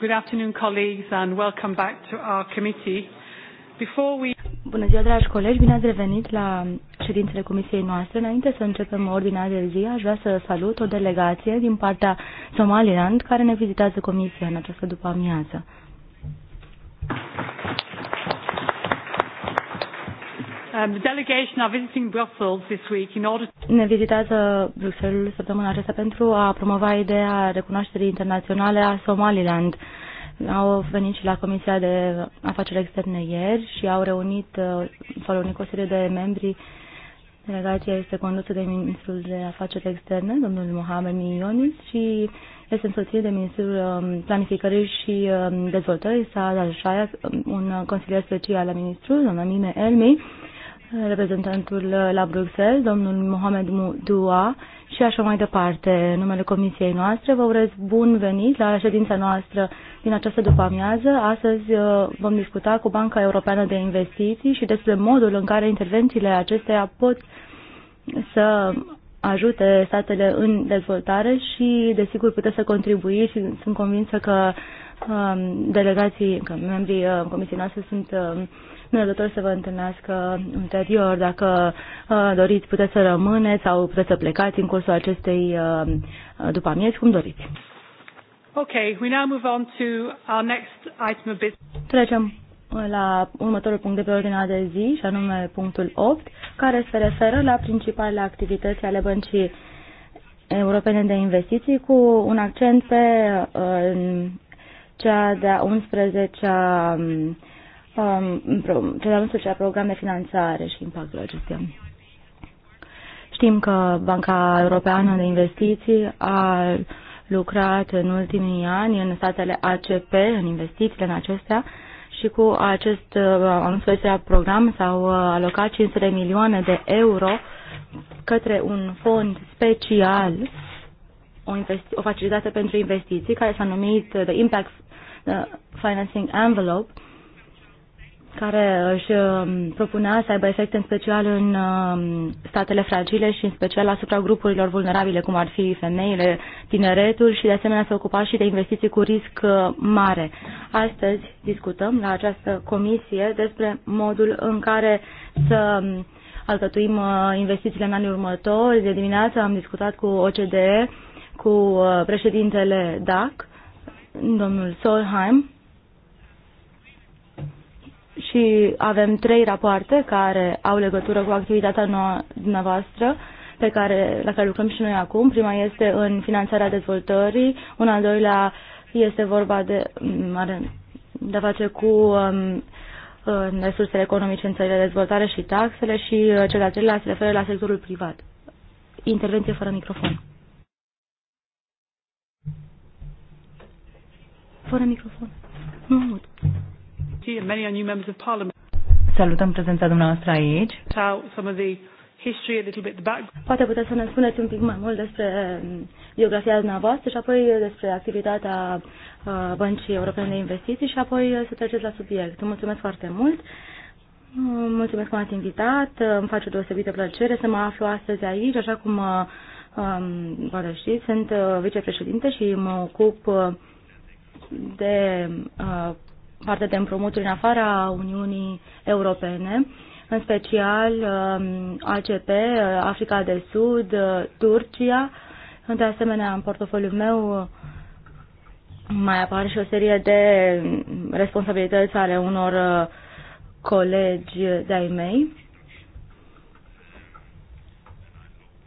Good afternoon, colleagues, and welcome back to our committee. Before we... Bună ziua, dragi colegi, bine ați revenit la ședințele comisiei noastre. Înainte să începem ordinea de zi, aș vrea să salut o delegație din partea Somaliland care ne vizitează comisia în această după amiază. ne vizitează Bruxelles săptămâna aceasta pentru a promova ideea recunoașterii internaționale a Somaliland. Au venit și la Comisia de Afaceri Externe ieri și au reunit, uh, s-au reunit o serie de membri. Delegația este condusă de Ministrul de Afaceri Externe, domnul Mohamed Ionis, și este însoțit de Ministrul um, Planificării și um, Dezvoltării, Saad Al-Shaya, um, un consilier special al ministrului, domnul Mime Elmi, reprezentantul uh, la Bruxelles, domnul Mohamed Dua și așa mai departe. În numele comisiei noastre vă urez bun venit la ședința noastră din această după-amiază. Astăzi uh, vom discuta cu Banca Europeană de Investiții și despre modul în care intervențiile acesteia pot să ajute statele în dezvoltare și, desigur, puteți să contribuiți și sunt convinsă că um, delegații, că membrii uh, comisiei noastre sunt nerăbdător să vă întâlnească ulterior. Dacă uh, doriți, puteți să rămâneți sau puteți să plecați în cursul acestei uh, după amiezi, cum doriți. Okay, we now move on to our next item of business. Trecem la următorul punct de pe ordinea de zi, și anume punctul 8, care se referă la principalele activități ale băncii europene de investiții cu un accent pe uh, cea de-a 11-a Um, tratamentul și la program de finanțare și impactul acesteia. Știm că Banca Europeană de Investiții a lucrat în ultimii ani în statele ACP, în investițiile în acestea, și cu acest anunț uh, program s-au uh, alocat 500 de milioane de euro către un fond special, o, o facilitate pentru investiții, care s-a numit uh, The Impact Financing Envelope, care își um, propunea să aibă efecte în special în um, statele fragile și în special asupra grupurilor vulnerabile, cum ar fi femeile, tineretul și de asemenea se ocupa și de investiții cu risc uh, mare. Astăzi discutăm la această comisie despre modul în care să um, alcătuim uh, investițiile în anii următori. De dimineață am discutat cu OCDE, cu uh, președintele DAC, domnul Solheim, și avem trei rapoarte care au legătură cu activitatea noastră pe care, la care lucrăm și noi acum. Prima este în finanțarea dezvoltării, un al doilea este vorba de, mm, are, de a face cu um, resursele economice în țările de dezvoltare și taxele și uh, cel de-al treilea se referă la sectorul privat. Intervenție fără microfon. Fără microfon. Nu aud. Salutăm prezența dumneavoastră aici. Poate puteți să ne spuneți un pic mai mult despre um, biografia dumneavoastră și apoi despre activitatea uh, Băncii Europene de Investiții și apoi uh, să treceți la subiect. Mulțumesc foarte mult! Mm, mulțumesc că m-ați invitat, uh, îmi face o deosebită plăcere să mă aflu astăzi aici, așa cum vă um, știți, sunt vicepreședinte și mă ocup de parte de împrumuturi în afara Uniunii Europene, în special um, ACP, uh, Africa de Sud, uh, Turcia. De asemenea, în portofoliul meu uh, mai apar și o serie de responsabilități ale unor colegi de-ai mei.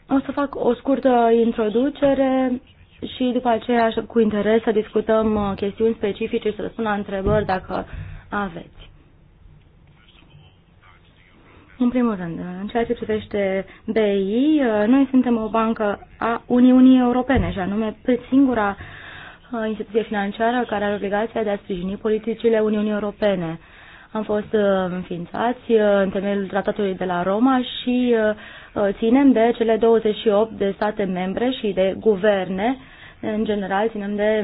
O să fac o scurtă introducere și după aceea cu interes să discutăm uh, chestiuni specifice și să răspund la întrebări dacă aveți. În primul rând, în ceea ce privește BI, uh, noi suntem o bancă a Uniunii Europene și anume pe singura uh, instituție financiară care are obligația de a sprijini politicile Uniunii Europene. Am fost înființați în temelul tratatului de la Roma și Uh, ținem de cele 28 de state membre și de guverne, în general ținem de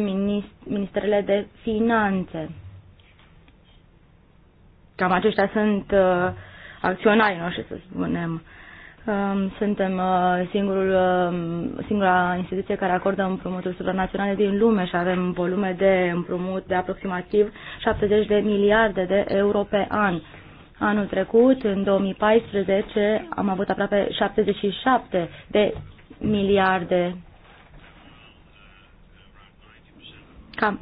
ministerele de finanțe. Cam aceștia sunt uh, acționarii noștri, să spunem. Um, suntem uh, singurul, um, singura instituție care acordă împrumuturi supranaționale din lume și avem volume de împrumut de aproximativ 70 de miliarde de euro pe an. Anul trecut, în 2014, am avut aproape 77 de miliarde. Cam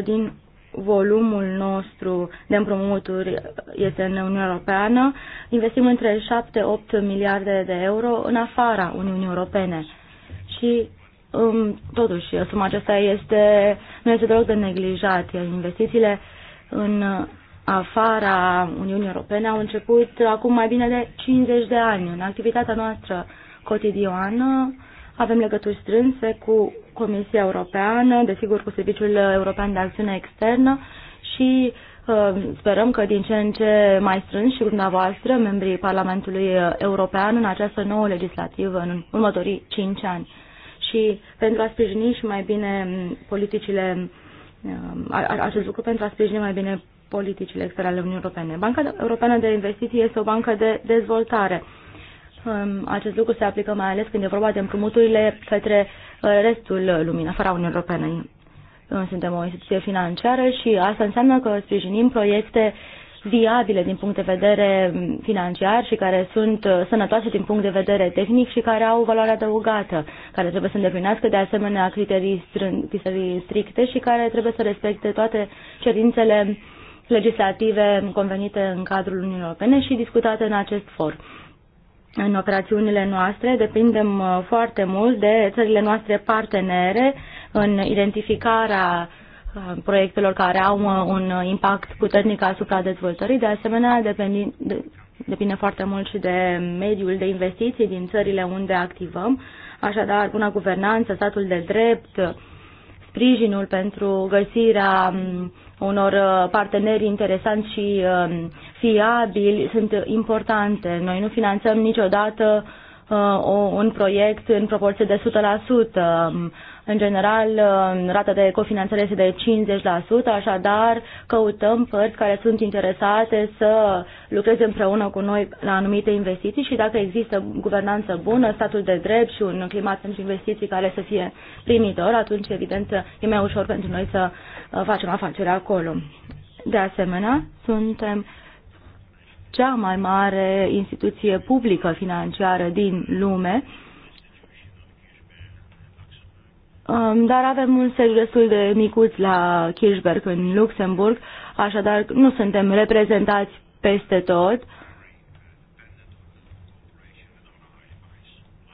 90% din volumul nostru de împrumuturi este în Uniunea Europeană. Investim între 7-8 miliarde de euro în afara Uniunii Europene. Și um, totuși, suma aceasta este, nu este deloc de neglijat. Investițiile în afara Uniunii Europene au început acum mai bine de 50 de ani. În activitatea noastră cotidiană avem legături strânse cu Comisia Europeană, desigur cu Serviciul European de Acțiune Externă și uh, sperăm că din ce în ce mai strâns și dumneavoastră, membrii Parlamentului European, în această nouă legislativă, în următorii 5 ani. Și pentru a sprijini și mai bine politicile, uh, acest lucru pentru a sprijini mai bine politicile externe ale Uniunii Europene. Banca Europeană de Investiții este o bancă de dezvoltare. Um, acest lucru se aplică mai ales când e vorba de împrumuturile către uh, restul lumii, afara Uniunii Europene. Uh, suntem o instituție financiară și asta înseamnă că sprijinim proiecte viabile din punct de vedere um, financiar și care sunt uh, sănătoase din punct de vedere tehnic și care au valoare adăugată, care trebuie să îndeplinească de asemenea criterii, strân, criterii stricte și care trebuie să respecte toate cerințele legislative convenite în cadrul Uniunii Europene și discutate în acest for. În operațiunile noastre depindem uh, foarte mult de țările noastre partenere în identificarea uh, proiectelor care au uh, un impact puternic asupra dezvoltării. De asemenea, depinde, foarte mult și de mediul de investiții din țările unde activăm. Așadar, bună guvernanță, statul de drept, sprijinul pentru găsirea mm, unor uh, parteneri interesanți și um, fiabili sunt importante. Noi nu finanțăm niciodată uh, un proiect în proporție de 100%. În general, uh, rata de cofinanțare este de 50%, așadar căutăm părți care sunt interesate să lucreze împreună cu noi la anumite investiții și dacă există guvernanță bună, statul de drept și un climat pentru investiții care să fie primitor, atunci, evident, e mai ușor pentru noi să uh, facem afaceri acolo. De asemenea, suntem cea mai mare instituție publică financiară din lume Um, dar avem un sediu destul de micuț la Kirchberg în Luxemburg, așadar nu suntem reprezentați peste tot.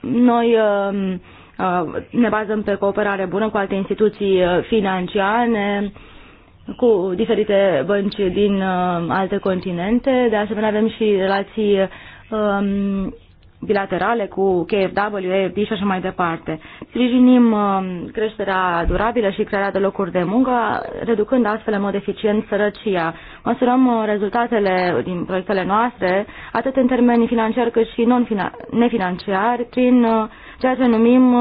Noi um, uh, ne bazăm pe cooperare bună cu alte instituții uh, financiare, cu diferite bănci din uh, alte continente. De asemenea, avem și relații um, bilaterale cu KFW, AFD și așa mai departe. Sprijinim uh, creșterea durabilă și crearea de locuri de muncă, reducând astfel în mod eficient sărăcia. Măsurăm uh, rezultatele din proiectele noastre, atât în termeni financiari cât și non-nefinanciari, prin uh, ceea ce numim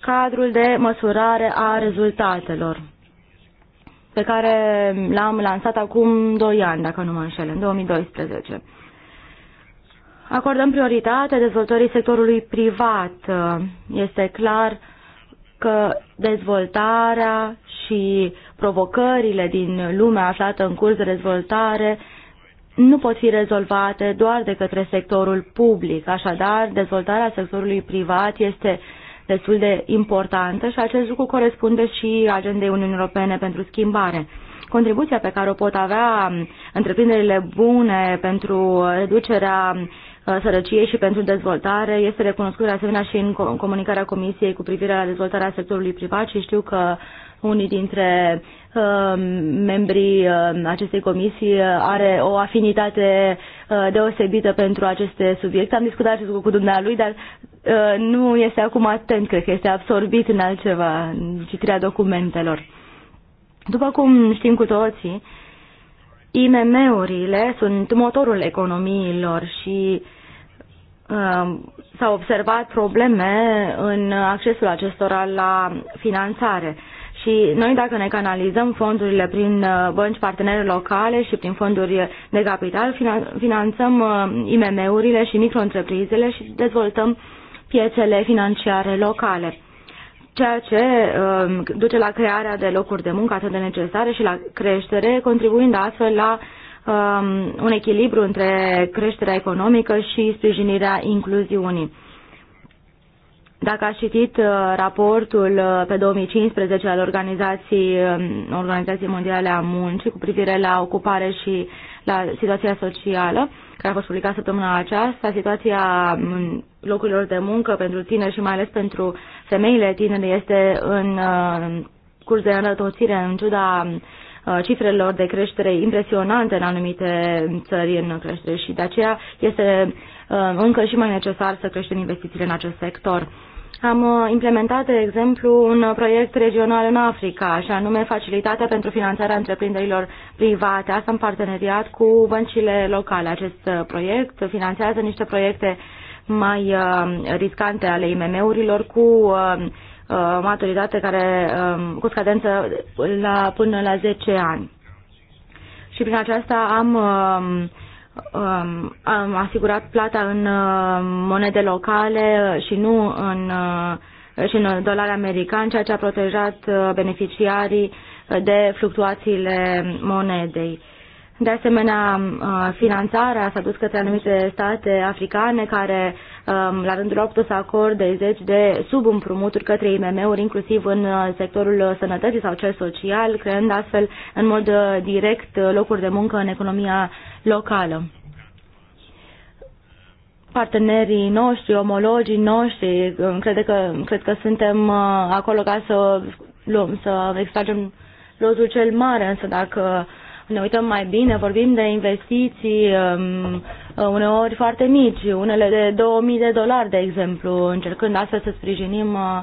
cadrul de măsurare a rezultatelor pe care l-am lansat acum 2 ani, dacă nu mă înșel, în 2012. Acordăm prioritate dezvoltării sectorului privat. Este clar că dezvoltarea și provocările din lumea aflată în curs de dezvoltare nu pot fi rezolvate doar de către sectorul public. Așadar, dezvoltarea sectorului privat este destul de importantă și acest lucru corespunde și agendei Uniunii Europene pentru schimbare. Contribuția pe care o pot avea întreprinderile bune pentru reducerea Uh, sărăciei și pentru dezvoltare este recunoscut de asemenea și în comunicarea Comisiei cu privire la dezvoltarea sectorului privat și știu că unii dintre uh, membrii uh, acestei comisii are o afinitate deosebită pentru aceste subiecte. Am discutat acest lucru cu dumnealui, dar nu este acum atent, cred că este absorbit în altceva, în citirea documentelor. După cum știm cu toții, IMM-urile sunt motorul economiilor și Um, s-au observat probleme în accesul acestora la finanțare. Și noi dacă ne canalizăm fondurile prin uh, bănci parteneri locale și prin fonduri de capital, finanțăm uh, IMM-urile și micro și dezvoltăm piețele financiare locale ceea ce uh, duce la crearea de locuri de muncă atât de necesare și la creștere, contribuind astfel la um, un echilibru între creșterea economică și sprijinirea incluziunii. Dacă ați citit uh, raportul uh, pe 2015 al Organizației, um, Organizației Mondiale a Muncii cu privire la ocupare și la situația socială, care a fost publicat săptămâna aceasta, situația um, locurilor de muncă pentru tineri și mai ales pentru femeile tinere este în uh, curs de înrătoțire în ciuda um, Uh, cifrelor de creștere impresionante în anumite țări în creștere și de aceea este uh, încă și mai necesar să creștem investițiile în acest sector. Am uh, implementat, de exemplu, un proiect regional în Africa, și anume Facilitatea pentru Finanțarea Întreprinderilor Private. Asta în parteneriat cu băncile locale. Acest proiect finanțează niște proiecte mai riscante ale IMM-urilor cu Uh, maturitate care, um, cu scadență la, până la 10 ani. Și prin aceasta am, um, um, am asigurat plata în uh, monede locale și nu în, uh, și în dolari americani, ceea ce a protejat beneficiarii de fluctuațiile monedei. De asemenea, finanțarea s-a dus către anumite state africane care Um, la rândul 8 să acorde zeci de subîmprumuturi către IMM-uri, inclusiv în uh, sectorul uh, sănătății sau cel social, creând astfel în mod uh, direct locuri de muncă în economia locală partenerii noștri, omologii noștri, cred că, cred că suntem acolo ca să, luăm, să extragem lozul cel mare, însă dacă ne uităm mai bine, vorbim de investiții um, Uh, uneori foarte mici, unele de 2000 de dolari, de exemplu, încercând astfel să sprijinim uh,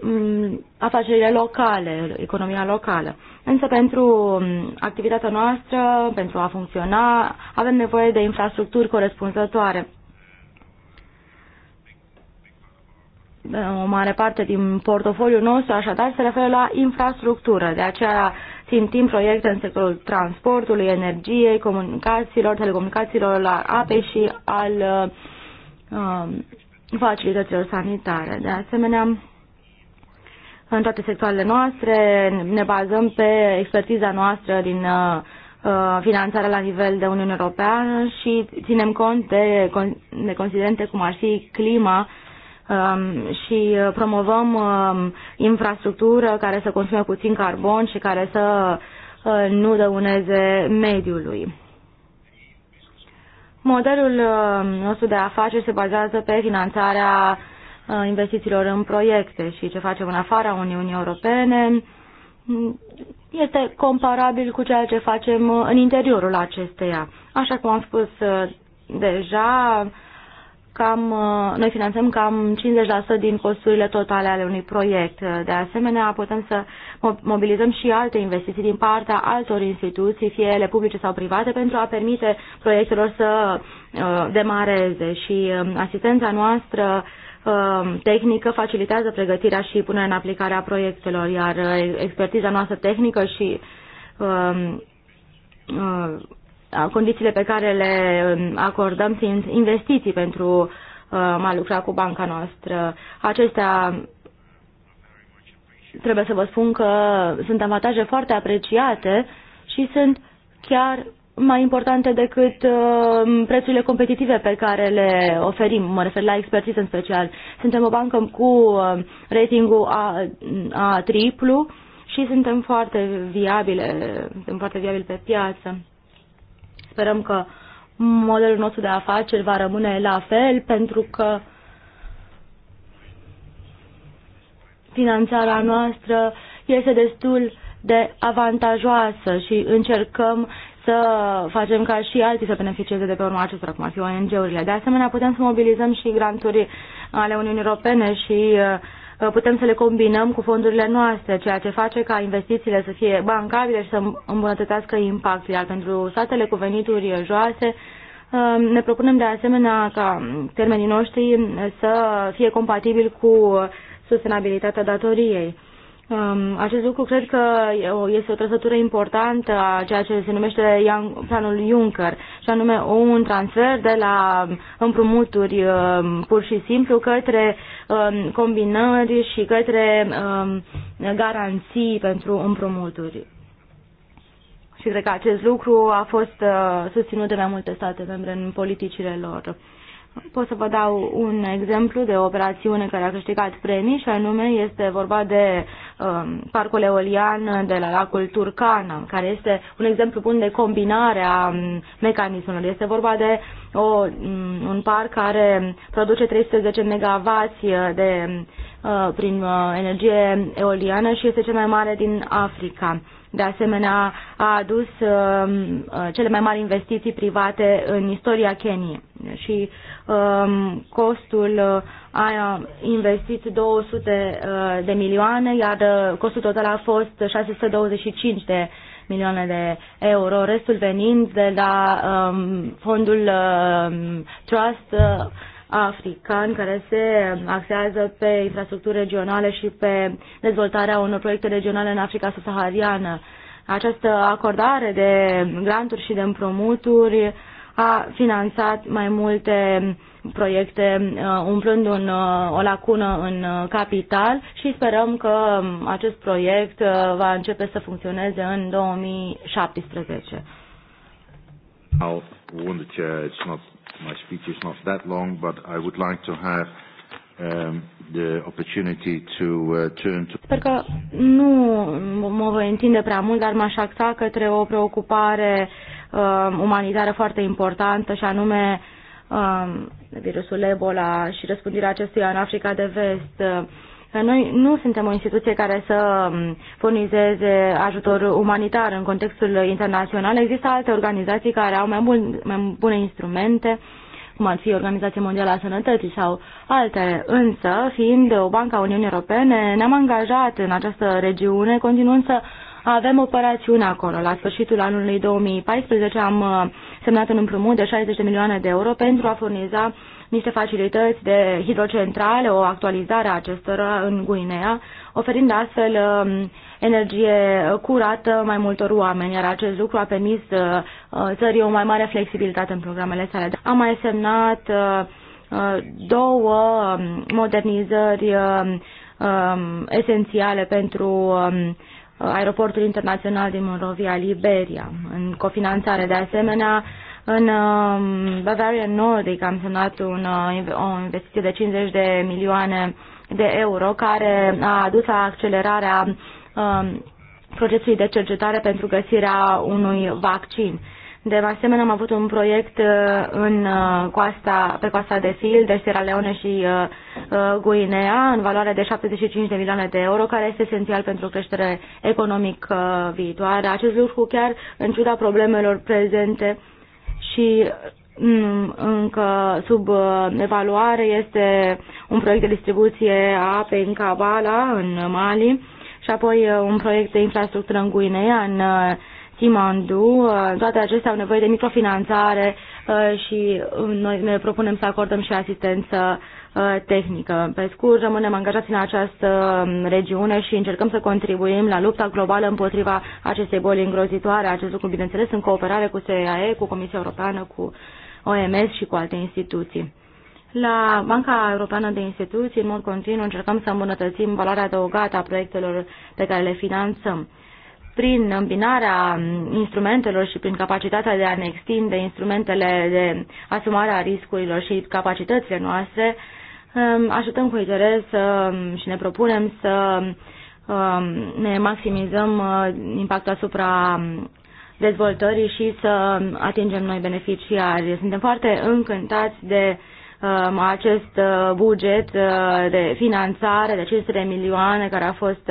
um, afacerile locale, economia locală. Însă pentru um, activitatea noastră, pentru a funcționa, avem nevoie de infrastructuri corespunzătoare. Uh, o mare parte din portofoliul nostru, așadar, se referă la infrastructură. De aceea țintim proiecte în sectorul transportului, energiei, comunicațiilor, telecomunicațiilor, la ape și al uh, facilităților sanitare. De asemenea, în toate sectoarele noastre ne bazăm pe expertiza noastră din uh, finanțarea la nivel de Uniune Europeană și ținem cont de, de considerente cum ar fi clima Um, și uh, promovăm um, infrastructură care să consume puțin carbon și care să uh, nu dăuneze mediului. Modelul um, nostru de afaceri se bazează pe finanțarea uh, investițiilor în proiecte și ce facem în afara Uniunii Europene este comparabil cu ceea ce facem în interiorul acesteia. Așa cum am spus deja, cam, uh, noi finanțăm cam 50% din costurile totale ale unui proiect. Uh, de asemenea, putem să mobilizăm și alte investiții din partea altor instituții, fie ele publice sau private, pentru a permite proiectelor să uh, demareze și um, asistența noastră um, tehnică facilitează pregătirea și punerea în aplicare a proiectelor, iar expertiza noastră tehnică și um, da, condițiile pe care le um, acordăm fiind investiții pentru uh, a lucra cu banca noastră. Acestea trebuie să vă spun că sunt avantaje foarte apreciate și sunt chiar mai importante decât uh, prețurile competitive pe care le oferim. Mă refer la expertiză în special. Suntem o bancă cu uh, ratingul A, A triplu și suntem foarte viabile, suntem foarte viabili pe piață. Sperăm că modelul nostru de afaceri va rămâne la fel pentru că finanțarea noastră este destul de avantajoasă și încercăm să facem ca și alții să beneficieze de pe urma acestora, cum ar fi ONG-urile. De asemenea, putem să mobilizăm și granturi ale Uniunii Europene și uh, Uh, putem să le combinăm cu fondurile noastre, ceea ce face ca investițiile să fie bancabile și să îmbunătățească impactul. Iar pentru statele cu venituri joase, uh, ne propunem de asemenea ca termenii noștri să fie compatibili cu sustenabilitatea datoriei. Um, acest lucru cred că este o trăsătură importantă a ceea ce se numește planul Juncker, și anume un transfer de la împrumuturi um, pur și simplu către um, combinări și către garanții pentru împrumuturi. Și cred că acest lucru a fost uh, susținut de mai multe state membre în politicile lor. Pot să vă dau un exemplu de operațiune care a câștigat premii și anume este vorba de um, parcul eolian de la lacul Turcana, care este un exemplu bun de combinare a um, mecanismelor. Este vorba de o, um, un parc care produce 310 MW de Uh, prin uh, energie eoliană și este cel mai mare din Africa. De asemenea, a adus uh, cele mai mari investiții private în istoria Keniei și um, costul a investit 200 de milioane, iar costul total a fost 625 de milioane de euro, restul venind de la um, fondul Trust uh, african care se axează pe infrastructuri regionale și pe dezvoltarea unor proiecte regionale în Africa subsahariană. Această acordare de granturi și de împrumuturi a finanțat mai multe proiecte uh, umplând un, uh, o lacună în uh, capital și sperăm că um, acest proiect va începe să funcționeze în 2017. Now, wound it's not My speech is not that long, but I would like to have um, the opportunity to uh, turn to... Sper că nu mă voi întinde prea mult, dar m-aș axa către o preocupare uh, umanitară foarte importantă și anume uh, virusul Ebola și răspândirea acestuia în Africa de Vest. Uh, noi nu suntem o instituție care să um, furnizeze ajutor umanitar în contextul internațional. Există alte organizații care au mai, bun, mai bune instrumente, cum ar fi Organizația Mondială a Sănătății sau alte. Însă, fiind o bancă a Uniunii Europene, ne-am angajat în această regiune, continuând să avem operațiune acolo. La sfârșitul anului 2014 am uh, semnat un împrumut de 60 de milioane de euro pentru a furniza niște facilități de hidrocentrale, o actualizare a acestora în Guinea, oferind astfel um, energie curată mai multor oameni, iar acest lucru a permis uh, uh, țării o mai mare flexibilitate în programele sale. A mai semnat uh, două um, modernizări um, esențiale pentru aeroportul internațional din Monrovia, Liberia, în cofinanțare. De asemenea, în um, Bavaria Nordic am semnat un, uh, o investiție de 50 de milioane de euro care a adus la accelerarea um, procesului de cercetare pentru găsirea unui vaccin. De asemenea, am avut un proiect uh, în uh, coasta, pe coasta de Sil, de Sierra Leone și Guinea, în valoare de 75 de milioane de euro, care este esențial pentru o creștere economică viitoare. Acest lucru chiar în ciuda problemelor prezente și mm, încă sub uh, evaluare este un proiect de distribuție a apei în Kavala, în Mali, și apoi uh, un proiect de infrastructură în Guinea, în uh, Simandu. Toate acestea au nevoie de microfinanțare și noi ne propunem să acordăm și asistență Uh, tehnică. Pe scurt, rămânem angajați în această um, regiune și încercăm să contribuim la lupta globală împotriva acestei boli îngrozitoare. Acest lucru, bineînțeles, în cooperare cu SEAE, cu Comisia Europeană, cu OMS și cu alte instituții. La Banca Europeană de Instituții, în mod continuu, încercăm să îmbunătățim valoarea adăugată a proiectelor pe care le finanțăm. Prin îmbinarea um, instrumentelor și prin capacitatea de a ne extinde instrumentele de asumare a riscurilor și capacitățile noastre, Ehm, așteptăm cu interes ehm, și ne propunem să ehm, ne maximizăm eh, impactul asupra dezvoltării și să atingem noi beneficiari. Suntem foarte încântați de acest eh, buget eh, de finanțare de 500 de milioane care a fost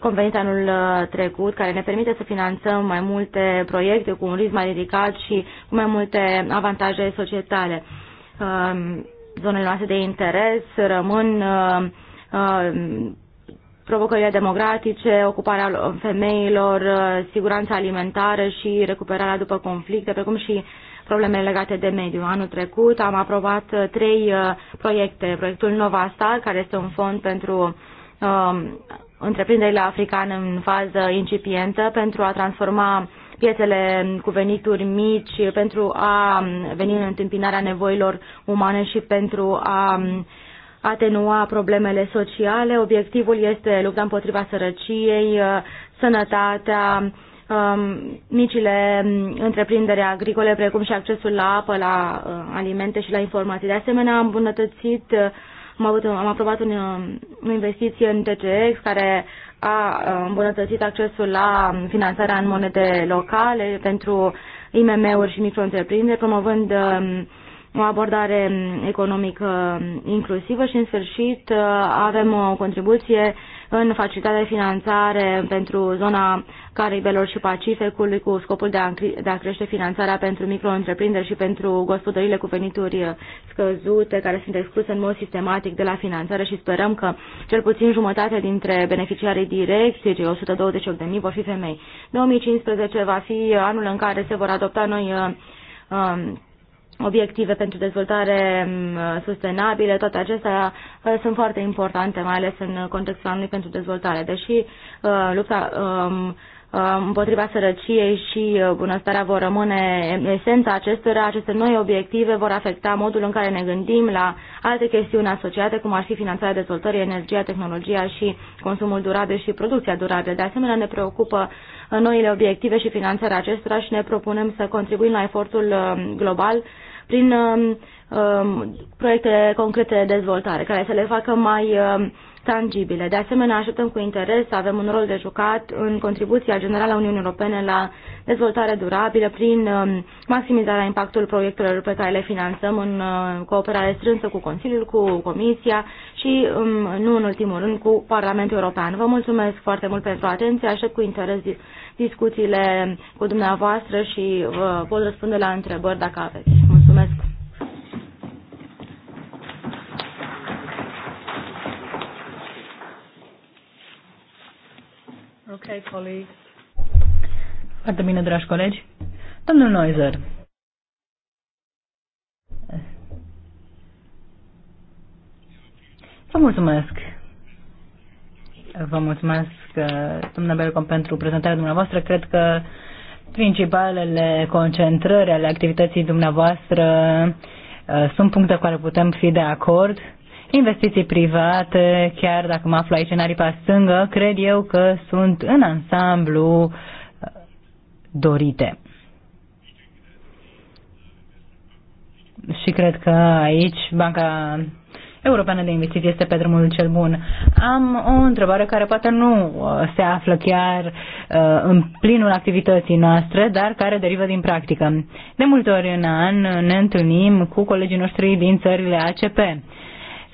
convenit anul trecut, care ne permite să finanțăm mai multe proiecte cu un risc mai ridicat și cu mai multe avantaje societale zonele noastre de interes rămân uh, uh, provocările democratice, ocuparea femeilor, uh, siguranța alimentară și recuperarea după conflicte, precum și problemele legate de mediu. Anul trecut am aprobat uh, trei uh, proiecte. Proiectul Star, care este un fond pentru uh, întreprinderile africane în fază incipientă pentru a transforma piețele cu venituri mici, pentru a veni în întâmpinarea nevoilor umane și pentru a atenua problemele sociale. Obiectivul este lupta împotriva sărăciei, sănătatea, um, micile întreprinderi agricole, precum și accesul la apă, la uh, alimente și la informații. De asemenea, am îmbunătățit uh, am, avut, am aprobat un, uh, o investiție în TCX care a îmbunătățit accesul la finanțarea în monede locale pentru IMM-uri și micro-întreprinderi, promovând um, o abordare economică inclusivă și, în sfârșit, uh, avem o contribuție în facilitatea de finanțare pentru zona Caribelor și Pacificului cu scopul de a, de a crește finanțarea pentru micro-întreprinderi și pentru gospodările cu venituri scăzute care sunt excluse în mod sistematic de la finanțare și sperăm că cel puțin jumătate dintre beneficiarii direcți, cei 128.000, vor fi femei. 2015 va fi anul în care se vor adopta noi uh, um, obiective pentru dezvoltare mm, sustenabilă, toate acestea uh, sunt foarte importante, mai ales în contextul anului pentru dezvoltare. Deși uh, lupta um, uh, împotriva sărăciei și bunăstarea vor rămâne esența acestora, aceste noi obiective vor afecta modul în care ne gândim la alte chestiuni asociate, cum ar fi finanțarea dezvoltării, energia, tehnologia și consumul durabil și producția durabilă. De asemenea, ne preocupă noile obiective și finanțarea acestora și ne propunem să contribuim la efortul global prin um, um, proiectele concrete de dezvoltare, care să le facă mai um, tangibile. De asemenea, așteptăm cu interes să avem un rol de jucat în contribuția generală a Uniunii Europene la dezvoltare durabilă prin maximizarea impactului proiectelor pe care le finanțăm în uh, cooperare strânsă cu Consiliul, cu Comisia și, nu în ultimul rând, cu Parlamentul European. Vă mulțumesc foarte mult pentru atenție, aștept cu interes discuțiile cu dumneavoastră și vă uh, pot răspunde la întrebări dacă aveți. Mulțumesc! Okay, colleagues. Foarte bine, dragi colegi. Domnul Noizer. Vă mulțumesc. Vă mulțumesc, domnule Belcom, pentru prezentarea dumneavoastră. Cred că principalele concentrări ale activității dumneavoastră uh, sunt puncte cu care putem fi de acord. Investiții private, chiar dacă mă aflu aici în aripa stângă, cred eu că sunt în ansamblu uh, dorite. Și cred că aici Banca Europeană de Investiții este pe drumul cel bun. Am o întrebare care poate nu uh, se află chiar uh, în plinul activității noastre, dar care derivă din practică. De multe ori în an ne întâlnim cu colegii noștri din țările ACP.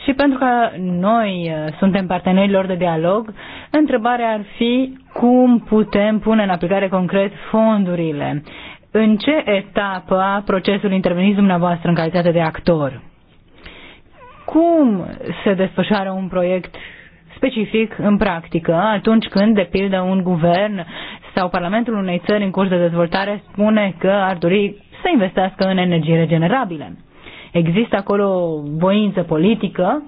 Și pentru că noi uh, suntem partenerilor de dialog, întrebarea ar fi cum putem pune în aplicare concret fondurile. În ce etapă a procesului interveniți dumneavoastră în calitate de actor? cum se desfășoară un proiect specific în practică atunci când, de pildă, un guvern sau Parlamentul unei țări în curs de dezvoltare spune că ar dori să investească în energie regenerabile. Există acolo voință politică,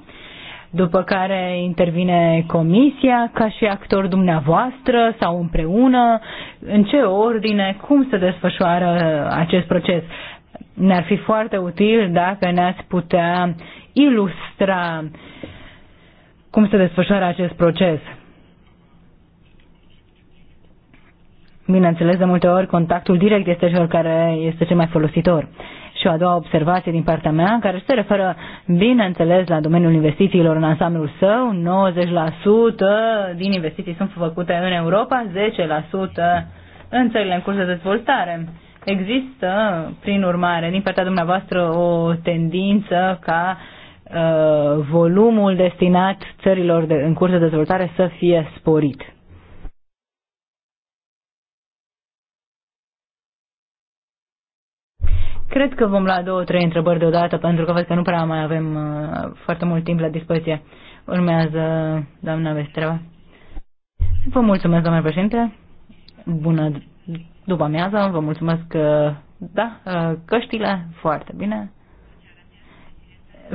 după care intervine comisia ca și actor dumneavoastră sau împreună, în ce ordine, cum se desfășoară acest proces. Ne-ar fi foarte util dacă ne-ați putea ilustra cum se desfășoară acest proces. Bineînțeles, de multe ori, contactul direct este cel care este cel mai folositor. Și o a doua observație din partea mea, care se referă, bineînțeles, la domeniul investițiilor în ansamblul său, 90% din investiții sunt făcute în Europa, 10% în țările în curs de dezvoltare. Există, prin urmare, din partea dumneavoastră, o tendință ca uh, Uh, volumul destinat țărilor de, în curs de dezvoltare să fie sporit. Cred că vom lua două, trei întrebări deodată, pentru că văd că nu prea mai avem uh, foarte mult timp la dispoziție. Urmează doamna Vestreva. Vă mulțumesc, domnule președinte. Bună după amiază. Vă mulțumesc că, da, uh, căștile foarte bine.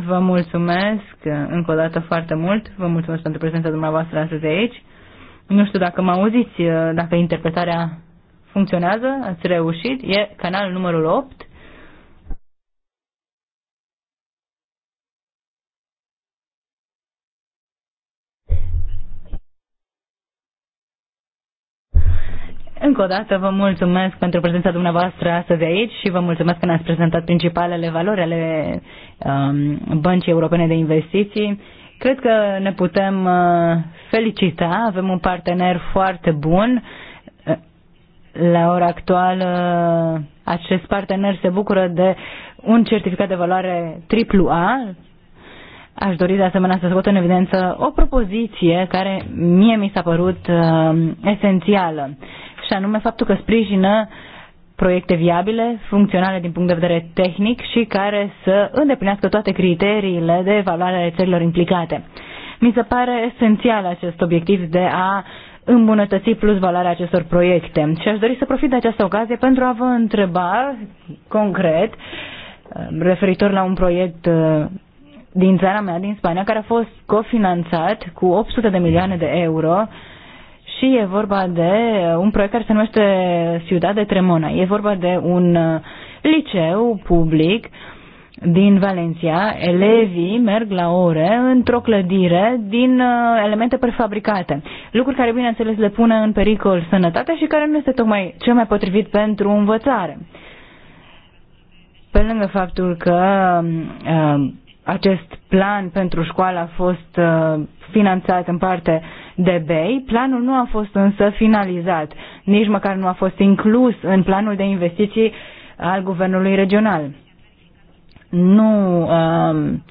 Vă mulțumesc uh, încă o dată foarte mult. Vă mulțumesc pentru prezența dumneavoastră astăzi aici. Nu știu dacă mă auziți, uh, dacă interpretarea funcționează, ați reușit. E canalul numărul 8. Încă o dată vă mulțumesc pentru prezența dumneavoastră astăzi aici și vă mulțumesc că ne-ați prezentat principalele valori ale um, Băncii Europene de Investiții. Cred că ne putem uh, felicita, avem un partener foarte bun. La ora actuală, acest partener se bucură de un certificat de valoare AAA, Aș dori de asemenea să scot în evidență o propoziție care mie mi s-a părut uh, esențială și anume faptul că sprijină proiecte viabile, funcționale din punct de vedere tehnic și care să îndeplinească toate criteriile de evaluare ale țărilor implicate. Mi se pare esențial acest obiectiv de a îmbunătăți plus valoarea acestor proiecte. Și aș dori să profit de această ocazie pentru a vă întreba concret um, referitor la un proiect uh, din țara mea, din Spania, care a fost cofinanțat cu 800 de milioane de euro și e vorba de uh, un proiect care se numește Ciudad de Tremona. E vorba de un uh, liceu public din Valencia. Elevii merg la ore într-o clădire din uh, elemente prefabricate. Lucruri care, bineînțeles, le pune în pericol sănătatea și care nu este tocmai cel mai potrivit pentru învățare. Pe lângă faptul că um, uh, acest plan pentru școală a fost uh, finanțat în parte uh, de bei. Planul nu a fost însă finalizat, nici măcar nu a fost inclus în planul de investiții al guvernului regional. Nu um,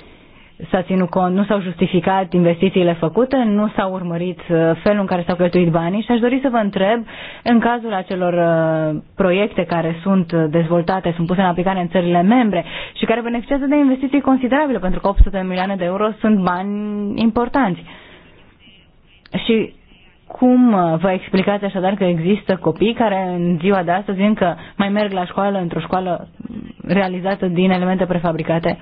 s-a ținut cont, nu s-au justificat investițiile făcute, nu s-au urmărit uh, felul în care s-au cheltuit banii și aș dori să vă întreb, în cazul acelor uh, proiecte care sunt uh, dezvoltate, sunt puse în aplicare în țările membre și care beneficiază de investiții considerabile, pentru că 800 de milioane de euro sunt bani importanți. Și cum uh, vă explicați așadar că există copii care în ziua de astăzi încă mai merg la școală într-o școală realizată din elemente prefabricate?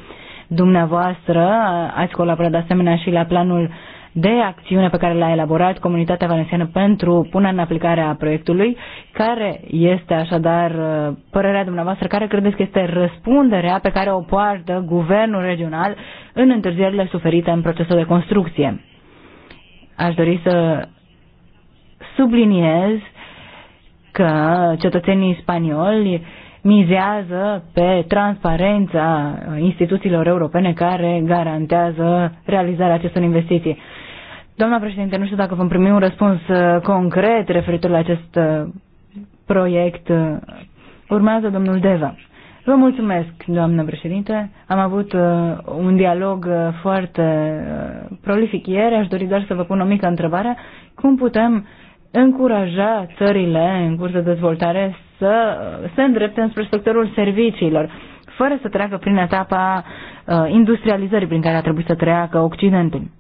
Dumneavoastră uh, ați colaborat de asemenea și la planul de acțiune pe care l-a elaborat Comunitatea Valenciană pentru punerea în aplicare a proiectului. Care este așadar uh, părerea dumneavoastră? Care credeți că este răspunderea pe care o poartă guvernul regional în întârzierile suferite în procesul de construcție? Aș dori să subliniez că cetățenii spanioli mizează pe transparența instituțiilor europene care garantează realizarea acestor investiții. Doamna președinte, nu știu dacă vom primi un răspuns uh, concret referitor la acest uh, proiect. Uh, urmează domnul Deva. Vă mulțumesc, doamnă președinte. Am avut uh, un dialog uh, foarte uh, prolific ieri. Aș dori doar să vă pun o mică întrebare. Cum putem încuraja țările în curs de dezvoltare să se îndrepte înspre sectorul serviciilor, fără să treacă prin etapa uh, industrializării prin care a trebuit să treacă Occidentul?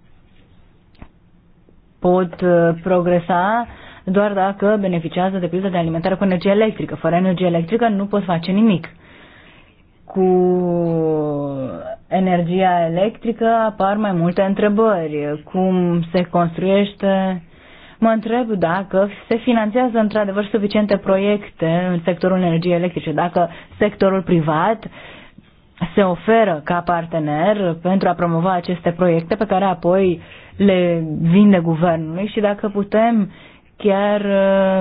Pot uh, progresa doar dacă beneficiază de pildă de alimentare cu energie electrică. Fără energie electrică nu pot face nimic cu energia electrică apar mai multe întrebări. Cum se construiește? Mă întreb dacă se finanțează într-adevăr suficiente proiecte în sectorul energiei electrice, dacă sectorul privat se oferă ca partener pentru a promova aceste proiecte pe care apoi le vinde guvernului și dacă putem chiar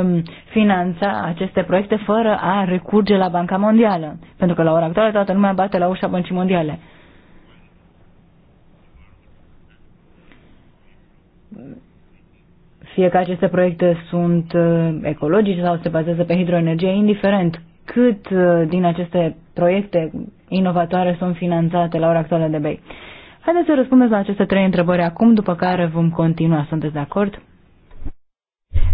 uh, finanța aceste proiecte fără a recurge la Banca Mondială, pentru că la ora actuală toată lumea bate la ușa Băncii Mondiale. Fie că aceste proiecte sunt uh, ecologice sau se bazează pe hidroenergie, indiferent cât uh, din aceste proiecte inovatoare sunt finanțate la ora actuală de BEI. Haideți să răspundeți la aceste trei întrebări acum, după care vom continua. Sunteți de acord?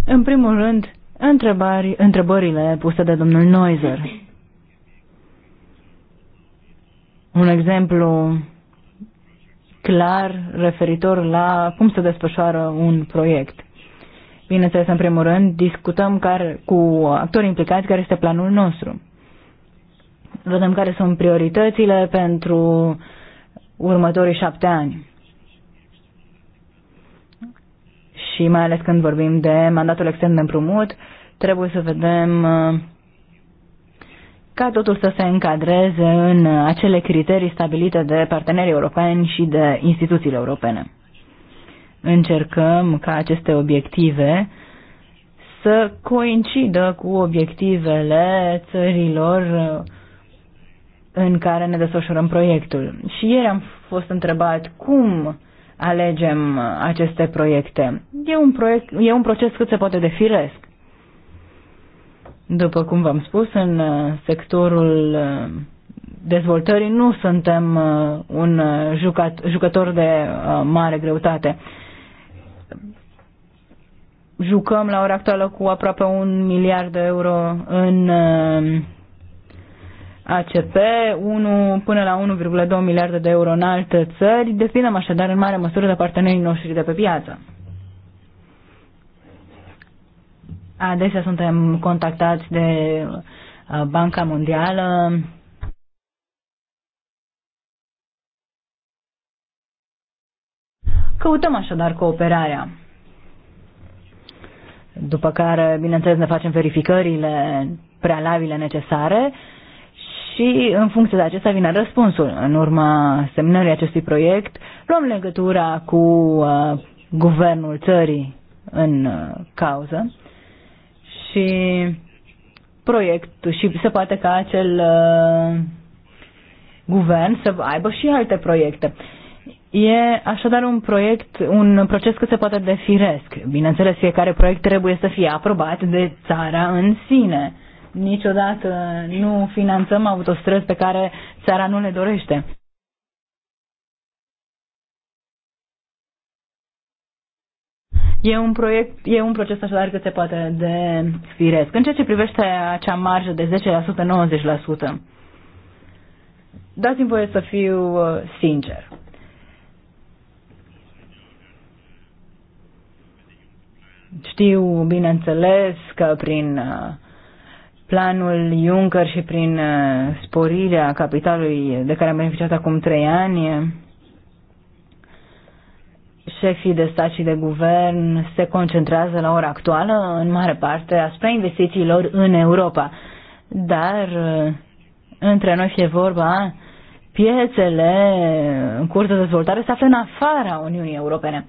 În primul rând, întrebări, întrebările puse de domnul Noizer. Un exemplu clar referitor la cum se desfășoară un proiect. Bineînțeles, în primul rând, discutăm care, cu actorii implicați care este planul nostru. Vedem care sunt prioritățile pentru următorii șapte ani. și mai ales când vorbim de mandatul extern de împrumut, trebuie să vedem uh, ca totul să se încadreze în acele criterii stabilite de partenerii europeni și de instituțiile europene. Încercăm ca aceste obiective să coincidă cu obiectivele țărilor uh, în care ne desfășurăm proiectul. Și ieri am fost întrebat cum alegem aceste proiecte. E un, proiect, e un proces cât se poate de firesc. După cum v-am spus, în uh, sectorul uh, dezvoltării nu suntem uh, un jucat, jucător de mare greutate. Jucăm la ora actuală cu aproape un miliard de euro în ACP, 1 până la 1,2 miliarde de euro în alte țări, definăm așadar în mare măsură de partenerii noștri de pe piață. Adesea suntem contactați de Banca Mondială, Căutăm așadar cooperarea. După care, bineînțeles, ne facem verificările prealabile necesare și în funcție de acesta vine răspunsul. În urma semnării acestui proiect luăm legătura cu uh, guvernul țării în uh, cauză și proiectul și se poate ca acel uh, guvern să aibă și alte proiecte. E așadar un proiect, un proces cât se poate de firesc. Bineînțeles, fiecare proiect trebuie să fie aprobat de țara în sine. Uh, niciodată nu finanțăm autostrăzi pe care țara nu le dorește. E un proiect, e un proces așadar cât se poate de firesc. În ceea ce privește acea marjă de 10%-90%, dați-mi voie să fiu uh, sincer. Știu, bineînțeles, că prin uh, planul Juncker și prin uh, sporirea capitalului de care am beneficiat acum trei ani, șefii de stat și de guvern se concentrează la ora actuală în mare parte asupra investițiilor în Europa. Dar uh, între noi fie vorba, piețele în curs de dezvoltare se află în afara Uniunii Europene.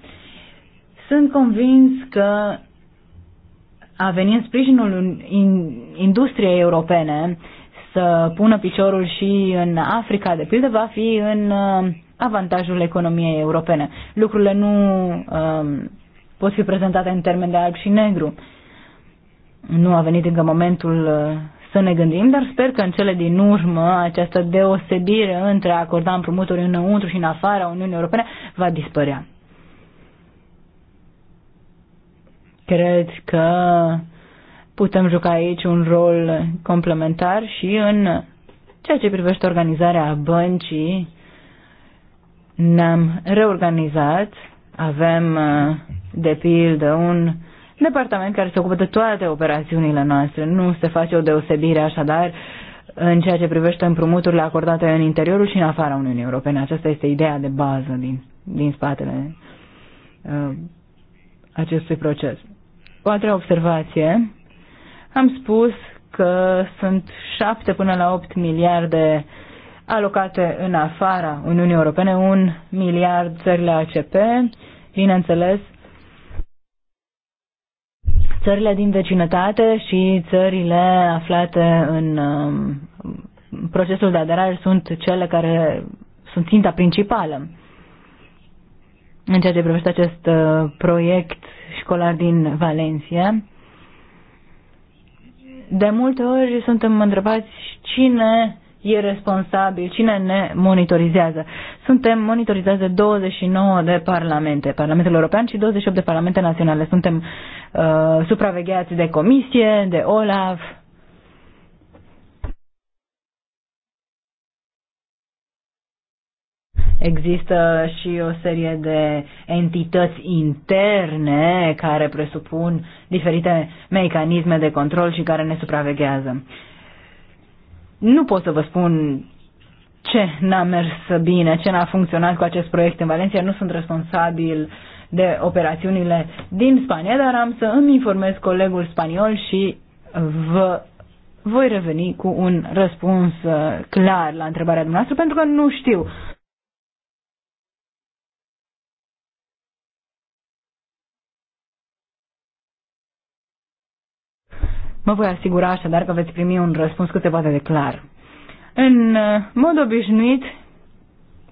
Sunt convins că a veni în sprijinul industriei europene, să pună piciorul și în Africa, de pildă, va fi în uh, avantajul economiei europene. Lucrurile nu um, pot fi prezentate în termen de alb și negru. Nu a venit încă momentul uh, să ne gândim, dar sper că în cele din urmă această deosebire între a acorda împrumuturi înăuntru și în afara Uniunii Europene va dispărea. Cred că putem juca aici un rol complementar și în ceea ce privește organizarea băncii, ne-am reorganizat, avem, uh, de pildă, un departament care se ocupă de toate operațiunile noastre. Nu se face o deosebire așadar în ceea ce privește împrumuturile acordate în interiorul și în afara Uniunii Europene. Aceasta este ideea de bază din, din spatele uh, acestui proces. O a treia observație. Am spus că sunt 7 până la 8 miliarde alocate în afara Uniunii Europene, un miliard țările ACP, bineînțeles, țările din vecinătate și țările aflate în um, procesul de aderare sunt cele care sunt ținta principală. În ceea ce privește acest uh, proiect școlar din Valencia. De multe ori suntem întrebați cine e responsabil, cine ne monitorizează. Suntem monitorizați de 29 de parlamente, Parlamentul European și 28 de parlamente naționale. Suntem uh, supravegheați de comisie, de OLAF, Există și o serie de entități interne care presupun diferite mecanisme de control și care ne supraveghează. Nu pot să vă spun ce n-a mers bine, ce n-a funcționat cu acest proiect în Valencia. Nu sunt responsabil de operațiunile din Spania, dar am să îmi informez colegul spaniol și vă voi reveni cu un răspuns uh, clar la întrebarea dumneavoastră, pentru că nu știu Mă voi asigura așadar că veți primi un răspuns cât se poate de clar. În uh, mod obișnuit,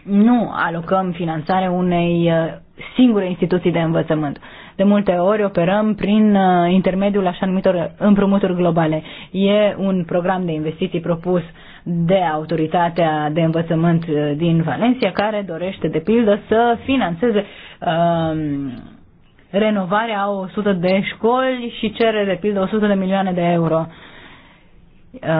nu alocăm finanțare unei uh, singure instituții de învățământ. De multe ori operăm prin uh, intermediul așa numitor împrumuturi globale. E un program de investiții propus de autoritatea de învățământ din Valencia care dorește, de pildă, să financeze renovarea a 100 de școli și cere de pildă 100 de milioane de euro.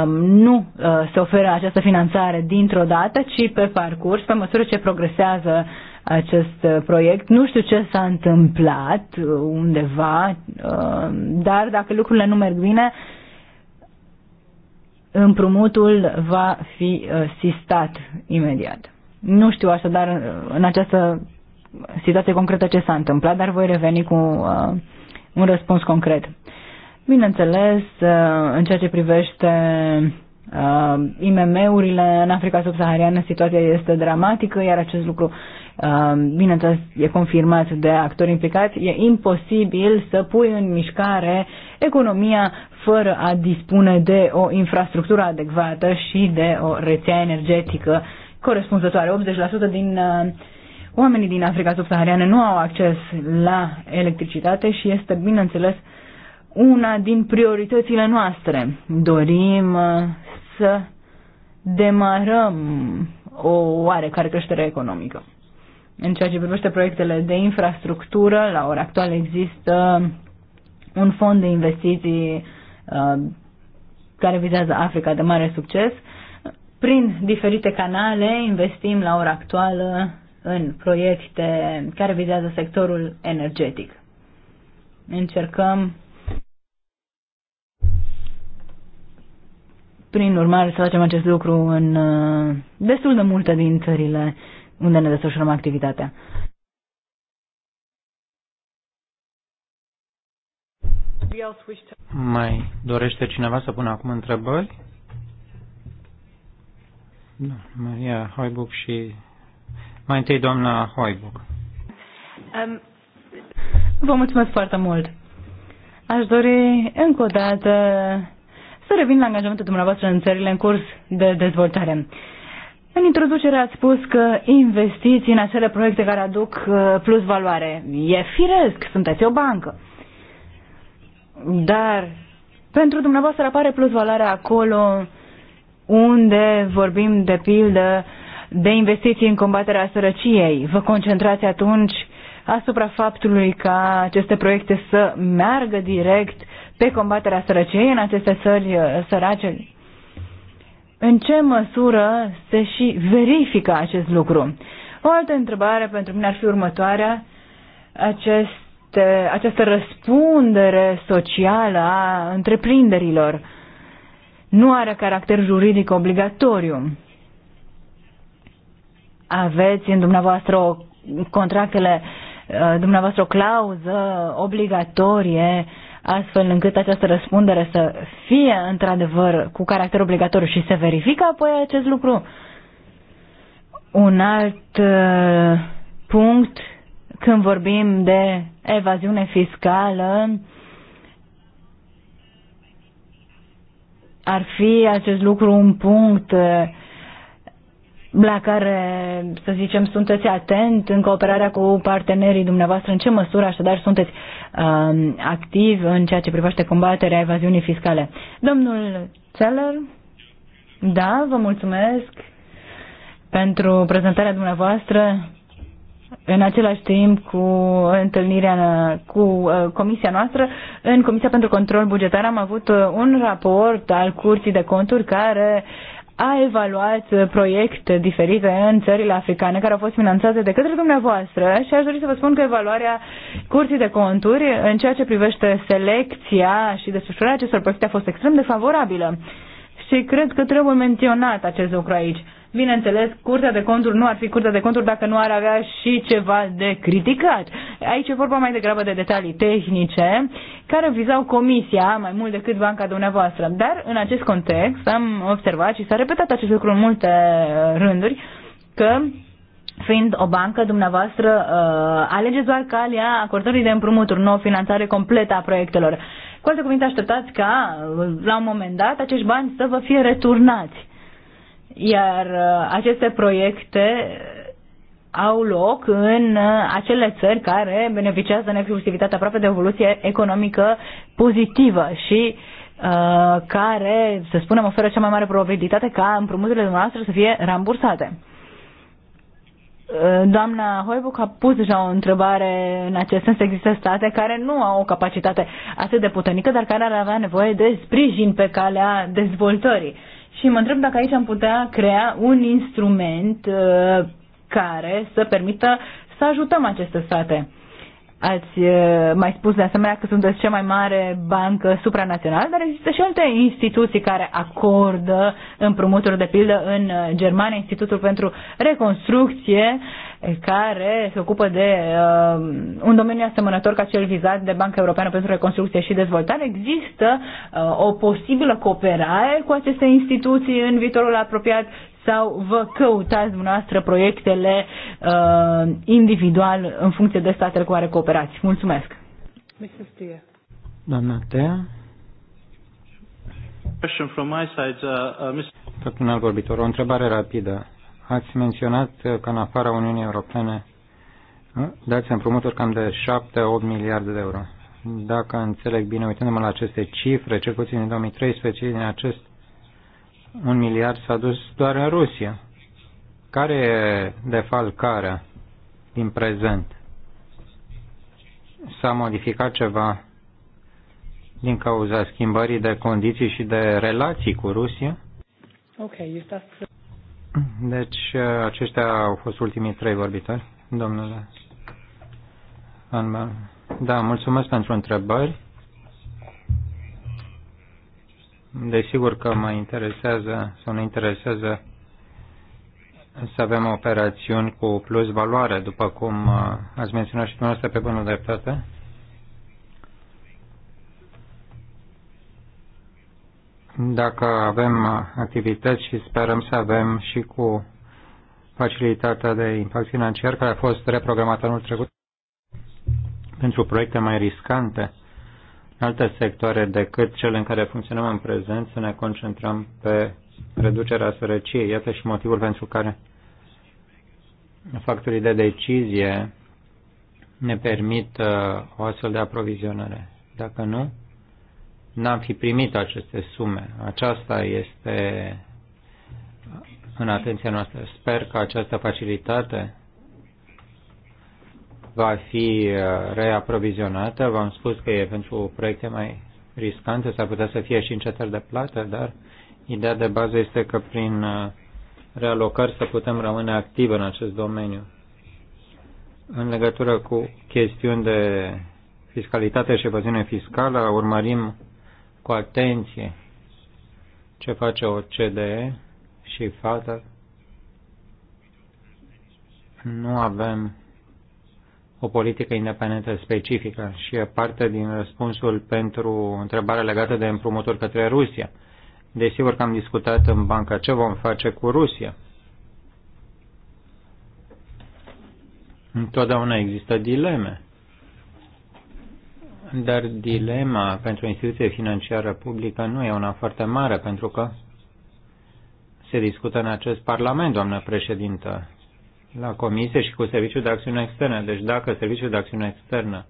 Um, nu uh, se oferă această finanțare dintr-o dată, ci pe parcurs, pe măsură ce progresează acest uh, proiect. Nu știu ce s-a întâmplat uh, undeva, dar dacă lucrurile nu merg bine, împrumutul va fi sistat imediat. Nu știu așadar în această situație concretă ce s-a întâmplat, dar voi reveni cu uh, un răspuns concret. Bineînțeles, uh, în ceea ce privește uh, IMM-urile în Africa subsahariană, situația este dramatică, iar acest lucru, uh, bineînțeles, e confirmat de actori implicați. E imposibil să pui în mișcare economia fără a dispune de o infrastructură adecvată și de o rețea energetică corespunzătoare. 80% din uh, Oamenii din Africa subsahariană nu au acces la electricitate și este, bineînțeles, una din prioritățile noastre. Dorim uh, să demarăm o oarecare creștere economică. În ceea ce privește proiectele de infrastructură, la ora actuală există un fond de investiții uh, care vizează Africa de mare succes. Prin diferite canale investim la ora actuală în proiecte care vizează sectorul energetic. Încercăm prin urmare să facem acest lucru în uh, destul de multe din țările unde ne desfășurăm activitatea. Mai dorește cineva să pună acum întrebări? Da, Maria Hoibuc și mai întâi, doamna Hoibuc. Um, vă mulțumesc foarte mult. Aș dori încă o dată să revin la angajamentul dumneavoastră în țările în curs de dezvoltare. În introducere ați spus că investiți în acele proiecte care aduc uh, plus valoare. E firesc, sunteți o bancă. Dar pentru dumneavoastră apare plus valoare acolo unde vorbim de pildă de investiții în combaterea sărăciei. Vă concentrați atunci asupra faptului ca aceste proiecte să meargă direct pe combaterea sărăciei în aceste țări uh, sărace? În ce măsură se și verifică acest lucru? O altă întrebare pentru mine ar fi următoarea. Aceste, această răspundere socială a întreprinderilor nu are caracter juridic obligatoriu aveți în dumneavoastră o, contractele uh, dumneavoastră o clauză obligatorie astfel încât această răspundere să fie într-adevăr cu caracter obligatoriu și se verifică apoi acest lucru. Un alt uh, punct când vorbim de evaziune fiscală ar fi acest lucru un punct uh, la care, să zicem, sunteți atent în cooperarea cu partenerii dumneavoastră? În ce măsură, așadar, sunteți uh, um, activ în ceea ce privește combaterea evaziunii fiscale? Domnul Țeller? Da, vă mulțumesc pentru prezentarea dumneavoastră în același timp cu întâlnirea cu uh, comisia noastră. În Comisia pentru Control Bugetar am avut uh, un raport al Curții de Conturi care a evaluat uh, proiecte diferite în țările africane care au fost finanțate de către dumneavoastră și aș dori să vă spun că evaluarea Curții de Conturi în ceea ce privește selecția și desfășurarea acestor proiecte a fost extrem de favorabilă. Și cred că trebuie menționat acest lucru aici. Bineînțeles, Curtea de Conturi nu ar fi Curtea de Conturi dacă nu ar avea și ceva de criticat. Aici e vorba mai degrabă de detalii tehnice care vizau comisia mai mult decât banca dumneavoastră. Dar în acest context am observat și s-a repetat acest lucru în multe uh, rânduri că fiind o bancă, dumneavoastră uh, alegeți doar calea acordării de împrumuturi, nu o finanțare completă a proiectelor. Cu alte cuvinte, așteptați ca, uh, la un moment dat, acești bani să vă fie returnați. Iar uh, aceste proiecte au loc în uh, acele țări care beneficiază în exclusivitate aproape de o evoluție economică pozitivă și uh, care, să spunem, oferă cea mai mare probabilitate ca împrumuturile dumneavoastră să fie rambursate. Uh, doamna Hoibuc a pus deja o întrebare în acest sens. Există state care nu au o capacitate atât de puternică, dar care ar avea nevoie de sprijin pe calea dezvoltării. Uh, și mă întreb dacă aici am putea crea un instrument uh, care să permită să ajutăm aceste state. Ați uh, mai spus de asemenea că sunteți cea mai mare bancă supranațională, dar există și alte instituții care acordă împrumuturi, de pildă în uh, Germania, Institutul pentru Reconstrucție care se ocupă de uh, un domeniu asemănător ca cel vizat de Banca Europeană pentru Reconstrucție și Dezvoltare, există uh, o posibilă cooperare cu aceste instituții în viitorul apropiat sau vă căutați dumneavoastră proiectele uh, individual în funcție de statele cu care cooperați? Mulțumesc! Doamna Tea. Uh, uh, Tot un alt vorbitor, o întrebare rapidă. Ați menționat uh, că în afara Uniunii Europene dați împrumuturi cam de 7-8 miliarde de euro. Dacă înțeleg bine, uitându-mă la aceste cifre, cel puțin în 2013, din acest un miliard s-a dus doar în Rusia. Care e defalcarea din prezent? S-a modificat ceva din cauza schimbării de condiții și de relații cu Rusia? Ok, you start. Deci, uh, aceștia au fost ultimii trei vorbitori, domnule. Da, mulțumesc pentru întrebări. Desigur că mă interesează sau ne interesează să avem operațiuni cu plus valoare, după cum uh, ați menționat și dumneavoastră pe bună dreptate. dacă avem activități și sperăm să avem și cu facilitatea de impact financiar care a fost reprogramată anul trecut pentru proiecte mai riscante în alte sectoare decât cele în care funcționăm în prezent, să ne concentrăm pe reducerea sărăciei. Iată și motivul pentru care factorii de decizie ne permit uh, o astfel de aprovizionare. Dacă nu, n-am fi primit aceste sume. Aceasta este în atenția noastră. Sper că această facilitate va fi uh, reaprovizionată. V-am spus că e pentru proiecte mai riscante, s-ar putea să fie și încetări de plată, dar ideea de bază este că prin uh, realocări să putem rămâne activi în acest domeniu. În legătură cu chestiuni de fiscalitate și evaziune fiscală, urmărim cu atenție ce face OCDE și fată. Nu avem o politică independentă specifică și e parte din răspunsul pentru întrebarea legată de împrumuturi către Rusia. Desigur că am discutat în banca ce vom face cu Rusia. Întotdeauna există dileme dar dilema pentru o instituție financiară publică nu e una foarte mare, pentru că se discută în acest Parlament, doamnă președintă, la Comisie și cu Serviciul de Acțiune Externă. Deci dacă Serviciul de Acțiune Externă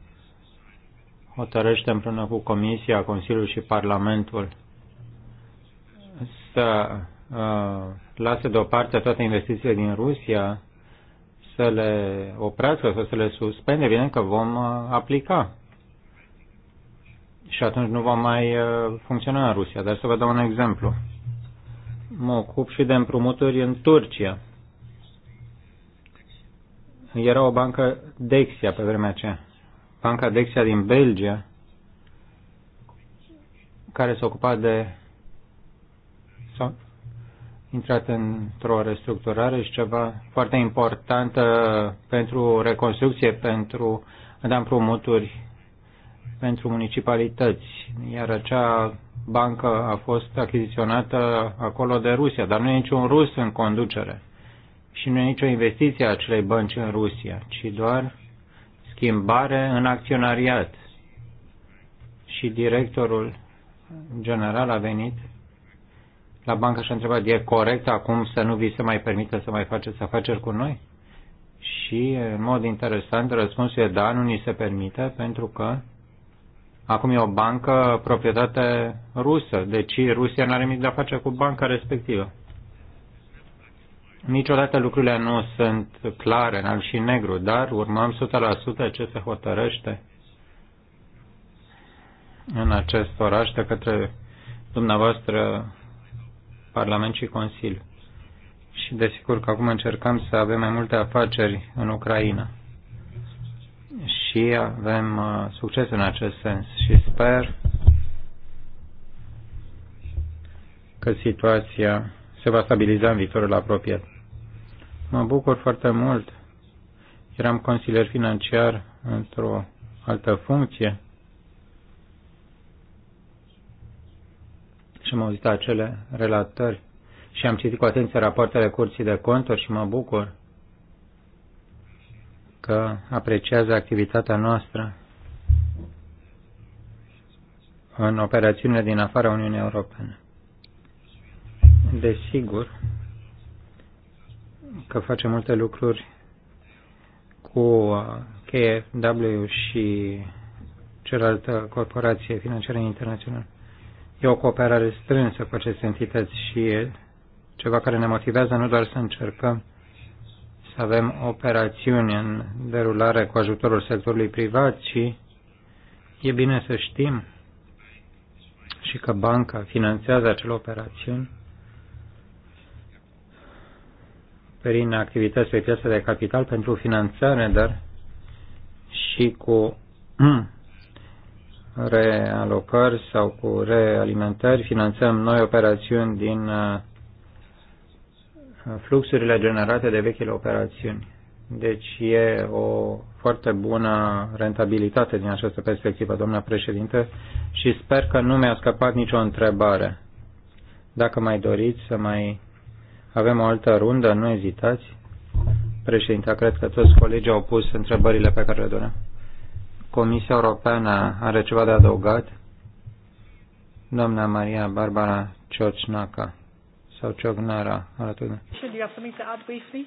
hotărăște împreună cu Comisia, Consiliul și Parlamentul să uh, lase deoparte toate investițiile din Rusia, să le oprească sau să le suspende, evident că vom uh, aplica și atunci nu va mai uh, funcționa în Rusia. Dar să vă dau un exemplu. Mă ocup și de împrumuturi în Turcia. Era o bancă Dexia pe vremea aceea. Banca Dexia din Belgia, care s-a ocupat de S-a intrat într-o restructurare și ceva foarte importantă pentru reconstrucție, pentru a da împrumuturi pentru municipalități, iar acea bancă a fost achiziționată acolo de Rusia, dar nu e niciun rus în conducere și nu e nicio investiție a acelei bănci în Rusia, ci doar schimbare în acționariat. Și directorul general a venit la bancă și a întrebat, e corect acum să nu vi se mai permită să mai faceți afaceri cu noi? Și, în mod interesant, răspunsul e da, nu ni se permite, pentru că Acum e o bancă proprietate rusă, deci Rusia nu are nimic de a face cu banca respectivă. Niciodată lucrurile nu sunt clare în alb și negru, dar urmăm 100% ce se hotărăște în acest oraș de către dumneavoastră Parlament și Consiliu. Și desigur că acum încercăm să avem mai multe afaceri în Ucraina și avem uh, succes în acest sens și sper că situația se va stabiliza în viitorul apropiat. Mă bucur foarte mult. Eram consilier financiar într-o altă funcție și am auzit acele relatări și am citit cu atenție rapoartele Curții de Conturi și mă bucur că apreciază activitatea noastră în operațiunile din afara Uniunii Europene. Desigur că face multe lucruri cu uh, KFW și cealaltă corporație financiară internațională. E o cooperare strânsă cu aceste entități și e ceva care ne motivează nu doar să încercăm să avem operațiuni în derulare cu ajutorul sectorului privat, și e bine să știm și că banca finanțează acele operațiuni prin activități pe piața de capital pentru finanțare, dar și cu realocări sau cu realimentări. Finanțăm noi operațiuni din uh, fluxurile generate de vechile operațiuni. Deci e o foarte bună rentabilitate din această perspectivă, domnule președinte, și sper că nu mi-a scăpat nicio întrebare. Dacă mai doriți să mai avem o altă rundă, nu ezitați. Președinte, cred că toți colegii au pus întrebările pe care le doream. Comisia Europeană are ceva de adăugat? Doamna Maria Barbara Ciocnaca sau ciognara alături. Should you have something to add briefly?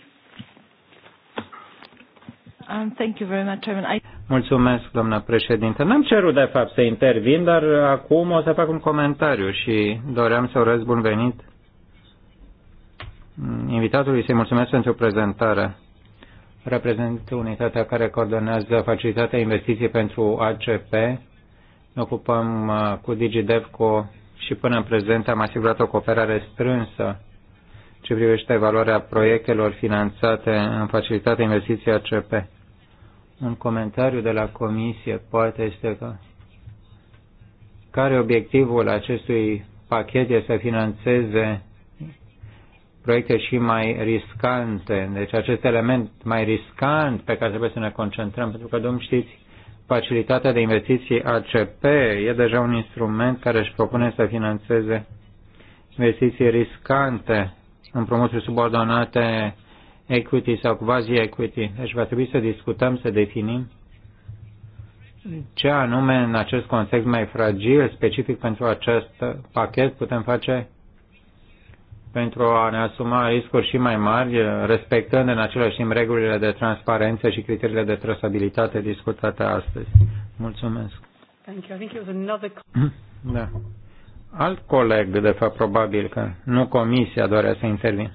Um, thank you very much, Chairman. I... Mulțumesc, doamna președinte. N-am cerut, de fapt, să intervin, dar acum o să fac un comentariu și doream să urez bun venit invitatului să-i mulțumesc pentru prezentare. Reprezint unitatea care coordonează Facilitatea investiției pentru ACP. Ne ocupăm uh, cu DigiDevco și până în prezent am asigurat o cooperare strânsă ce privește valoarea proiectelor finanțate în facilitatea investiției ACP. Un comentariu de la comisie poate este că care obiectivul acestui pachet este să financeze proiecte și mai riscante. Deci acest element mai riscant pe care trebuie să ne concentrăm, pentru că, domn știți, Facilitatea de investiții ACP e deja un instrument care își propune să financeze investiții riscante, împrumuturi subordonate equity sau quasi-equity. Deci va trebui să discutăm, să definim ce anume în acest context mai fragil, specific pentru acest pachet, putem face pentru a ne asuma riscuri și mai mari, respectând în același timp regulile de transparență și criteriile de trasabilitate discutate astăzi. Mulțumesc. Thank you. I think it was another... Mhm. Da. Alt coleg, de fapt, probabil că nu comisia dorea să intervin.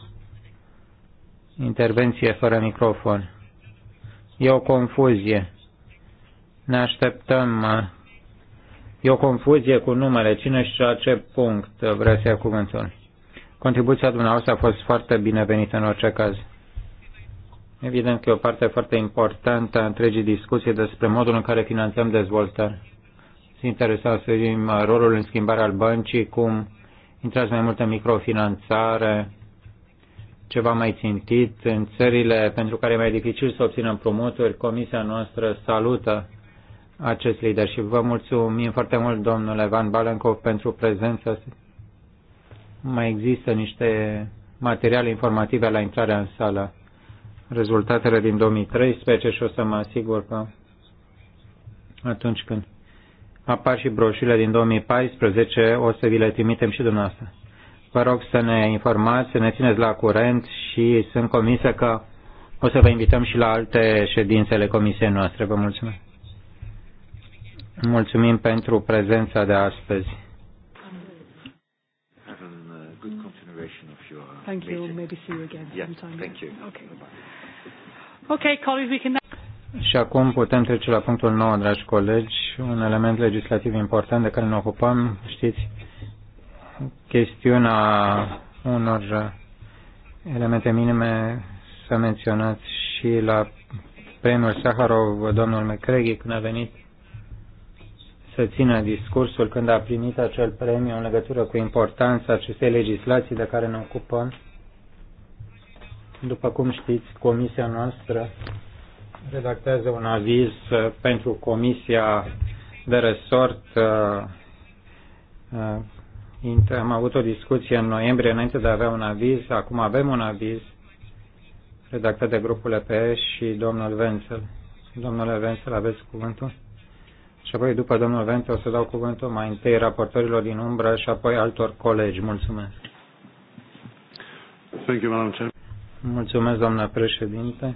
Intervenție fără microfon. E o confuzie. Ne așteptăm. E o confuzie cu numele. Cine și la ce punct vrea să ia cuvântul? Contribuția dumneavoastră a fost foarte binevenită în orice caz. Evident că e o parte foarte importantă a întregii discuții despre modul în care finanțăm dezvoltare. Se interesa să vedem rolul în schimbarea al băncii, cum intrați mai multă microfinanțare, ceva mai țintit în țările pentru care e mai dificil să obținem împrumuturi. Comisia noastră salută acest lider și vă mulțumim foarte mult, domnule Van Balenkov, pentru prezența mai există niște materiale informative la intrarea în sală. Rezultatele din 2013 și o să mă asigur că atunci când apar și broșurile din 2014 o să vi le trimitem și dumneavoastră. Vă rog să ne informați, să ne țineți la curent și sunt convinsă că o să vă invităm și la alte ședințele comisiei noastre. Vă mulțumesc. Mulțumim pentru prezența de astăzi. Thank you. We'll maybe see you again yeah, sometime. Thank you. Okay. Okay, colleagues, we can now. și acum putem trece la punctul 9, dragi colegi, un element legislativ important de care ne ocupăm, știți, chestiunea unor elemente minime să menționați și la premiul Saharov, domnul McCready, când a venit să țină discursul când a primit acel premiu în legătură cu importanța acestei legislații de care ne ocupăm. După cum știți, comisia noastră redactează un aviz uh, pentru comisia de resort. Uh, uh, am avut o discuție în noiembrie înainte de a avea un aviz. Acum avem un aviz redactat de grupul EPS și domnul Wenzel. Domnule Wenzel, aveți cuvântul? Și apoi, după domnul Vente, o să dau cuvântul mai întâi raportorilor din umbră și apoi altor colegi. Mulțumesc. Thank you, Madam Chair. Mulțumesc, doamna președinte.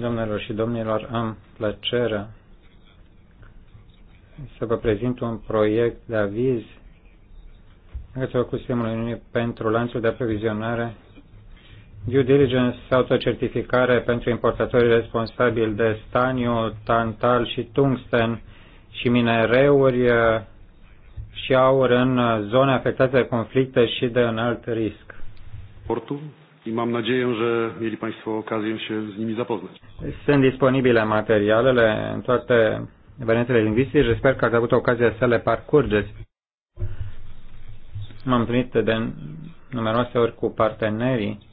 Domnilor și domnilor, am plăcerea să vă prezint un proiect de aviz în cu sistemul Uniunii pentru lanțul de aprovizionare Due diligence, autocertificare pentru importatorii responsabili de staniu, tantal și tungsten și minereuri uh, și aur în uh, zone afectate de conflicte și de înalt risc. Portul i mam nadzieję, że mieli Państwo okazję się z nimi zapoznać. Sunt disponibile materialele în toate variantele lingvistice și sper că ați avut ocazia să le parcurgeți. M-am întâlnit de numeroase ori cu partenerii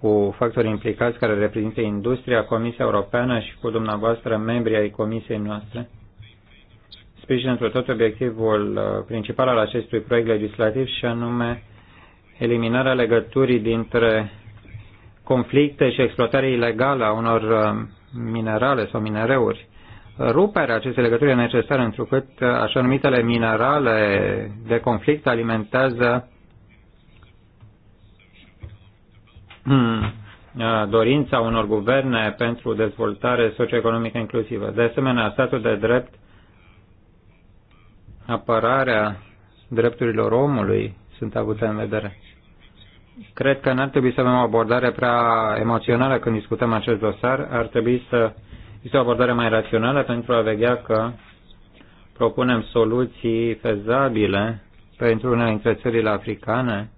cu factorii implicați care reprezintă industria, Comisia Europeană și cu dumneavoastră membrii ai Comisiei noastre. într tot obiectivul uh, principal al acestui proiect legislativ și anume eliminarea legăturii dintre conflicte și exploatarea ilegală a unor uh, minerale sau minereuri. Ruperea acestei legături e necesară întrucât uh, așa numitele minerale de conflict alimentează Hmm. dorința unor guverne pentru dezvoltare socioeconomică inclusivă. De asemenea, statul de drept, apărarea drepturilor omului sunt avute în vedere. Cred că n-ar trebui să avem o abordare prea emoțională când discutăm acest dosar. Ar trebui să este o abordare mai rațională pentru a vedea că propunem soluții fezabile pentru unele dintre țările africane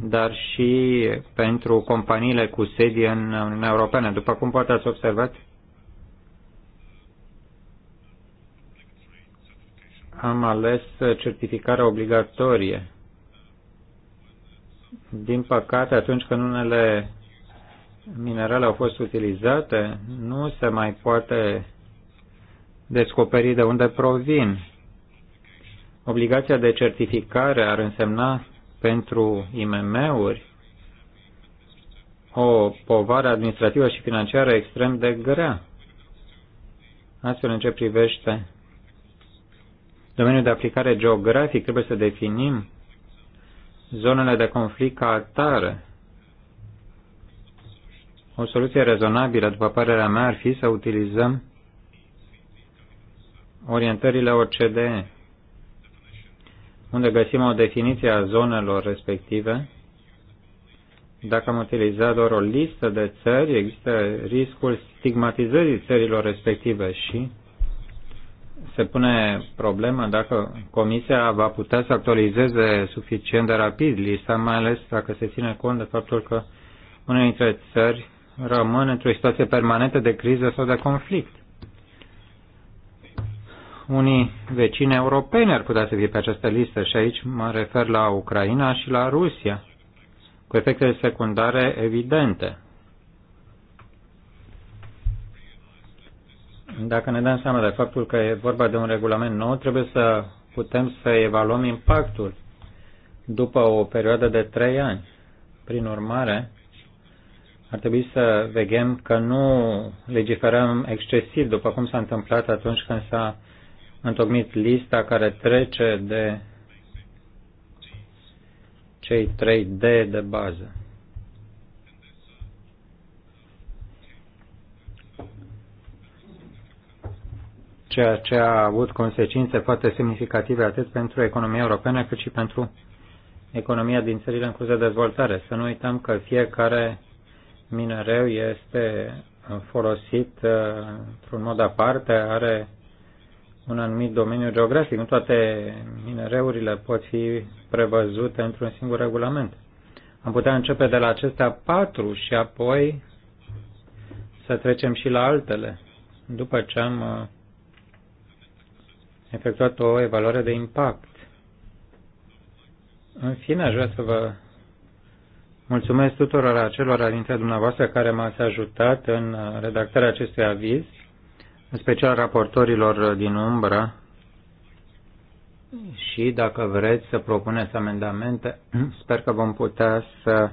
dar și pentru companiile cu sedie în Uniunea Europeană. După cum poate ați observat, am ales certificarea obligatorie. Din păcate, atunci când unele minerale au fost utilizate, nu se mai poate descoperi de unde provin. Obligația de certificare ar însemna pentru IMM-uri o povară administrativă și financiară extrem de grea. Astfel, în ce privește domeniul de aplicare geografic, trebuie să definim zonele de conflict ca atare. O soluție rezonabilă, după părerea mea, ar fi să utilizăm orientările OCDE unde găsim o definiție a zonelor respective. Dacă am utilizat doar o listă de țări, există riscul stigmatizării țărilor respective și se pune problema dacă Comisia va putea să actualizeze suficient de rapid lista, mai ales dacă se ține cont de faptul că unele dintre țări rămân într-o situație permanentă de criză sau de conflict unii vecini europeni ar putea să fie pe această listă și aici mă refer la Ucraina și la Rusia, cu efecte secundare evidente. Dacă ne dăm seama de faptul că e vorba de un regulament nou, trebuie să putem să evaluăm impactul după o perioadă de trei ani. Prin urmare, ar trebui să veghem că nu legiferăm excesiv, după cum s-a întâmplat atunci când s-a întocmit lista care trece de cei 3D de bază. ceea ce a avut consecințe foarte semnificative atât pentru economia europeană cât și pentru economia din țările în curs de dezvoltare. Să nu uităm că fiecare minereu este folosit uh, într-un mod aparte, are un anumit domeniu geografic. Nu toate minereurile pot fi prevăzute într-un singur regulament. Am putea începe de la acestea patru și apoi să trecem și la altele, după ce am uh, efectuat o evaluare de impact. În fine, aș vrea să vă mulțumesc tuturor acelora dintre dumneavoastră care m-ați ajutat în redactarea acestui aviz în special raportorilor din umbră, și dacă vreți să propuneți amendamente, sper că vom putea să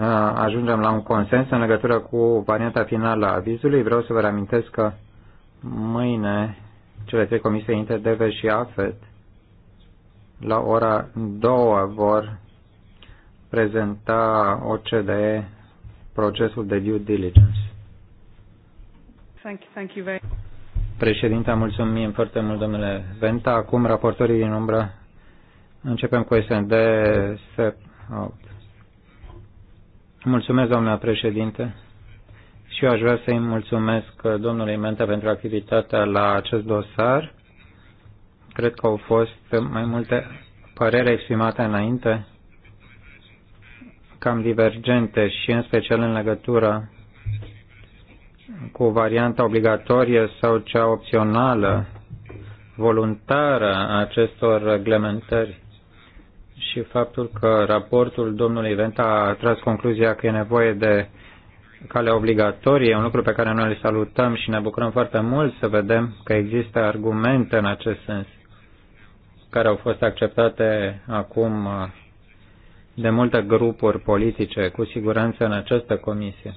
uh, ajungem la un consens în legătură cu varianta finală a avizului. Vreau să vă reamintesc că mâine cele trei comisii INTEDEVE și AFET la ora 2 vor prezenta OCDE procesul de due diligence. Președinte, mulțumim foarte mult, domnule Venta. Acum, raportorii din umbră, începem cu SND. Se... Mulțumesc, domnule președinte. Și eu aș vrea să-i mulțumesc domnului Menta pentru activitatea la acest dosar. Cred că au fost mai multe păreri exprimate înainte, cam divergente și în special în legătură cu varianta obligatorie sau cea opțională, voluntară a acestor reglementări și faptul că raportul domnului Venta a tras concluzia că e nevoie de cale obligatorie, un lucru pe care noi îl salutăm și ne bucurăm foarte mult să vedem că există argumente în acest sens care au fost acceptate acum de multe grupuri politice, cu siguranță în această comisie.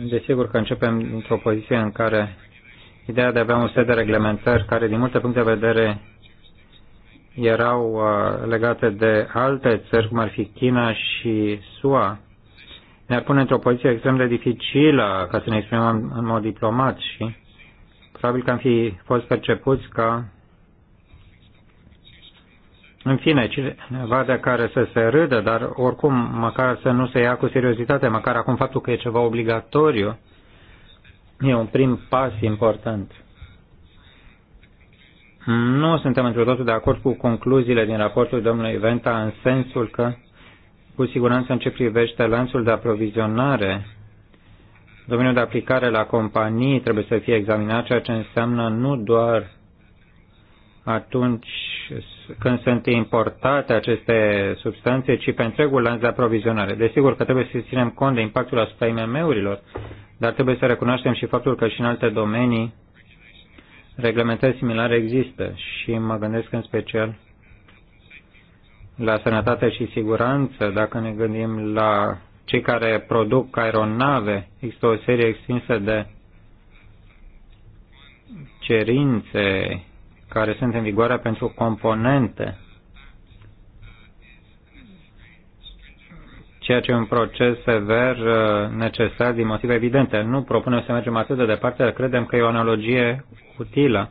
Desigur că începem într-o poziție în care ideea de a avea un set de reglementări care, din multe puncte de vedere, erau uh, legate de alte țări, cum ar fi China și SUA, ne-ar pune într-o poziție extrem de dificilă, ca să ne exprimăm în mod diplomat și probabil că am fi fost percepuți ca în fine, cineva de care să se râdă, dar oricum, măcar să nu se ia cu seriozitate, măcar acum faptul că e ceva obligatoriu, e un prim pas important. Nu suntem într totul de acord cu concluziile din raportul domnului Venta în sensul că, cu siguranță în ce privește lanțul de aprovizionare, domeniul de aplicare la companii trebuie să fie examinat, ceea ce înseamnă nu doar atunci când sunt importate aceste substanțe, ci pe întregul lanț de aprovizionare. Desigur că trebuie să ținem cont de impactul asupra IMM-urilor, dar trebuie să recunoaștem și faptul că și în alte domenii reglementări similare există și mă gândesc în special la sănătate și siguranță, dacă ne gândim la cei care produc aeronave, există o serie extinsă de cerințe care sunt în vigoare pentru componente, ceea ce e un proces sever uh, necesar din motive evidente. Nu propunem să mergem atât de departe, dar credem că e o analogie utilă.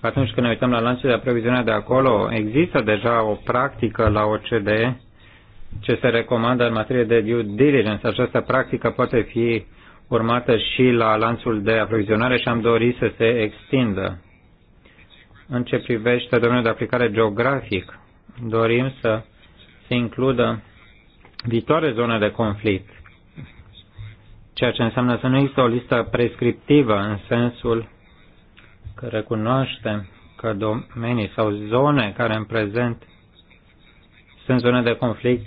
Atunci când ne uităm la lanțul de aprovizionare de acolo, există deja o practică la OCDE ce se recomandă în materie de due diligence. Această practică poate fi urmată și la lanțul de aprovizionare și am dorit să se extindă. În ce privește domeniul de aplicare geografic, dorim să se includă viitoare zone de conflict, ceea ce înseamnă să nu există o listă prescriptivă în sensul că recunoaștem că domenii sau zone care în prezent sunt zone de conflict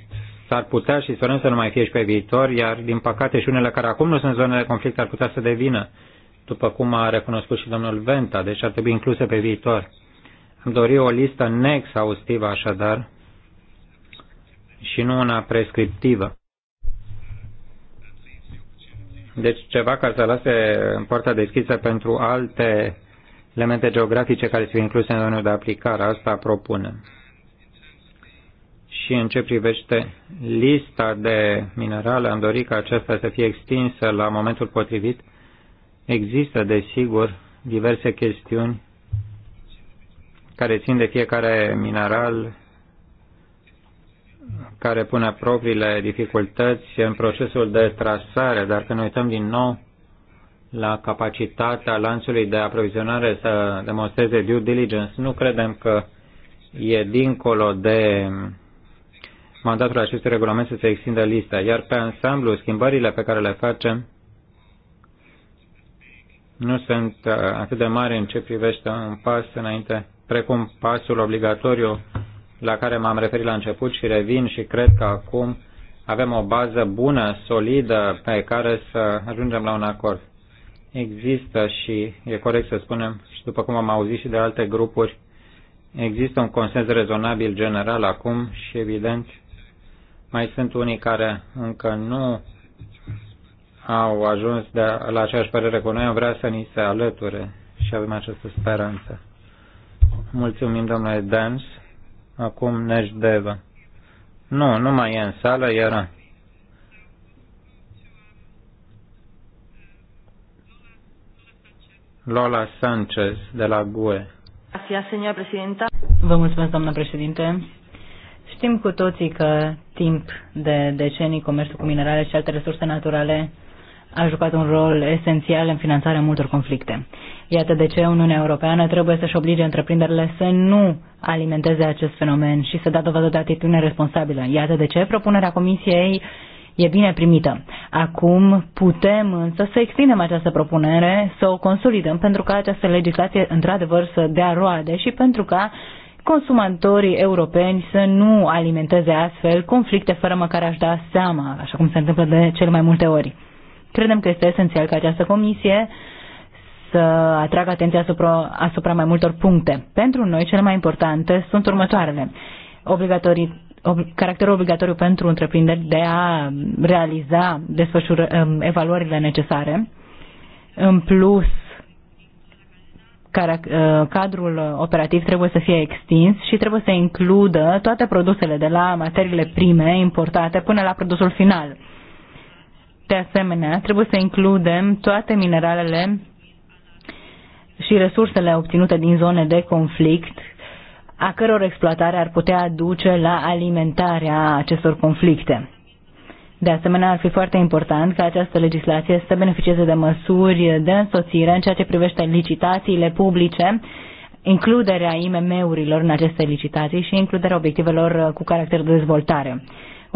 s-ar putea și sperăm să nu mai fie și pe viitor, iar din păcate și unele care acum nu sunt zone de conflict ar putea să devină după cum a recunoscut și domnul Venta, deci ar trebui incluse pe viitor. Am dorit o listă neexhaustivă așadar și nu una prescriptivă. Deci ceva care să lase poarta deschisă pentru alte elemente geografice care sunt incluse în domeniul de aplicare. Asta propunem. Și în ce privește lista de minerale, am dorit ca aceasta să fie extinsă la momentul potrivit Există, desigur, diverse chestiuni care țin de fiecare mineral care pune propriile dificultăți în procesul de trasare, dar când uităm din nou la capacitatea lanțului de aprovizionare să demonstreze due diligence, nu credem că e dincolo de mandatul acestui regulament să se extindă lista, iar pe ansamblu schimbările pe care le facem nu sunt uh, atât de mari în ce privește un pas înainte, precum pasul obligatoriu la care m-am referit la început și revin și cred că acum avem o bază bună, solidă, pe care să ajungem la un acord. Există și, e corect să spunem, și după cum am auzit și de alte grupuri, există un consens rezonabil general acum și, evident, mai sunt unii care încă nu au ajuns de la aceeași părere cu noi, am vrea să ni se alăture și avem această speranță. Mulțumim, domnule Dans. Acum Nejdeva. Nu, nu mai e în sală, era. Lola Sanchez, de la GUE. Vă mulțumesc, doamnă președinte. Știm cu toții că timp de decenii comerțul cu minerale și alte resurse naturale a jucat un rol esențial în finanțarea multor conflicte. Iată de ce Uniunea Europeană trebuie să-și oblige întreprinderile să nu alimenteze acest fenomen și să dea dovadă de atitudine responsabilă. Iată de ce propunerea Comisiei e bine primită. Acum putem însă să extindem această propunere, să o consolidăm pentru ca această legislație într-adevăr să dea roade și pentru ca consumatorii europeni să nu alimenteze astfel conflicte fără măcar aș da seama, așa cum se întâmplă de cel mai multe ori. Credem că este esențial ca această comisie să atragă atenția asupra, asupra mai multor puncte. Pentru noi, cele mai importante sunt următoarele. Obligatorii caracterul obligatoriu pentru întreprinderi de a realiza desfășur, um, evaluările necesare. În plus, uh, cadrul operativ trebuie să fie extins și trebuie să includă toate produsele de la materiile prime importate până la produsul final. De asemenea, trebuie să includem toate mineralele și resursele obținute din zone de conflict, a căror exploatare ar putea duce la alimentarea acestor conflicte. De asemenea, ar fi foarte important ca această legislație să beneficieze de măsuri de însoțire în ceea ce privește licitațiile publice, includerea IMM-urilor în aceste licitații și includerea obiectivelor cu caracter de dezvoltare.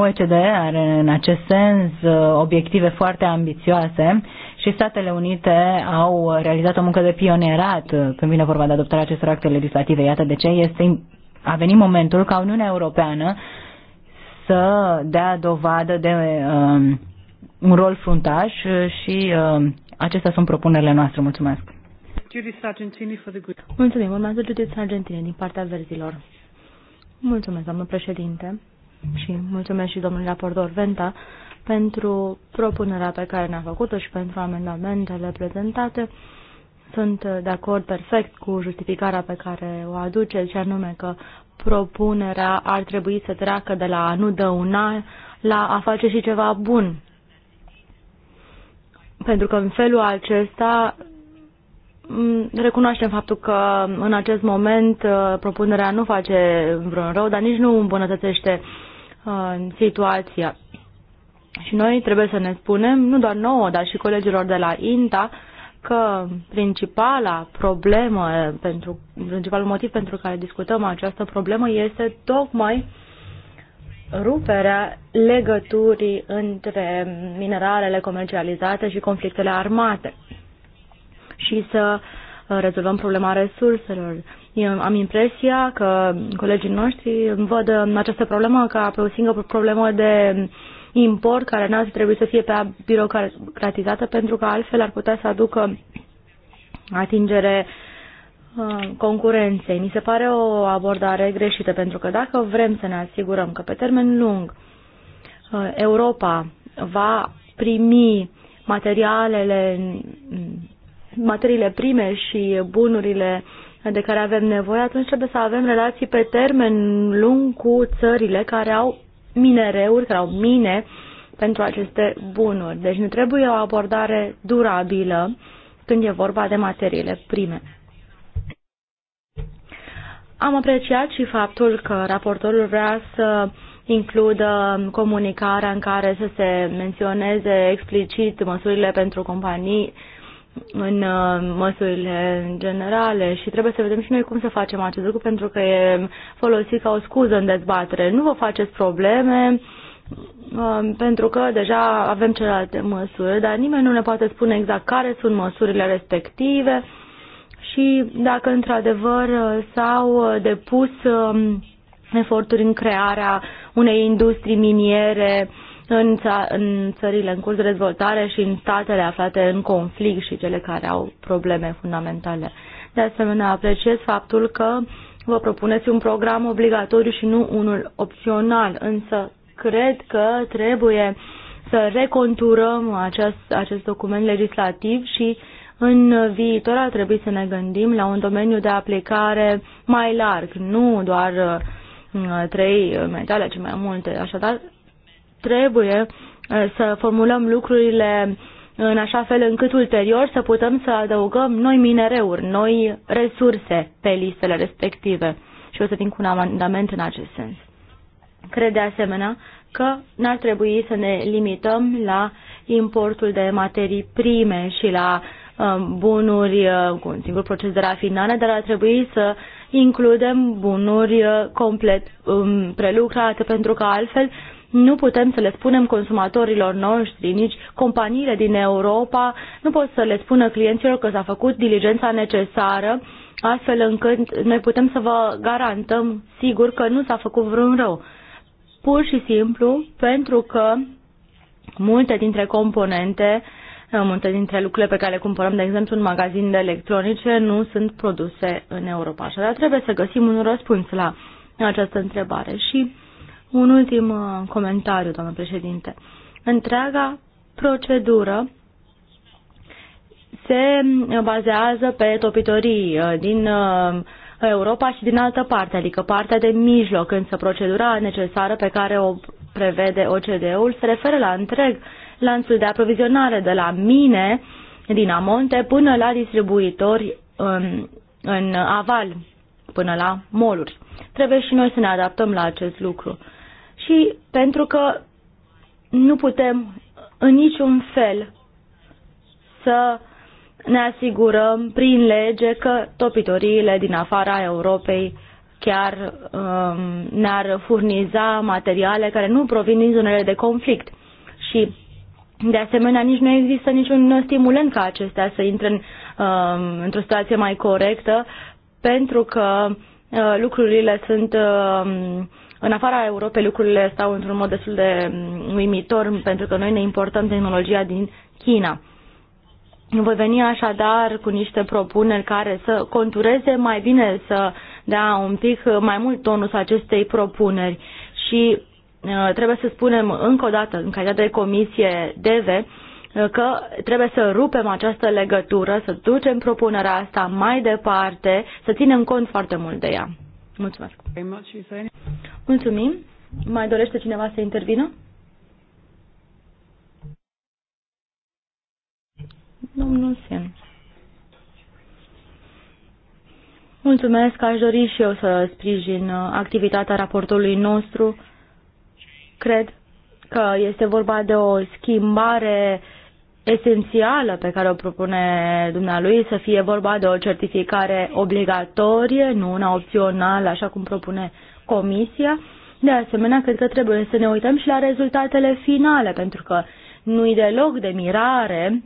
OECD are în acest sens uh, obiective foarte ambițioase și Statele Unite au realizat o muncă de pionierat uh, când vine vorba de adoptarea acestor acte legislative. Iată de ce este, a venit momentul ca Uniunea Europeană să dea dovadă de um, un rol fruntaș uh, și um, acestea sunt propunerile noastre. Mulțumesc! Mulțumim. Urmează Judith Sargentini din partea verzilor. Mulțumesc, doamnă președinte și mulțumesc și domnului raportor Venta pentru propunerea pe care ne-a făcut-o și pentru amendamentele prezentate. Sunt de acord perfect cu justificarea pe care o aduce, și anume că propunerea ar trebui să treacă de la a nu dăuna la a face și ceva bun. Pentru că în felul acesta mm, recunoaștem faptul că în acest moment uh, propunerea nu face vreun rău, dar nici nu îmbunătățește uh, situația. Și noi trebuie să ne spunem, nu doar nouă, dar și colegilor de la INTA, că principala problemă, pentru, principalul motiv pentru care discutăm această problemă este tocmai ruperea legăturii între mineralele comercializate și conflictele armate și să rezolvăm problema resurselor am impresia că colegii noștri văd um, această problemă ca pe o singură problemă de import care n-ar trebui să fie prea birocratizată pentru că altfel ar putea să aducă atingere uh, concurenței. Mi se pare o abordare greșită pentru că dacă vrem să ne asigurăm că pe termen lung uh, Europa va primi materialele, materiile prime și bunurile uh, de care avem nevoie, atunci trebuie să avem relații pe termen lung cu țările care au minereuri sau mine pentru aceste bunuri. Deci ne trebuie o abordare durabilă când e vorba de materiile prime. Am apreciat și faptul că raportorul vrea să includă comunicarea în care să se menționeze explicit măsurile pentru companii în uh, măsurile generale și trebuie să vedem și noi cum să facem acest lucru pentru că e folosit ca o scuză în dezbatere. Nu vă faceți probleme uh, pentru că deja avem celelalte măsuri, dar nimeni nu ne poate spune exact care sunt măsurile respective și dacă într-adevăr uh, s-au depus um, eforturi în crearea unei industrii miniere uh, în, ța- în țările în curs de dezvoltare și în statele aflate în conflict și cele care au probleme fundamentale. De asemenea, apreciez faptul că vă propuneți un program obligatoriu și nu unul opțional, însă cred că trebuie să reconturăm acest, acest document legislativ și în viitor ar trebui să ne gândim la un domeniu de aplicare mai larg, nu doar uh, trei metale, ci mai multe. Așadar, trebuie eh, să formulăm lucrurile în așa fel încât ulterior să putem să adăugăm noi minereuri, noi resurse pe listele respective. Și o să vin cu un amendament în acest sens. Cred de asemenea că n-ar trebui să ne limităm la importul de materii prime și la um, bunuri uh, cu un singur proces de rafinare, dar ar trebui să includem bunuri uh, complet um, prelucrate, pentru că altfel nu putem să le spunem consumatorilor noștri, nici companiile din Europa, nu pot să le spună clienților că s-a făcut diligența necesară, astfel încât noi putem să vă garantăm sigur că nu s-a făcut vreun rău. Pur și simplu pentru că multe dintre componente multe dintre lucrurile pe care le cumpărăm, de exemplu, în magazin de electronice, nu sunt produse în Europa. Așadar, trebuie să găsim un răspuns la această întrebare. Și un ultim uh, comentariu, doamnă președinte. Întreaga procedură se bazează pe topitorii uh, din uh, Europa și din altă parte, adică partea de mijloc, însă procedura necesară pe care o prevede OCDE-ul se referă la întreg lanțul de aprovizionare de la mine din Amonte până la distribuitori în, um, în aval, până la moluri. Trebuie și noi să ne adaptăm la acest lucru și pentru că nu putem în niciun fel să ne asigurăm prin lege că topitoriile din afara Europei chiar um, ne-ar furniza materiale care nu provin din zonele de conflict. Și de asemenea, nici nu există niciun stimulent ca acestea să intre în, um, într-o situație mai corectă, pentru că uh, lucrurile sunt uh, în afara Europei lucrurile stau într-un mod destul de mm, uimitor pentru că noi ne importăm tehnologia din China. Voi veni așadar cu niște propuneri care să contureze mai bine, să dea un pic mai mult tonus acestei propuneri și trebuie să spunem încă o dată, în calitate de comisie DEVE, că trebuie să rupem această legătură, să ducem propunerea asta mai departe, să ținem cont foarte mult de ea. Mulțumesc. Mulțumim. Mai dorește cineva să intervină? Domnul Sen. Mulțumesc, aș dori și eu să sprijin activitatea raportului nostru. Cred că este vorba de o schimbare uh, esențială pe care o propune dumnealui să fie vorba de o certificare obligatorie, nu una opțională, așa cum propune Comisia. De asemenea, cred că trebuie să ne uităm și la rezultatele finale, pentru că nu-i deloc de mirare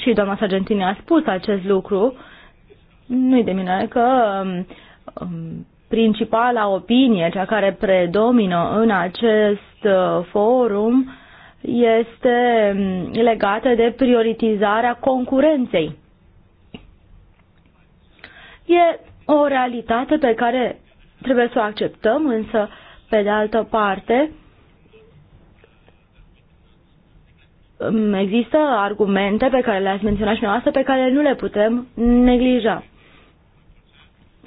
și doamna Sargentini a spus acest lucru, nu-i de mirare că um, um principala opinie, cea care predomină în acest uh, forum, este mm, legată de prioritizarea concurenței. E o realitate pe care trebuie să o acceptăm, însă, pe de altă parte, mm, există argumente pe care le-ați menționat și noastră pe care nu le putem neglija.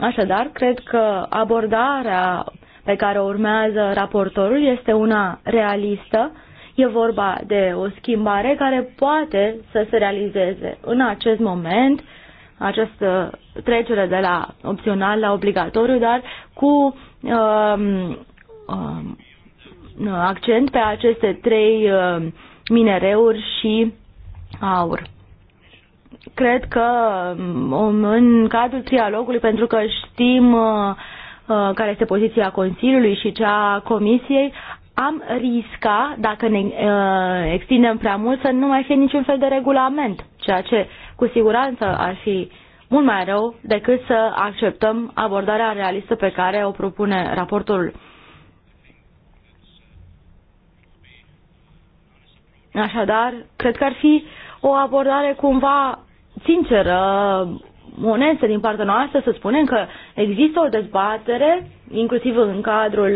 Așadar, cred că abordarea pe care o urmează raportorul este una realistă. E vorba de o schimbare care poate să se realizeze în acest moment, această trecere de la opțional la obligatoriu, dar cu um, um, accent pe aceste trei uh, minereuri și aur cred că um, în cadrul trialogului, pentru că știm uh, uh, care este poziția Consiliului și cea a Comisiei, am risca, dacă ne uh, extindem prea mult, să nu mai fie niciun fel de regulament, ceea ce cu siguranță ar fi mult mai rău decât să acceptăm abordarea realistă pe care o propune raportul. Așadar, cred că ar fi o abordare cumva sinceră, onestă din partea noastră să spunem că există o dezbatere, inclusiv în cadrul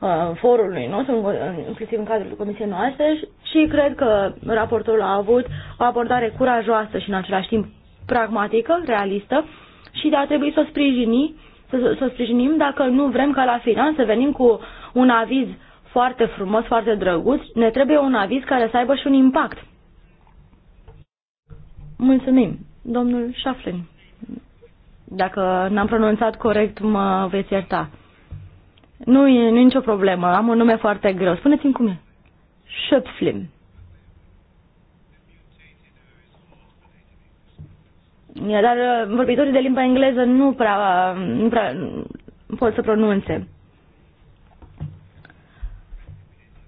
uh, forului nostru, inclusiv în cadrul comisiei noastre și cred că raportul a avut o abordare curajoasă și în același timp pragmatică, realistă și de a trebui să o sprijini, să, să o sprijinim dacă nu vrem ca la final să venim cu un aviz foarte frumos, foarte drăguț, ne trebuie un aviz care să aibă și un impact Mulțumim. Domnul Șaflin, dacă n-am pronunțat corect, mă veți ierta. Nu e, nu e nicio problemă, am un nume foarte greu. Spuneți-mi cum e. Șöpflin. Dar uh, vorbitorii de limba engleză nu prea, nu prea pot să pronunțe.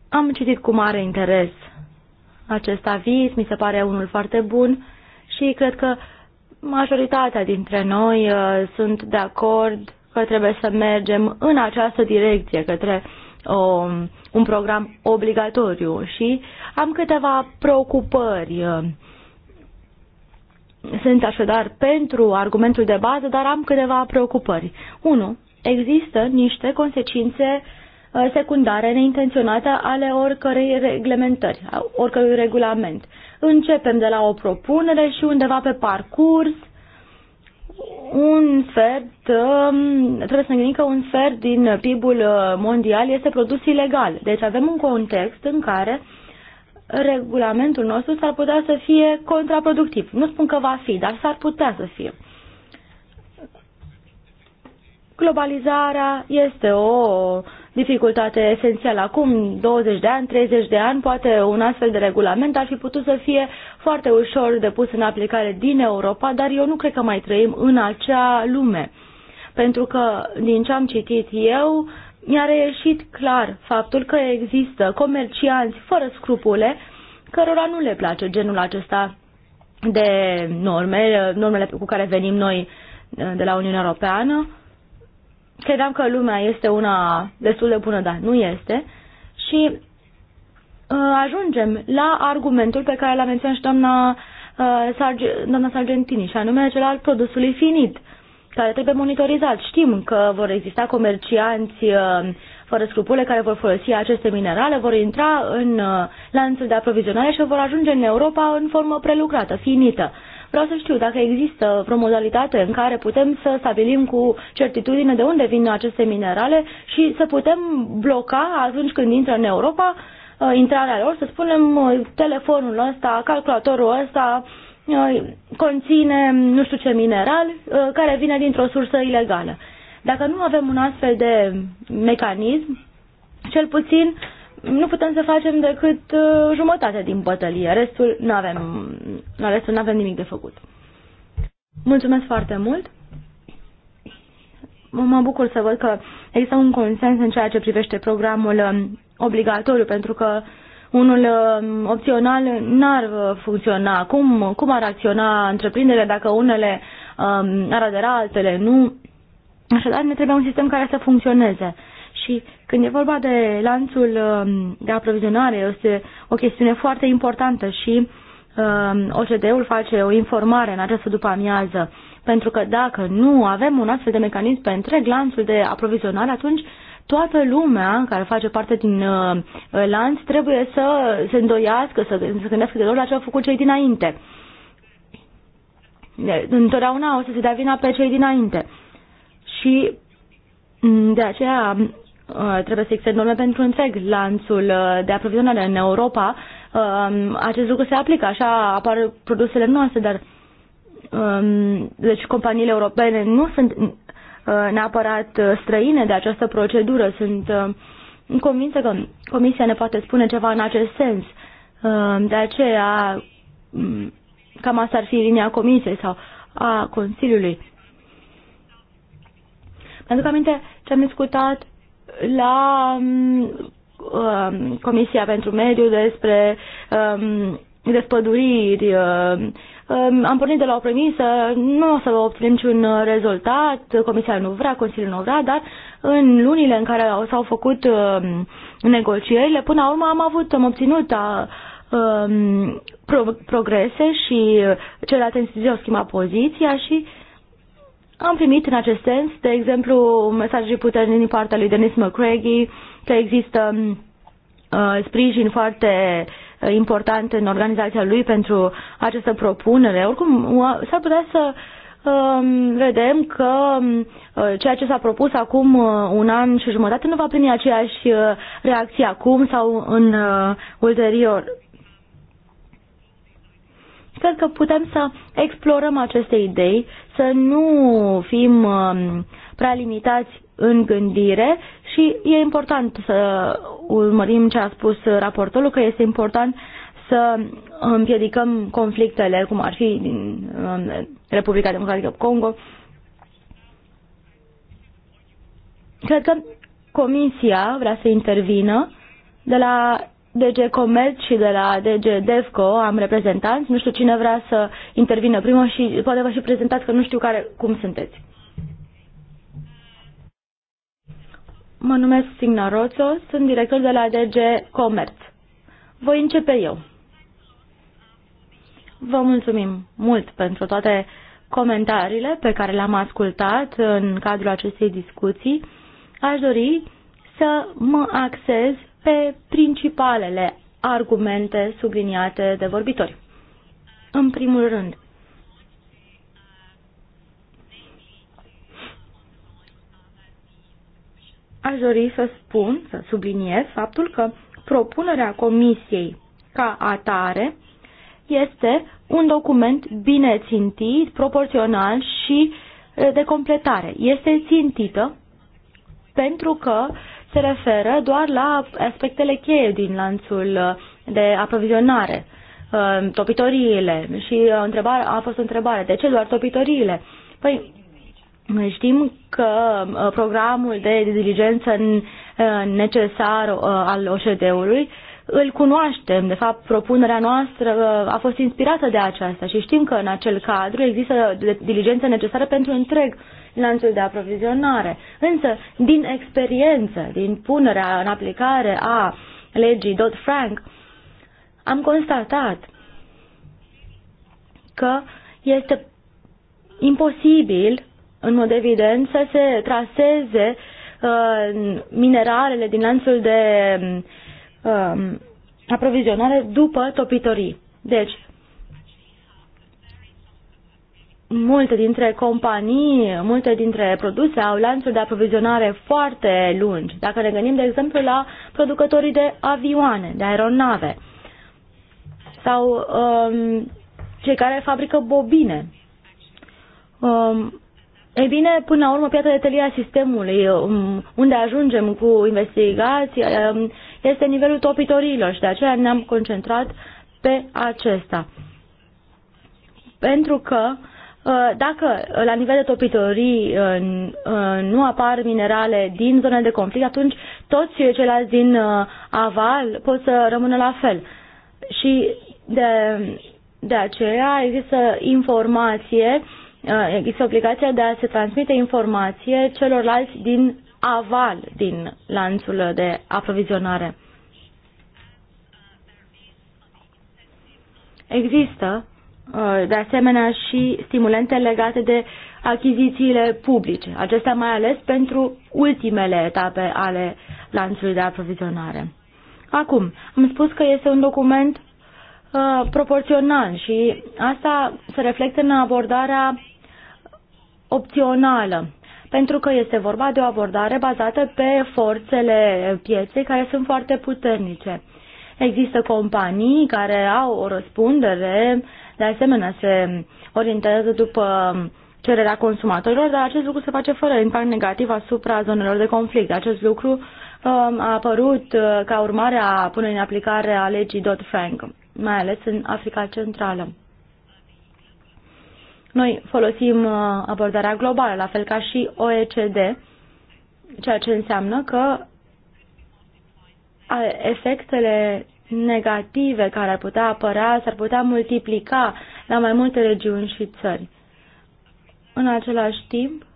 Am citit cu mare interes acest aviz, mi se pare unul foarte bun și cred că majoritatea dintre noi uh, sunt de acord că trebuie să mergem în această direcție, către o, um, un program obligatoriu și am câteva preocupări. Uh, sunt așadar pentru argumentul de bază, dar am câteva preocupări. 1. Există niște consecințe Uh, secundare neintenționate ale oricărei reglementări, oricărui regulament. Începem de la o propunere și undeva pe parcurs un sfert, um, trebuie să ne gândim că un sfert din PIB-ul uh, mondial este produs ilegal. Deci avem un context în care regulamentul nostru s-ar putea să fie contraproductiv. Nu spun că va fi, dar s-ar putea să fie. Globalizarea este o dificultate esențială. Acum 20 de ani, 30 de ani, poate un astfel de regulament ar fi putut să fie foarte ușor depus în aplicare din Europa, dar eu nu cred că mai trăim în acea lume. Pentru că, din ce am citit eu, mi-a reieșit clar faptul că există comercianți fără scrupule cărora nu le place genul acesta de norme, normele cu care venim noi eh, de la Uniunea Europeană, credeam că lumea este una destul de bună, dar nu este. Și uh, ajungem la argumentul pe care l-a menționat și doamna, uh, Sarge, doamna Sargentini, și anume cel al produsului finit, care trebuie monitorizat. Știm că vor exista comercianți uh, fără scrupule care vor folosi aceste minerale, vor intra în uh, lanțul de aprovizionare și vor ajunge în Europa în formă prelucrată, finită. Uh, Vreau să știu dacă există vreo modalitate în care putem să stabilim cu certitudine de unde vin aceste minerale și să putem bloca atunci când intră în Europa uh, intrarea lor, să spunem uh, telefonul ăsta, calculatorul ăsta uh, conține nu știu ce mineral care vine dintr-o sursă ilegală. Dacă nu avem un astfel de mecanism, cel puțin uh, nu putem să facem decât uh, jumătate din bătălie. Restul nu avem, la mm, restul nu avem nimic de făcut. Mulțumesc foarte mult! Mă bucur să văd că există un consens în ceea ce privește programul um, obligatoriu, pentru că unul um, opțional n-ar uh, funcționa. Cum, cum ar acționa întreprinderile dacă unele uh, ar adera, altele nu? Așadar, ne trebuie un sistem care să funcționeze. Și când e vorba de lanțul um, de aprovizionare, este o chestiune foarte importantă și um, ocd ul face o informare în această după-amiază, pentru că dacă nu avem un astfel de mecanism pe întreg lanțul de aprovizionare, atunci toată lumea care face parte din uh, lanț trebuie să se îndoiască, să se gândească de lor la ce au făcut cei dinainte. Întotdeauna o să se dea vina pe cei dinainte. Și de aceea Uh, trebuie să existe norme pentru întreg lanțul uh, de aprovizionare în Europa. Um, acest lucru se aplică, așa apar produsele noastre, dar um, deci companiile europene nu sunt uh, neapărat străine de această procedură. Sunt convinsă că Comisia ne poate spune ceva în acest sens. Um, de aceea, cam asta ar fi linia Comisiei sau a Consiliului. Pentru că aminte ce am discutat la um, um, Comisia pentru Mediu despre um, despăduriri. Um, um, am pornit de la o premisă, nu o să obținem niciun rezultat, Comisia nu vrea, Consiliul nu vrea, dar în lunile în care s-au făcut um, negocierile, până la urmă am avut, am obținut a, um, pro, progrese și uh, celelalte instituții au schimbat poziția și uh, am primit în acest sens, de exemplu, mesaje puternice din partea lui Denis McCraggy că există uh, sprijin foarte uh, important în organizația lui pentru această propunere. Oricum, s-ar putea să um, vedem că um, uh, ceea ce s-a propus acum uh, un an și jumătate nu va primi aceeași uh, reacție acum sau în ulterior. Cred că putem să explorăm aceste idei, să nu fim um, prea limitați în gândire și e important să urmărim ce a spus raportorul, că este important să împiedicăm conflictele, cum ar fi din um, Republica Democratică Congo. Cred că Comisia vrea să intervină de la DG Comerț și de la DG DEFCO am reprezentanți. Nu știu cine vrea să intervină primul și poate vă și prezentați că nu știu care, cum sunteți. Mă numesc Signa Roțo, sunt director de la DG Comerț. Voi începe eu. Vă mulțumim mult pentru toate comentariile pe care le-am ascultat în cadrul acestei discuții. Aș dori să mă axez pe principalele argumente subliniate de vorbitori. În primul rând, aș dori să spun, să subliniez faptul că propunerea Comisiei ca atare este un document bine țintit, proporțional și de completare. Este țintită pentru că se referă doar la aspectele cheie din lanțul de aprovizionare, uh, topitoriile. Și uh, întrebare, a fost o întrebare, de ce doar topitoriile? Păi, Știm că uh, programul de diligență necesar al OCD-ului îl cunoaștem. De fapt, propunerea noastră uh, a fost inspirată de aceasta și știm că în acel cadru există diligența necesară pentru întreg lanțul de aprovizionare. Însă, din experiență, din punerea în aplicare a legii Dodd-Frank, am constatat că este imposibil, în mod evident, să se traseze uh, mineralele din lanțul de uh, uh, aprovizionare după topitorii. Deci, multe dintre companii, multe dintre produse au lanțuri de aprovizionare foarte lungi. Dacă ne gândim, de exemplu, la producătorii de avioane, de aeronave sau um, cei care fabrică bobine. Um, ei bine, până la urmă, piața de telia sistemului, um, unde ajungem cu investigații, um, este nivelul topitorilor și de aceea ne-am concentrat pe acesta. Pentru că uh, dacă la nivel de topitorii uh, uh, nu apar minerale din zone de conflict, atunci toți ceilalți din aval pot să rămână la fel. Și de, de aceea există informație, există obligația de a se transmite informație celorlalți din aval din lanțul de aprovizionare. Există, uh, de asemenea, și stimulente legate de achizițiile publice, acestea mai ales pentru ultimele etape ale lanțului de aprovizionare. Acum, am spus că este un document uh, proporțional și asta se reflectă în abordarea opțională pentru că este vorba de o abordare bazată pe forțele pieței care sunt foarte puternice. Există companii care au o răspundere, de asemenea se orientează după cererea consumatorilor, dar acest lucru se face fără impact negativ asupra zonelor de conflict. Acest lucru um, a apărut uh, ca urmare a punerii în aplicare a legii Dodd-Frank, mai ales în Africa Centrală. Noi folosim uh, abordarea globală, la fel ca și OECD, ceea ce înseamnă că efectele negative care ar putea apărea s-ar putea multiplica la mai multe regiuni și țări. În același timp,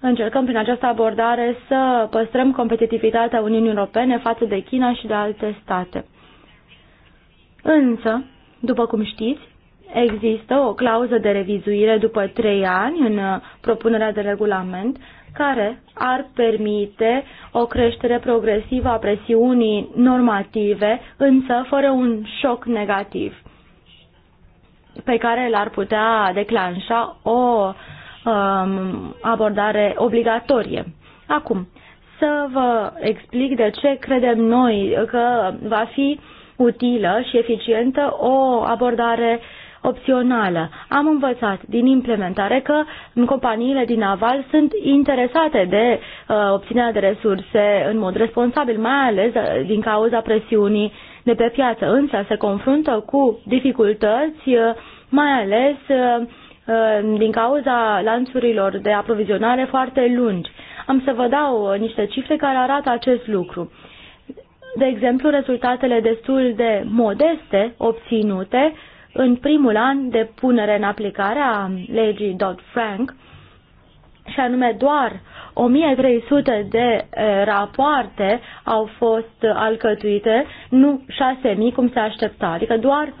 încercăm prin această abordare să păstrăm competitivitatea Uniunii Europene față de China și de alte state. Însă, după cum știți, Există o clauză de revizuire după trei ani în uh, propunerea de regulament care ar permite o creștere progresivă a presiunii normative, însă fără un șoc negativ pe care l-ar putea declanșa o um, abordare obligatorie. Acum, să vă explic de ce credem noi că va fi utilă și eficientă o abordare opțională. Am învățat din implementare că companiile din aval sunt interesate de uh, obținerea de resurse în mod responsabil, mai ales uh, din cauza presiunii de pe piață, însă se confruntă cu dificultăți, uh, mai ales uh, din cauza lanțurilor de aprovizionare foarte lungi. Am să vă dau niște cifre care arată acest lucru. De exemplu, rezultatele destul de modeste obținute în primul an de punere în aplicare a legii Dodd-Frank, și anume doar 1300 de rapoarte au fost alcătuite, nu 6000 cum se aștepta, adică doar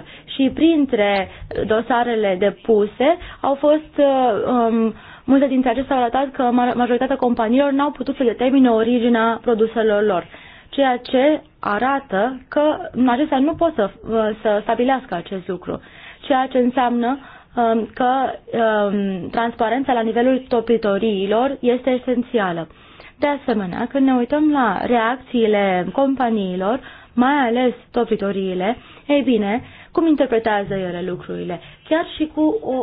20% și printre dosarele depuse au fost um, multe dintre acestea au arătat că majoritatea companiilor n-au putut să determine originea produselor lor, ceea ce arată că acestea nu pot să, uh, să stabilească acest lucru, ceea ce înseamnă um, că um, transparența la nivelul topitoriilor este esențială. De asemenea, când ne uităm la reacțiile companiilor, mai ales topitoriile, ei bine, cum interpretează ele lucrurile? Chiar și cu o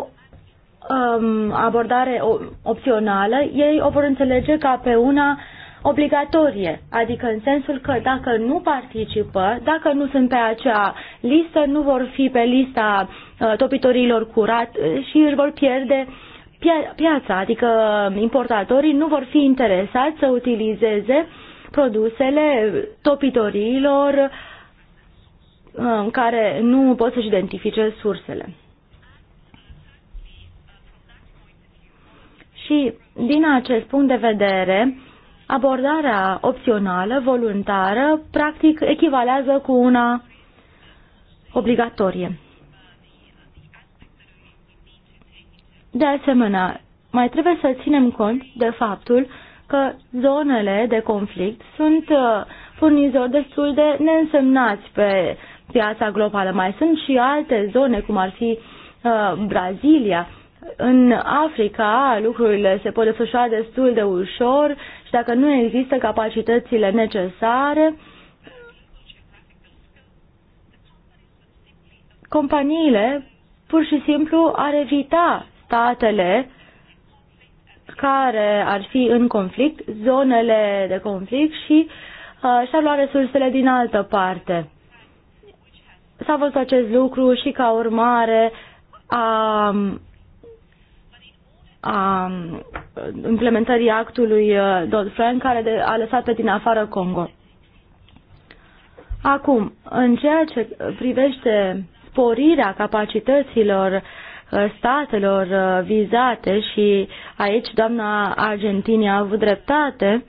um, abordare opțională, ei o vor înțelege ca pe una obligatorie, adică în sensul că dacă nu participă, dacă nu sunt pe acea listă, nu vor fi pe lista uh, topitorilor curat uh, și își vor pierde piața, adică importatorii nu vor fi interesați să utilizeze produsele topitorilor uh, în care nu pot să-și identifice sursele. Și din acest punct de vedere, Abordarea opțională, voluntară, practic echivalează cu una obligatorie. De asemenea, mai trebuie să ținem cont de faptul că zonele de conflict sunt uh, furnizori destul de neînsemnați pe piața globală. Mai sunt și alte zone, cum ar fi uh, Brazilia. În Africa lucrurile se pot desfășura destul de ușor și dacă nu există capacitățile necesare, companiile pur și simplu ar evita statele care ar fi în conflict, zonele de conflict și uh, și-ar lua resursele din altă parte. S-a văzut acest lucru și ca urmare a a implementării actului uh, Dodd-Frank care a lăsat pe din afară Congo. Acum, în ceea ce privește sporirea capacităților uh, statelor uh, vizate și aici doamna Argentini a avut dreptate,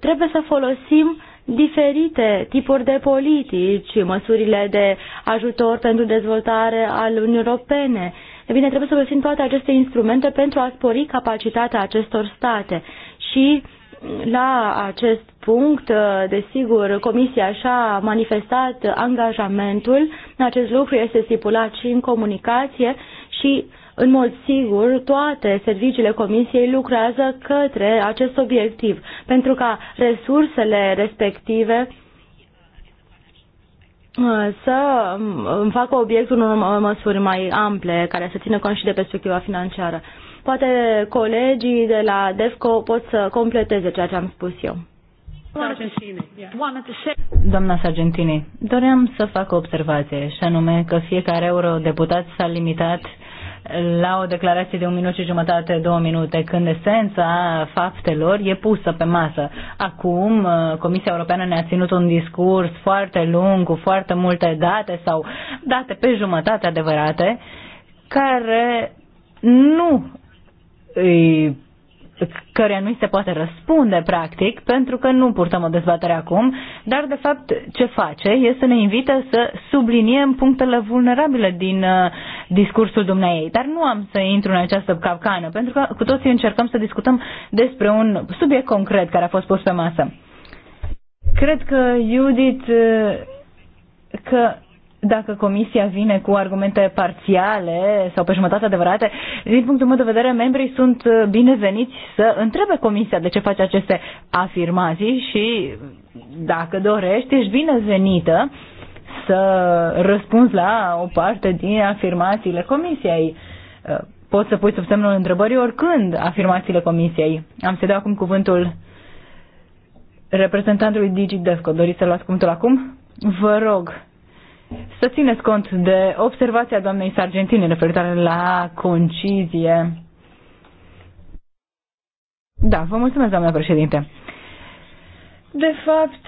trebuie să folosim diferite tipuri de politici, măsurile de ajutor pentru dezvoltare al Uniunii Europene, E bine, trebuie să folosim toate aceste instrumente pentru a spori capacitatea acestor state și mm, la acest punct, uh, desigur, Comisia și-a manifestat angajamentul. Acest lucru este stipulat și în comunicație și, în mod sigur, toate serviciile Comisiei lucrează către acest obiectiv, pentru ca resursele respective să facă obiectul unor măsuri mai ample, care să țină cont și de perspectiva financiară. Poate colegii de la DEFCO pot să completeze ceea ce am spus eu. Doamna Sargentini, doream să fac o observație, și anume că fiecare eurodeputat s-a limitat uh, la o declarație de un minut și jumătate, două minute, când esența faptelor e pusă pe masă. Acum, uh, Comisia Europeană ne-a ținut un discurs foarte lung, cu foarte multe date sau date pe jumătate adevărate, care nu îi căreia nu se poate răspunde, practic, pentru că nu purtăm o dezbatere acum, dar, de fapt, ce face este să ne invită să subliniem punctele vulnerabile din uh, discursul dumneei. Dar nu am să intru în această capcană, pentru că cu toții încercăm să discutăm despre un subiect concret care a fost pus pe masă. Cred că, Judith, uh, că dacă comisia vine cu argumente parțiale sau pe jumătate adevărate, din punctul meu de vedere, membrii sunt uh, bineveniți să întrebe comisia de ce face aceste afirmații și, dacă dorești, ești binevenită să răspunzi la o parte din afirmațiile comisiei. Uh, poți să pui sub semnul întrebării oricând afirmațiile comisiei. Am să dau acum cuvântul reprezentantului DigiDefco. Doriți să luați cuvântul acum? Vă rog, să țineți cont de observația doamnei Sargentini referitoare la concizie. Da, vă mulțumesc, doamna președinte. De fapt,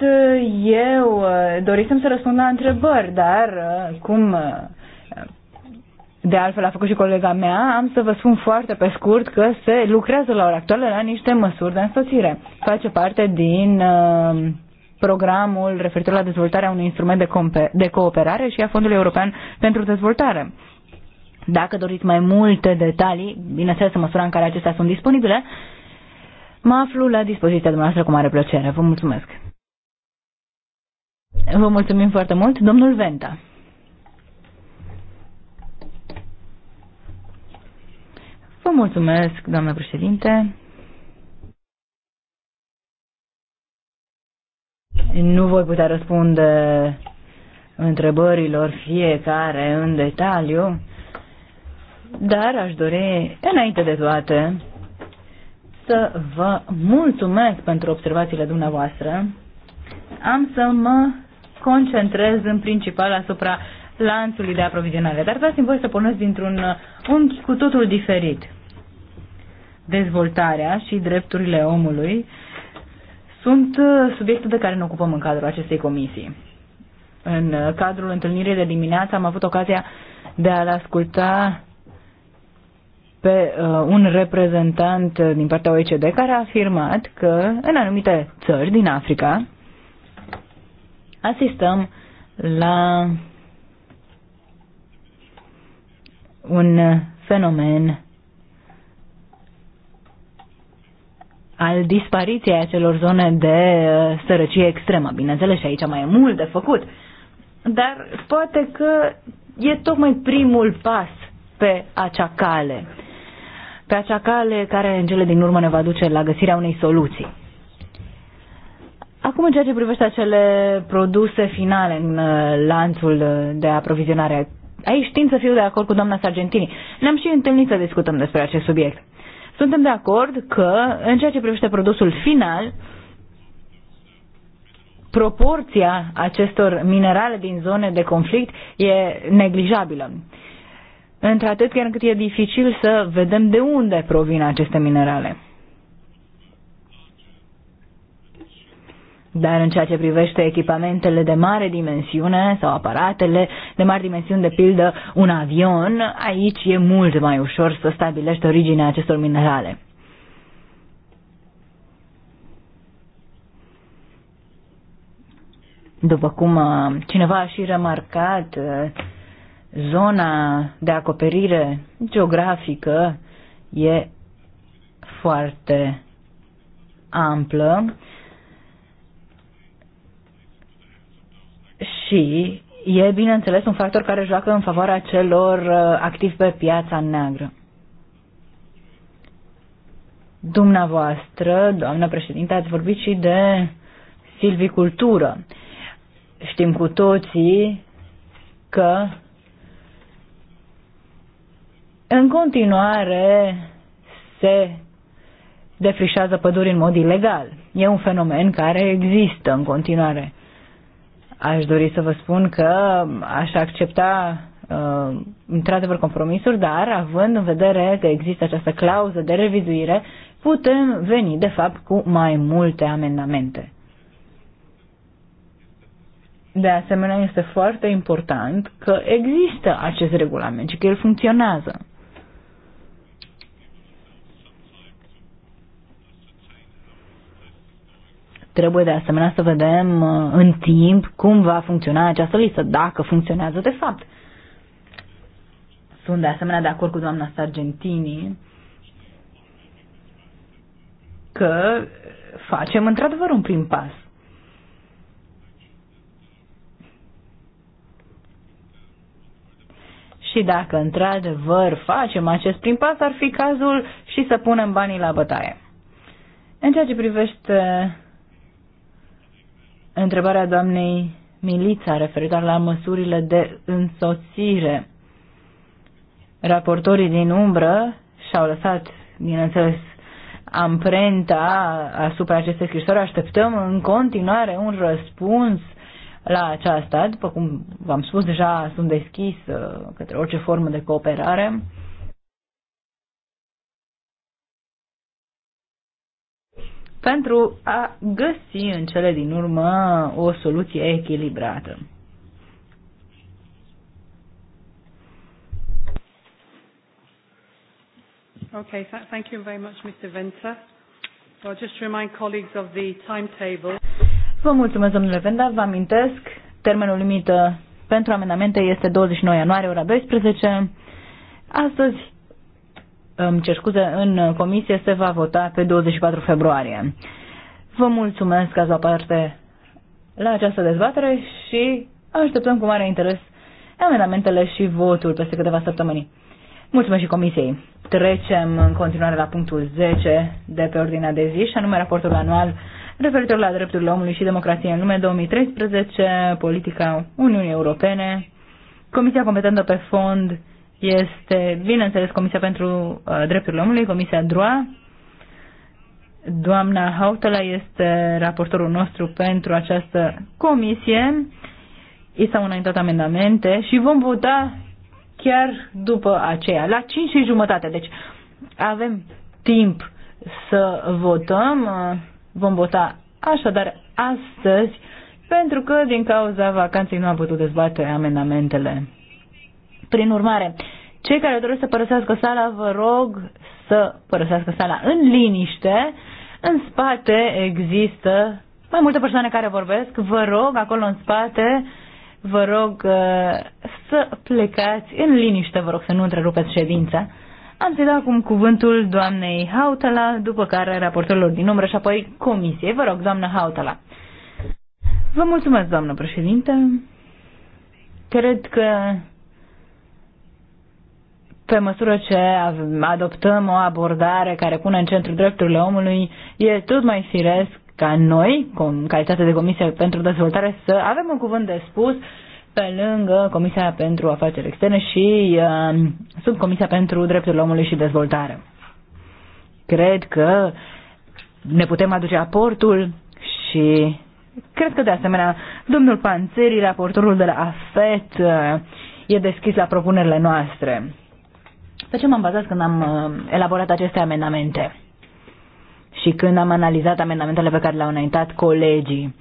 eu uh, dorisem să răspund la întrebări, dar uh, cum uh, de altfel a făcut și colega mea, am să vă spun foarte pe scurt că se lucrează la ora actuală la niște măsuri de însoțire. Face parte din uh, programul referitor la dezvoltarea unui instrument de, de cooperare și a Fondului European pentru Dezvoltare. Dacă doriți mai multe detalii, bineînțeles în măsura în care acestea sunt disponibile, mă aflu la dispoziția dumneavoastră cu mare plăcere. Vă mulțumesc! Vă mulțumim foarte mult, domnul Venta. Vă mulțumesc, doamnă președinte. Nu voi putea răspunde întrebărilor fiecare în detaliu, dar aș dori, înainte de toate, să vă mulțumesc pentru observațiile dumneavoastră. Am să mă concentrez în principal asupra lanțului de aprovizionare, dar dați-mi voi să pornesc dintr-un unghi cu totul diferit. Dezvoltarea și drepturile omului sunt uh, subiecte de care ne ocupăm în cadrul acestei comisii. În uh, cadrul întâlnirii de dimineață am avut ocazia de a-l asculta pe uh, un reprezentant uh, din partea OECD care a afirmat că în anumite țări din Africa asistăm la un fenomen al dispariției acelor zone de uh, sărăcie extremă. Bineînțeles, și aici mai e mult de făcut, dar poate că e tocmai primul pas pe acea cale, pe acea cale care în cele din urmă ne va duce la găsirea unei soluții. Acum, în ceea ce privește acele produse finale în uh, lanțul de aprovizionare, aici știm să fiu de acord cu doamna Sargentini. Ne-am și întâlnit să discutăm despre acest subiect. Suntem de acord că, în ceea ce privește produsul final, proporția acestor minerale din zone de conflict e neglijabilă. Într-atât chiar încât e dificil să vedem de unde provin aceste minerale. Dar în ceea ce privește echipamentele de mare dimensiune sau aparatele de mari dimensiuni, de pildă un avion, aici e mult mai ușor să stabilești originea acestor minerale. După cum uh, cineva a și remarcat, uh, zona de acoperire geografică e foarte amplă și e, bineînțeles, un factor care joacă în favoarea celor uh, activi pe piața neagră. Dumneavoastră, doamnă președinte, ați vorbit și de silvicultură. Știm cu toții că în continuare se defrișează păduri în mod ilegal. E un fenomen care există în continuare. Aș dori să vă spun că aș accepta uh, într-adevăr compromisuri, dar având în vedere că există această clauză de revizuire, putem veni, de fapt, cu mai multe amendamente. De asemenea, este foarte important că există acest regulament și că el funcționează. Trebuie de asemenea să vedem uh, în timp cum va funcționa această listă, dacă funcționează de fapt. Sunt de asemenea de acord cu doamna Sargentini că facem într-adevăr un prim pas. Și dacă într-adevăr facem acest prim pas, ar fi cazul și să punem banii la bătaie. În ceea ce privește întrebarea doamnei Milița referitor la măsurile de însoțire. Raportorii din umbră și-au lăsat, bineînțeles, amprenta asupra acestei scrisori. Așteptăm în continuare un răspuns la aceasta. După cum v-am spus, deja sunt deschis uh, către orice formă de cooperare. pentru a găsi în cele din urmă o soluție echilibrată. Okay, th thank you very much, Mr. Venter. So I'll just remind colleagues of the timetable. Vă mulțumesc, domnule Venda. Vă amintesc, termenul limită pentru amendamente este 29 ianuarie, ora 12. Astăzi îmi cer scuze, în comisie se va vota pe 24 februarie. Vă mulțumesc că ați luat parte la această dezbatere și așteptăm cu mare interes amendamentele și votul peste câteva săptămâni. Mulțumesc și comisiei. Trecem în continuare la punctul 10 de pe ordinea de zi și anume raportul anual referitor la drepturile omului și democrație în lume 2013, politica Uniunii Europene, Comisia competentă pe fond este, bineînțeles, Comisia pentru uh, Drepturile Omului, Comisia DROA. Doamna Hautala este raportorul nostru pentru această comisie. I s-au înaintat amendamente și vom vota chiar după aceea, la 5 și jumătate. Deci avem timp să votăm. Uh, vom vota așadar astăzi pentru că din cauza vacanței nu am putut dezbate amendamentele. Prin urmare, cei care doresc să părăsească sala, vă rog să părăsească sala în liniște. În spate există mai multe persoane care vorbesc. Vă rog, acolo în spate, vă rog uh, să plecați în liniște, vă rog să nu întrerupeți ședința. Am să-i dau acum cuvântul doamnei Hautala, după care raportorilor din umbră și apoi comisiei. Vă rog, doamnă Hautala. Vă mulțumesc, doamnă președinte. Cred că pe măsură ce adoptăm o abordare care pune în centru drepturile omului, e tot mai firesc ca noi, cu calitate de Comisie pentru Dezvoltare, să avem un cuvânt de spus pe lângă Comisia pentru Afaceri Externe și uh, um, comisia pentru Drepturile Omului și Dezvoltare. Cred că ne putem aduce aportul și cred că de asemenea domnul Panțeri, raportorul de la AFET, uh, e deschis la propunerile noastre. Pe ce m-am bazat când am uh, elaborat aceste amendamente și când am analizat amendamentele pe care le-au înaintat colegii?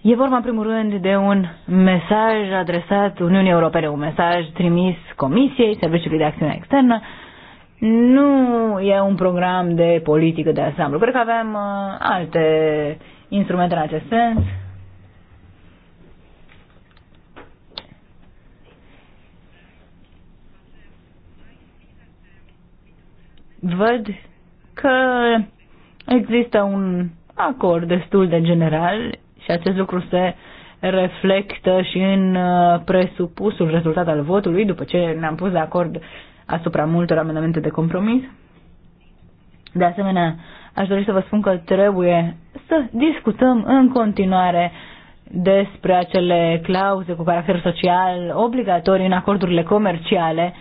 E vorba, în primul rând, de un mesaj adresat Uniunii Europene, un mesaj trimis Comisiei, Serviciului de Acțiune Externă. Nu e un program de politică de asamblu. Cred că avem uh, alte instrumente în acest sens. văd că există un acord destul de general și acest lucru se reflectă și în uh, presupusul rezultat al votului, după ce ne-am pus de acord asupra multor amendamente de compromis. De asemenea, aș dori să vă spun că trebuie să discutăm în continuare despre acele clauze cu caracter social obligatorii în acordurile comerciale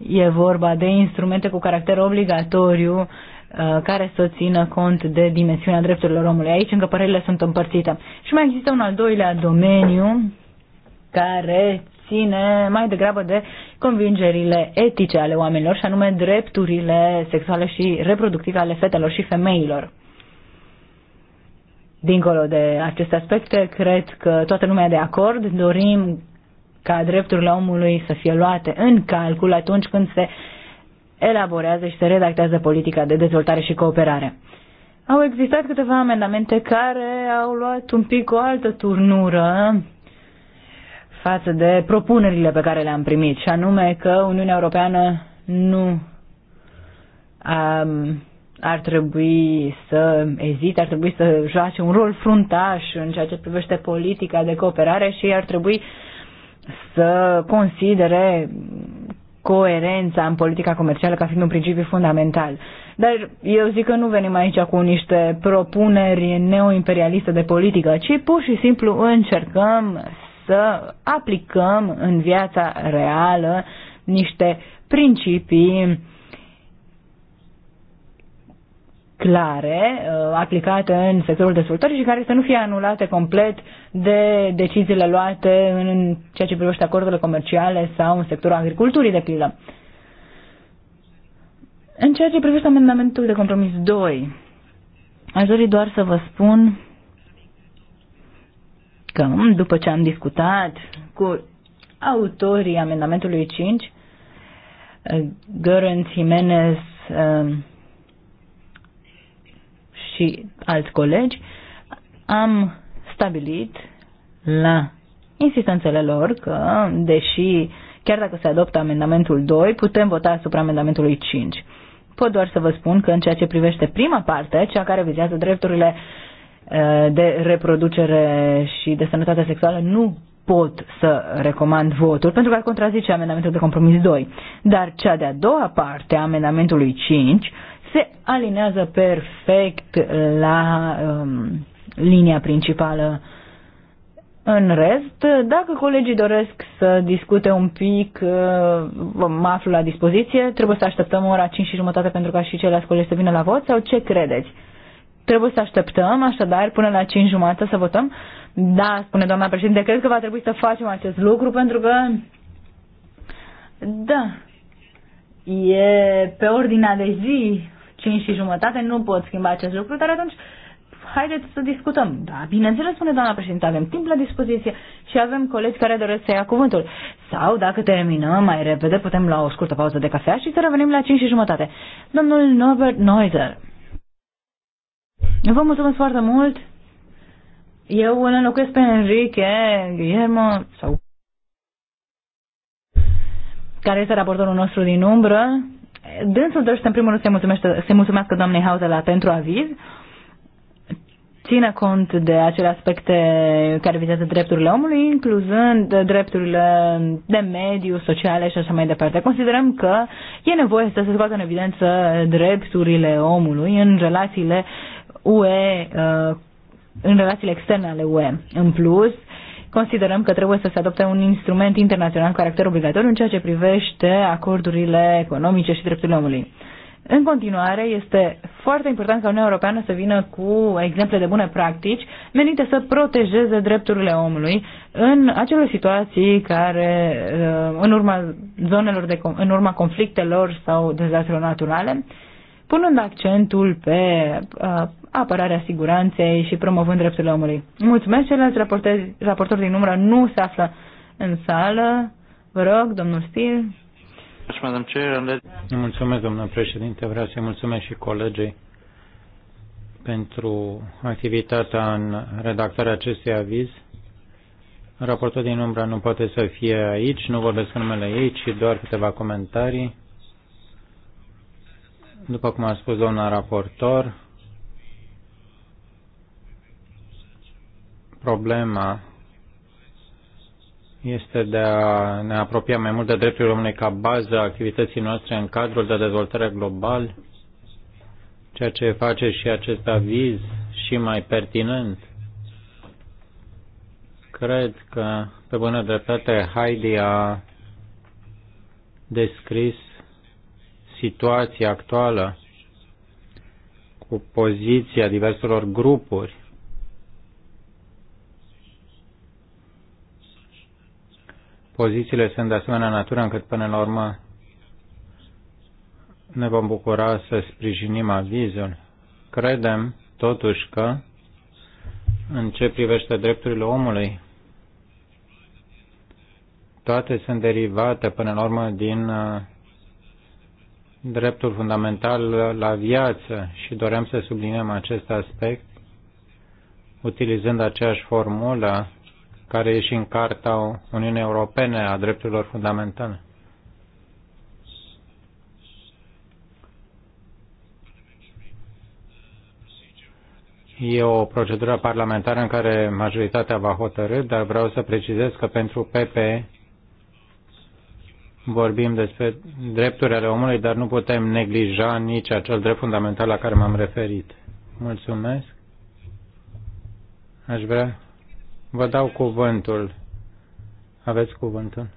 E vorba de instrumente cu caracter obligatoriu uh, care să țină cont de dimensiunea drepturilor omului. Aici încă părerile sunt împărțite. Și mai există un al doilea domeniu care ține mai degrabă de convingerile etice ale oamenilor și anume drepturile sexuale și reproductive ale fetelor și femeilor. Dincolo de aceste aspecte, cred că toată lumea e de acord, dorim ca drepturile omului să fie luate în calcul atunci când se elaborează și se redactează politica de dezvoltare și cooperare. Au existat câteva amendamente care au luat un pic o altă turnură față de propunerile pe care le-am primit, și anume că Uniunea Europeană nu um, ar trebui să ezite, ar trebui să joace un rol fruntaș în ceea ce privește politica de cooperare și ar trebui să considere coerența în politica comercială ca fiind un principiu fundamental. Dar eu zic că nu venim aici cu niște propuneri neoimperialiste de politică, ci pur și simplu încercăm să aplicăm în viața reală niște principii clare uh, aplicate în sectorul dezvoltării și care să nu fie anulate complet de deciziile luate în ceea ce privește acordurile comerciale sau în sectorul agriculturii, de pildă. În ceea ce privește amendamentul de compromis 2, aș dori doar să vă spun că mm, după ce am discutat cu autorii amendamentului 5, uh, Gărânț Jimenez, uh, și alți colegi, am stabilit la insistențele lor că, deși chiar dacă se adoptă amendamentul 2, putem vota asupra amendamentului 5. Pot doar să vă spun că în ceea ce privește prima parte, cea care vizează drepturile uh, de reproducere și de sănătate sexuală, nu pot să recomand votul pentru că ar contrazice amendamentul de compromis 2. Dar cea de-a doua parte a amendamentului 5 se alinează perfect la um, linia principală. În rest, dacă colegii doresc să discute un pic, uh, mă aflu la dispoziție, trebuie să așteptăm ora 5 și jumătate pentru ca și ceilalți colegi să vină la vot sau ce credeți? Trebuie să așteptăm, așadar, până la 5 jumătate să votăm? Da, spune doamna președinte, cred că va trebui să facem acest lucru pentru că... Da, e pe ordinea de zi 5 și jumătate, nu pot schimba acest lucru, dar atunci haideți să discutăm. Da, bineînțeles, spune doamna președinte, avem timp la dispoziție și avem colegi care doresc să ia cuvântul. Sau, dacă terminăm mai repede, putem lua o scurtă pauză de cafea și să revenim la 5 și jumătate. Domnul Norbert Neuser. Vă mulțumesc foarte mult. Eu îl înlocuiesc pe Enrique, Guillermo, sau care este raportorul nostru din umbră dânsul dorește în primul rând să-i mulțumească, doamnei Hauzela pentru aviz, țină cont de acele aspecte care vizează drepturile omului, incluzând drepturile de mediu, sociale și așa mai departe. Considerăm că e nevoie să se scoată în evidență drepturile omului în relațiile UE, uh, în relațiile externe ale UE. În plus, considerăm că trebuie să se adopte un instrument internațional cu caracter obligatoriu în ceea ce privește acordurile economice și drepturile omului. În continuare, este foarte important ca Uniunea Europeană să vină cu exemple de bune practici menite să protejeze drepturile omului în acele situații care, uh, în urma zonelor de, în urma conflictelor sau dezastrelor naturale, punând accentul pe uh, apărarea siguranței și promovând drepturile omului. Mulțumesc celălalt raportor din numără nu se află în sală. Vă rog, domnul Stil. Mulțumesc, domnul președinte. Vreau să mulțumesc și colegii pentru activitatea în redactarea acestui aviz. Raportul din umbra nu poate să fie aici, nu vorbesc numele ei, ci doar câteva comentarii după cum a spus doamna raportor, problema este de a ne apropia mai mult de drepturile omului ca bază a activității noastre în cadrul de dezvoltare global, ceea ce face și acest aviz și mai pertinent. Cred că, pe bună dreptate, Heidi a descris situația actuală cu poziția diverselor grupuri pozițiile sunt de asemenea natură încât până la urmă ne vom bucura să sprijinim avizul. Credem totuși că în ce privește drepturile omului, toate sunt derivate până la urmă din uh, dreptul fundamental la viață și doream să subliniem acest aspect utilizând aceeași formulă care e și în Carta Uniunii Europene a Drepturilor Fundamentale. E o procedură parlamentară în care majoritatea va hotărâ, dar vreau să precizez că pentru PP vorbim despre drepturile omului, dar nu putem neglija nici acel drept fundamental la care m-am referit. Mulțumesc. Aș vrea. Vă dau cuvântul. Aveți cuvântul?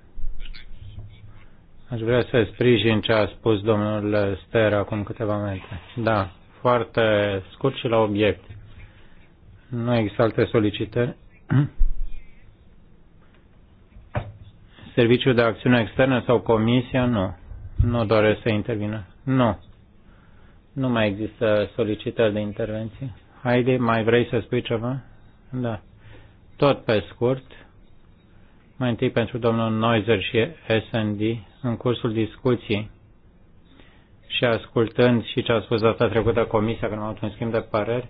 Aș vrea să sprijin ce a spus domnul Ster acum câteva momente. Da, foarte scurt și la obiect. Nu există alte solicitări. Serviciul de Acțiune Externă sau Comisia? Nu. Nu doresc să intervină. Nu. Nu mai există solicitări de intervenție. Haide, mai vrei să spui ceva? Da. Tot pe scurt, mai întâi pentru domnul Noizer și SND, în cursul discuției și ascultând și ce a spus data trecută comisia, când am avut un schimb de păreri,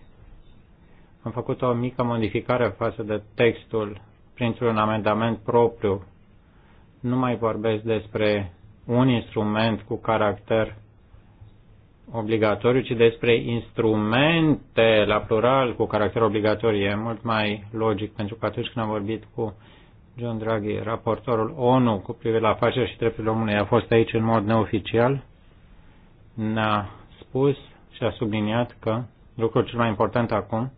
am făcut o mică modificare față de textul printr-un amendament propriu nu mai vorbesc despre un instrument cu caracter obligatoriu, ci despre instrumente, la plural, cu caracter obligatoriu. E mult mai logic, pentru că atunci când am vorbit cu John Draghi, raportorul ONU cu privire la afaceri și drepturile omului, a fost aici în mod neoficial, ne-a spus și a subliniat că lucrul cel mai important acum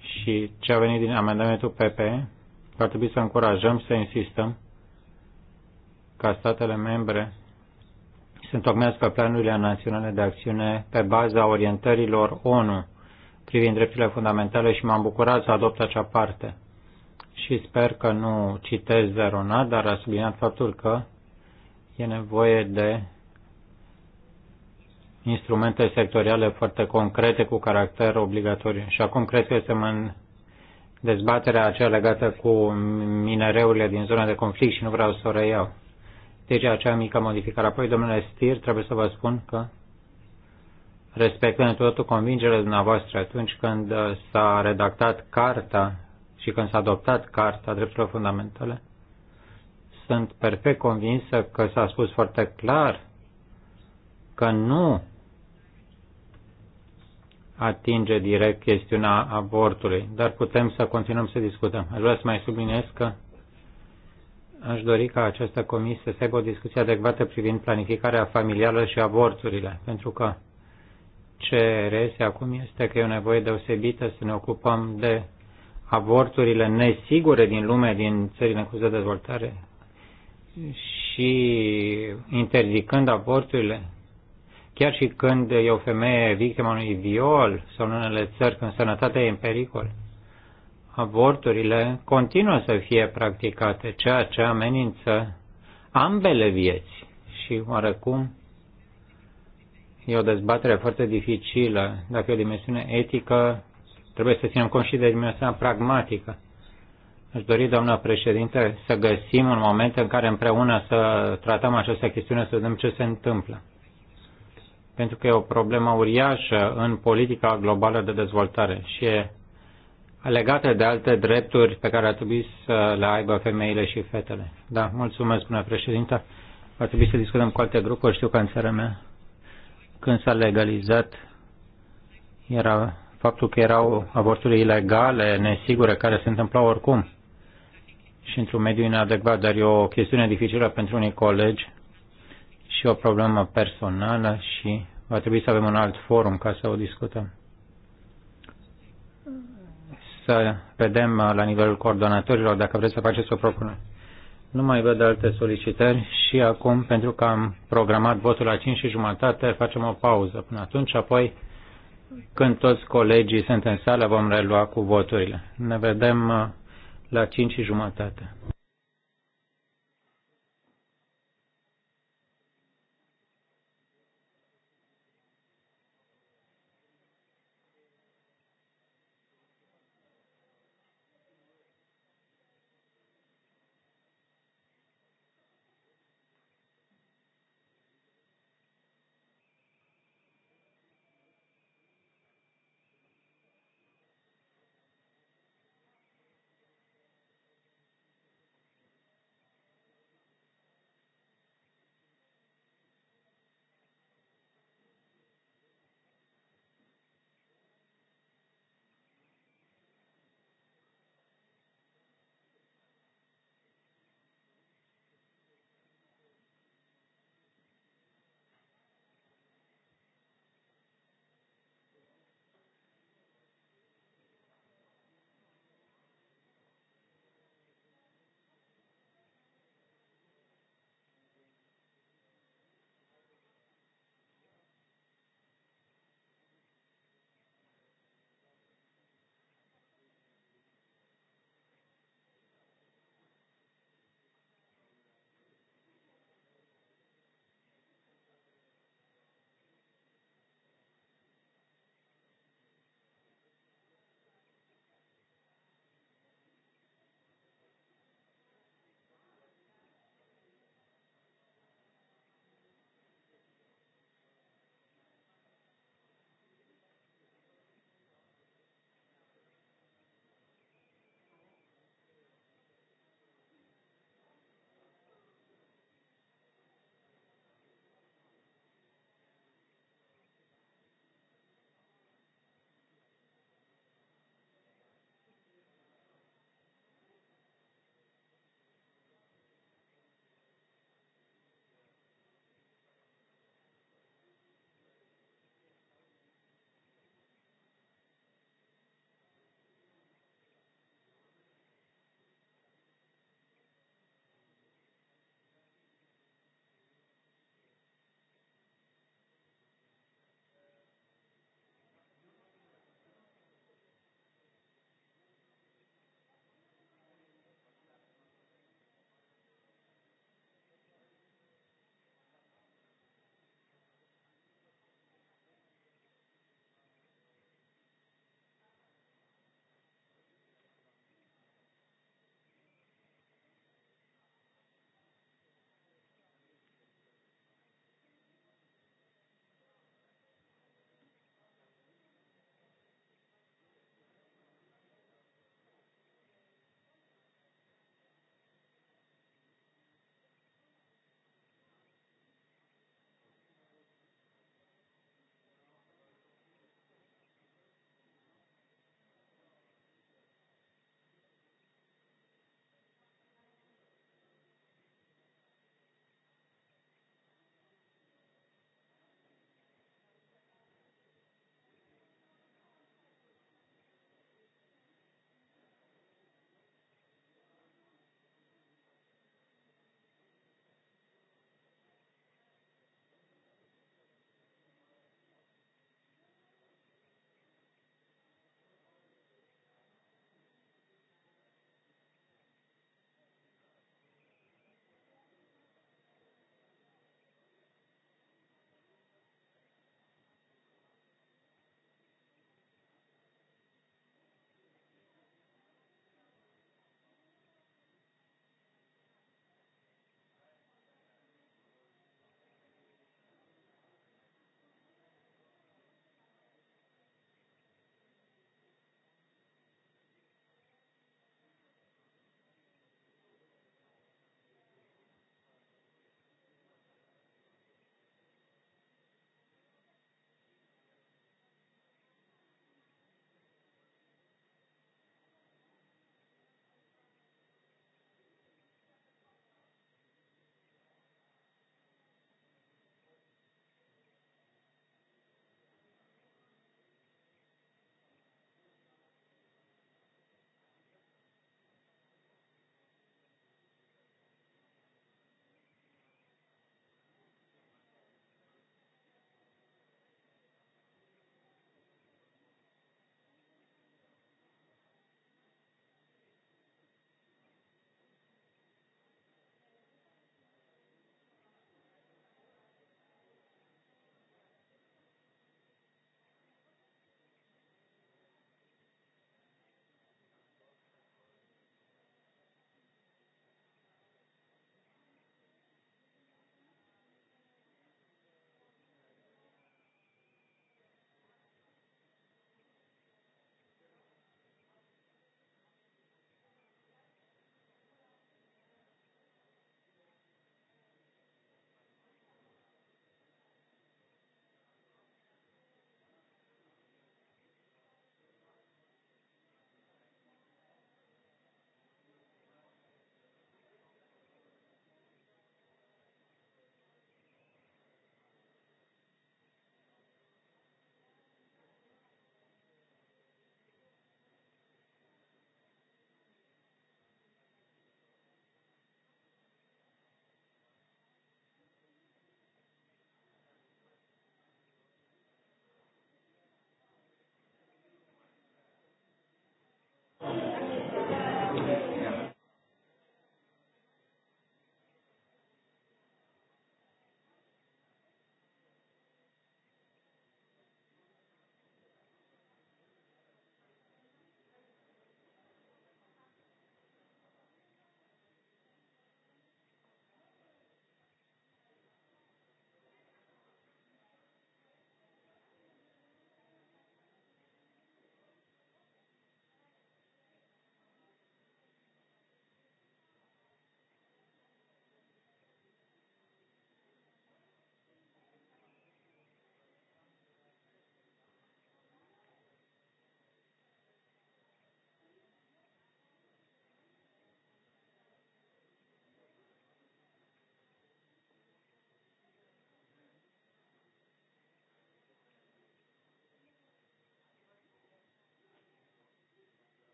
și ce a venit din amendamentul PP, ar trebui să încurajăm, să insistăm ca statele membre să întocmească planurile naționale de acțiune pe baza orientărilor ONU privind drepturile fundamentale și m-am bucurat să adopt acea parte. Și sper că nu citez zeronat, dar a subliniat faptul că e nevoie de instrumente sectoriale foarte concrete cu caracter obligatoriu. Și acum cred că este în dezbaterea aceea legată cu minereurile din zona de conflict și nu vreau să o reiau. Deci acea mică modificare. Apoi, domnule Stir, trebuie să vă spun că respectând totul convingerea dumneavoastră atunci când s-a redactat carta și când s-a adoptat carta drepturilor fundamentale, sunt perfect convinsă că s-a spus foarte clar că nu atinge direct chestiunea avortului, dar putem să continuăm să discutăm. Aș vrea să mai subliniez că Aș dori ca această comisie să aibă o discuție adecvată privind planificarea familială și avorturile, pentru că ce reiese acum este că e o nevoie deosebită să ne ocupăm de avorturile nesigure din lume, din țările în curs de dezvoltare și interzicând avorturile, chiar și când e o femeie victima unui viol sau în unele țări când sănătatea e în pericol avorturile continuă să fie practicate, ceea ce amenință ambele vieți și oarecum e o dezbatere foarte dificilă. Dacă e o dimensiune etică, trebuie să ținem cont și de dimensiunea pragmatică. Aș dori, doamna președinte, să găsim un moment în care împreună să tratăm această chestiune, să vedem ce se întâmplă. Pentru că e o problemă uriașă în politica globală de dezvoltare și e legate de alte drepturi pe care ar trebui să le aibă femeile și fetele. Da, mulțumesc, spunea președinta. Ar trebui să discutăm cu alte grupuri. Știu că în țara mea, când s-a legalizat, era faptul că erau avorturi ilegale, nesigure, care se întâmplau oricum și într-un mediu inadecvat, dar e o chestiune dificilă pentru unii colegi și o problemă personală și va trebui să avem un alt forum ca să o discutăm să vedem uh, la nivelul coordonatorilor dacă vreți să faceți o propunere. Nu mai văd alte solicitări și acum, pentru că am programat votul la 5 și jumătate, facem o pauză până atunci, apoi când toți colegii sunt în sală, vom relua cu voturile. Ne vedem uh, la 5 și jumătate.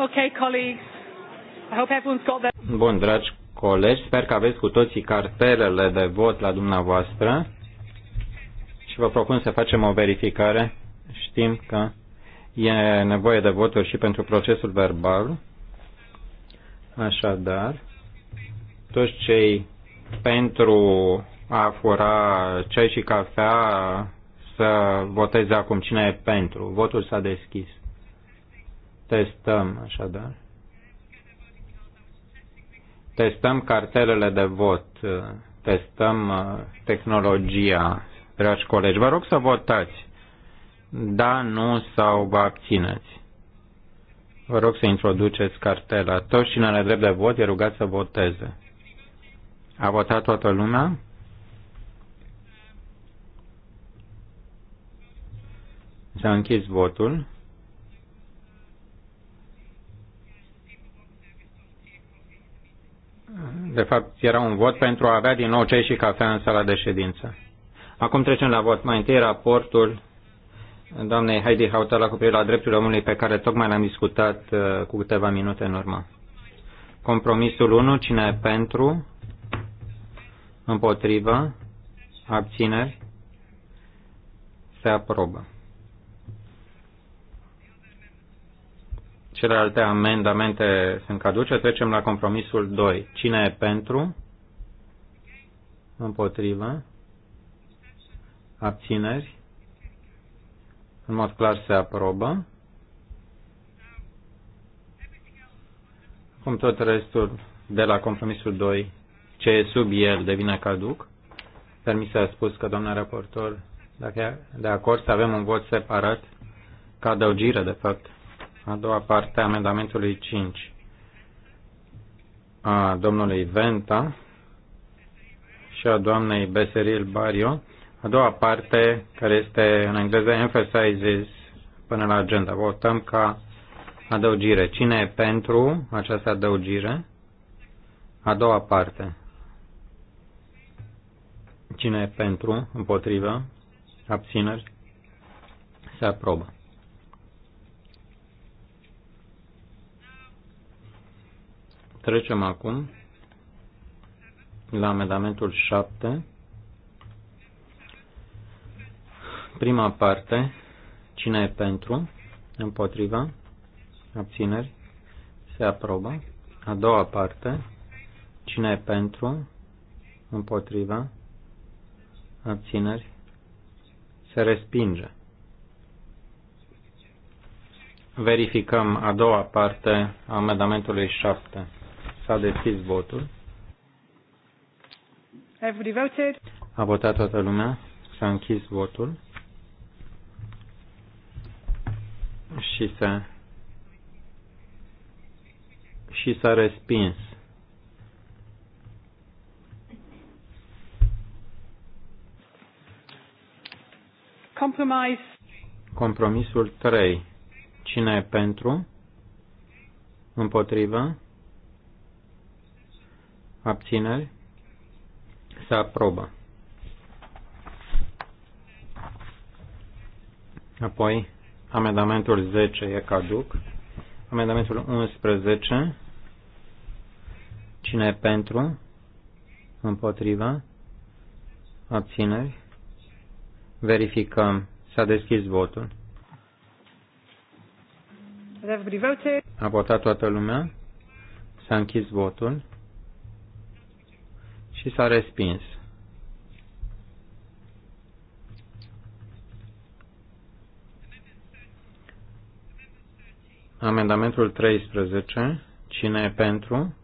Okay, colleagues. I hope everyone's got their... Bun, dragi colegi, sper că aveți cu toții cartelele de vot la dumneavoastră și vă propun să facem o verificare. Știm că e nevoie de voturi și pentru procesul verbal. Așadar, toți cei pentru a fura ceai și cafea să voteze acum cine e pentru. Votul s-a deschis. Testăm, așadar. Testăm cartelele de vot, testăm uh, tehnologia, dragi colegi. Vă rog să votați. Da, nu sau vă abțineți. Vă rog să introduceți cartela. Toți cine are drept de vot e rugat să voteze. A votat toată lumea? S-a închis votul. De fapt, era un vot pentru a avea din nou ceai și cafea în sala de ședință. Acum trecem la vot. Mai întâi raportul doamnei Heidi Hautala cu privire la drepturile omului pe care tocmai l-am discutat uh, cu câteva minute în urmă. Compromisul 1, cine e pentru, împotrivă, abțineri, se aprobă. Celelalte amendamente sunt caduce. Trecem la compromisul 2. Cine e pentru? Împotrivă? Abțineri? În mod clar se aprobă. Cum tot restul de la compromisul 2, ce e sub el devine caduc. Dar mi s-a spus că, doamna raportor, dacă e de acord să avem un vot separat, ca adăugire, de fapt, a doua parte a amendamentului 5 a domnului Venta și a doamnei Beseril Barrio. A doua parte, care este în engleză emphasizes până la agenda. Votăm ca adăugire. Cine e pentru această adăugire? A doua parte. Cine e pentru, împotrivă, abțineri, se aprobă. Trecem acum la amendamentul 7. Prima parte, cine e pentru, împotriva, abțineri, se aprobă. A doua parte, cine e pentru, împotriva, abțineri, se respinge. Verificăm a doua parte a amendamentului 7. S-a deschis votul. Everybody voted. A votat toată lumea. S-a închis votul. Și s-a și s-a respins. Compromise. Compromisul 3. Cine e pentru? Împotrivă? abțineri, se aprobă. Apoi, amendamentul 10 e caduc. Amendamentul 11, cine e pentru, împotriva, abțineri, verificăm, s-a deschis votul. A votat toată lumea. S-a închis votul și s-a respins. Amendamentul 13. Cine e pentru?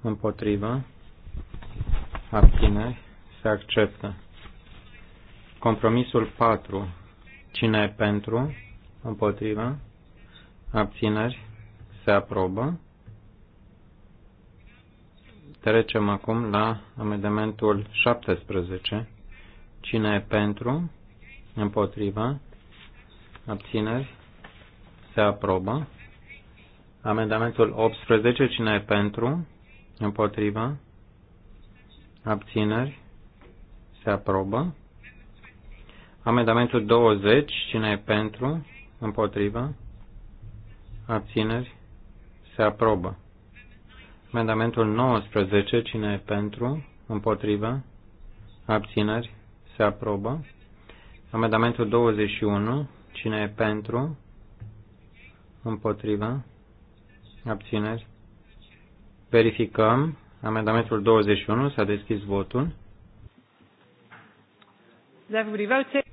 Împotrivă? Abține? Se acceptă. Compromisul 4. Cine e pentru? Împotrivă? Abțineri? Se aprobă. Trecem acum la amendamentul 17. Cine e pentru? Împotriva? Abțineri? Se aprobă. Amendamentul 18. Cine e pentru? Împotriva? Abțineri? Se aprobă. Amendamentul 20. Cine e pentru? Împotriva? Abțineri? Se aprobă. Amendamentul 19, cine e pentru, împotrivă, abțineri, se aprobă. Amendamentul 21, cine e pentru, împotrivă, abțineri. Verificăm. Amendamentul 21, s-a deschis votul.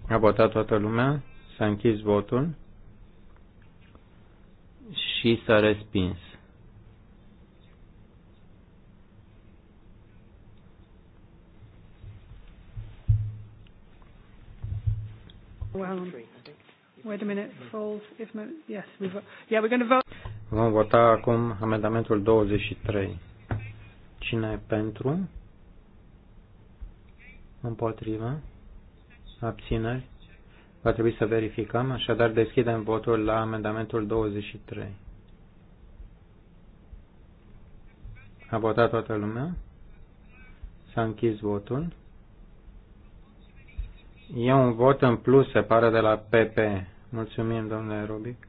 A votat toată lumea, s-a închis votul și s-a respins. Vom vota acum amendamentul 23. Cine e pentru? Împotrivă? Abțineri? Va trebui să verificăm, așadar deschidem votul la amendamentul 23. A votat toată lumea? S-a închis votul. E un vot în plus, se pare, de la PP. Mulțumim, domnule Rubic.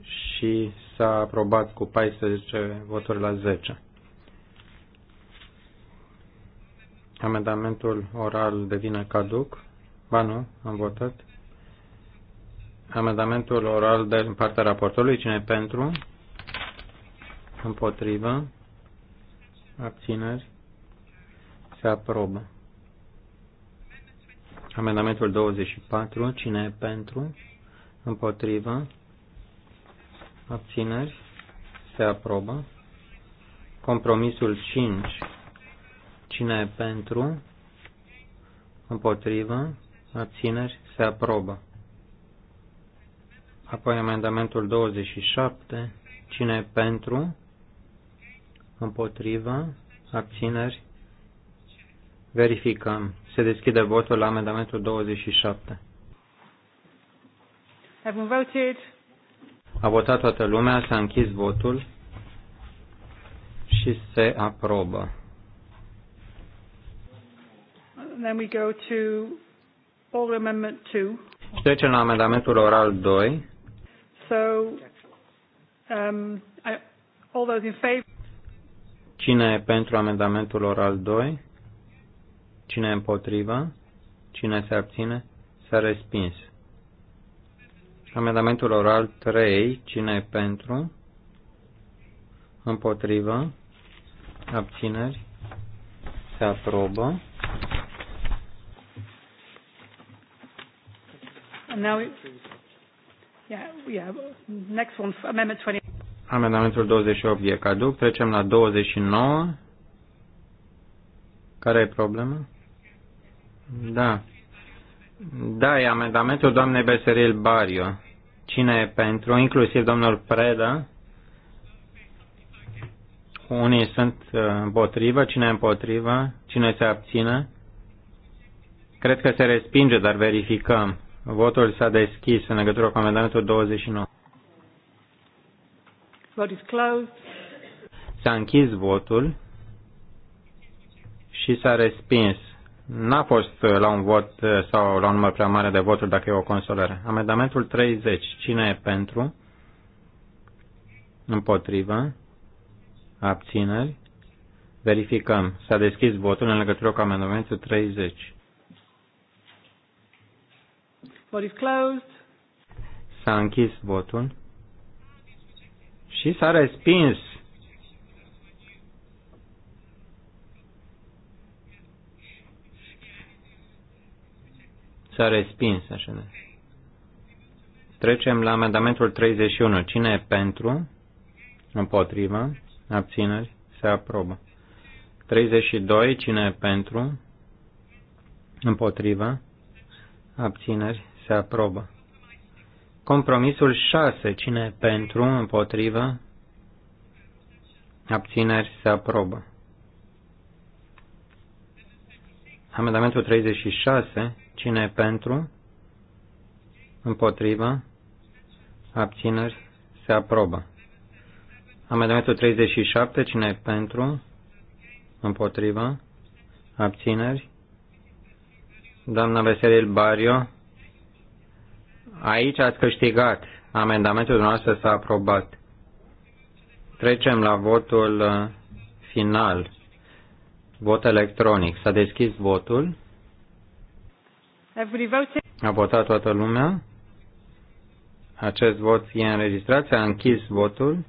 Și s-a aprobat cu 14 voturi la 10. Amendamentul oral devine caduc. Ba nu, am votat. Amendamentul oral de partea raportorului, cine pentru? Împotrivă? Abțineri? Se aprobă. Amendamentul 24. Cine e pentru? Împotrivă? Abțineri? Se aprobă. Compromisul 5. Cine e pentru? Împotrivă? Abțineri? Se aprobă. Apoi amendamentul 27. Cine e pentru? Împotrivă? Abțineri? Verificăm. Se deschide votul la amendamentul 27. Everyone voted. A votat toată lumea, s-a închis votul și se aprobă. then we go to oral amendment 2. Și trecem la amendamentul oral 2. So, um, I, all those in favor? Cine e pentru amendamentul oral 2? Cine e împotrivă? Cine se abține? S-a respins. Amendamentul oral 3. Cine e pentru? Împotrivă? Abțineri? Se aprobă. Amendamentul 28 e caduc. Trecem la 29. Care e problema? Da. Da, e amendamentul doamnei Beseril Bario. Cine e pentru? Inclusiv domnul Preda. Unii sunt uh, împotrivă. Cine e împotrivă? Cine se abține? Cred că se respinge, dar verificăm. Votul s-a deschis în legătură cu amendamentul 29. S-a închis votul și s-a respins N-a fost uh, la un vot uh, sau la un număr prea mare de voturi, dacă e o consolare. Amendamentul 30. Cine e pentru? Împotrivă? Abțineri? Verificăm. S-a deschis votul în legătură cu amendamentul 30. Vote is closed. S-a închis votul. Și s-a respins S-a respins, așa de. Trecem la amendamentul 31. Cine e pentru? Împotrivă? Abțineri? Se aprobă. 32. Cine e pentru? Împotrivă? Abțineri? Se aprobă. Compromisul 6. Cine e pentru? Împotrivă? Abțineri? Se aprobă. Amendamentul 36. Cine pentru? Împotrivă? Abțineri? Se aprobă. Amendamentul 37. Cine pentru? Împotrivă? Abțineri? Doamna Veselil Bario, aici ați câștigat. Amendamentul dumneavoastră s-a aprobat. Trecem la votul uh, final. Vot electronic. S-a deschis votul. A votat toată lumea. Acest vot e înregistrat. S-a închis votul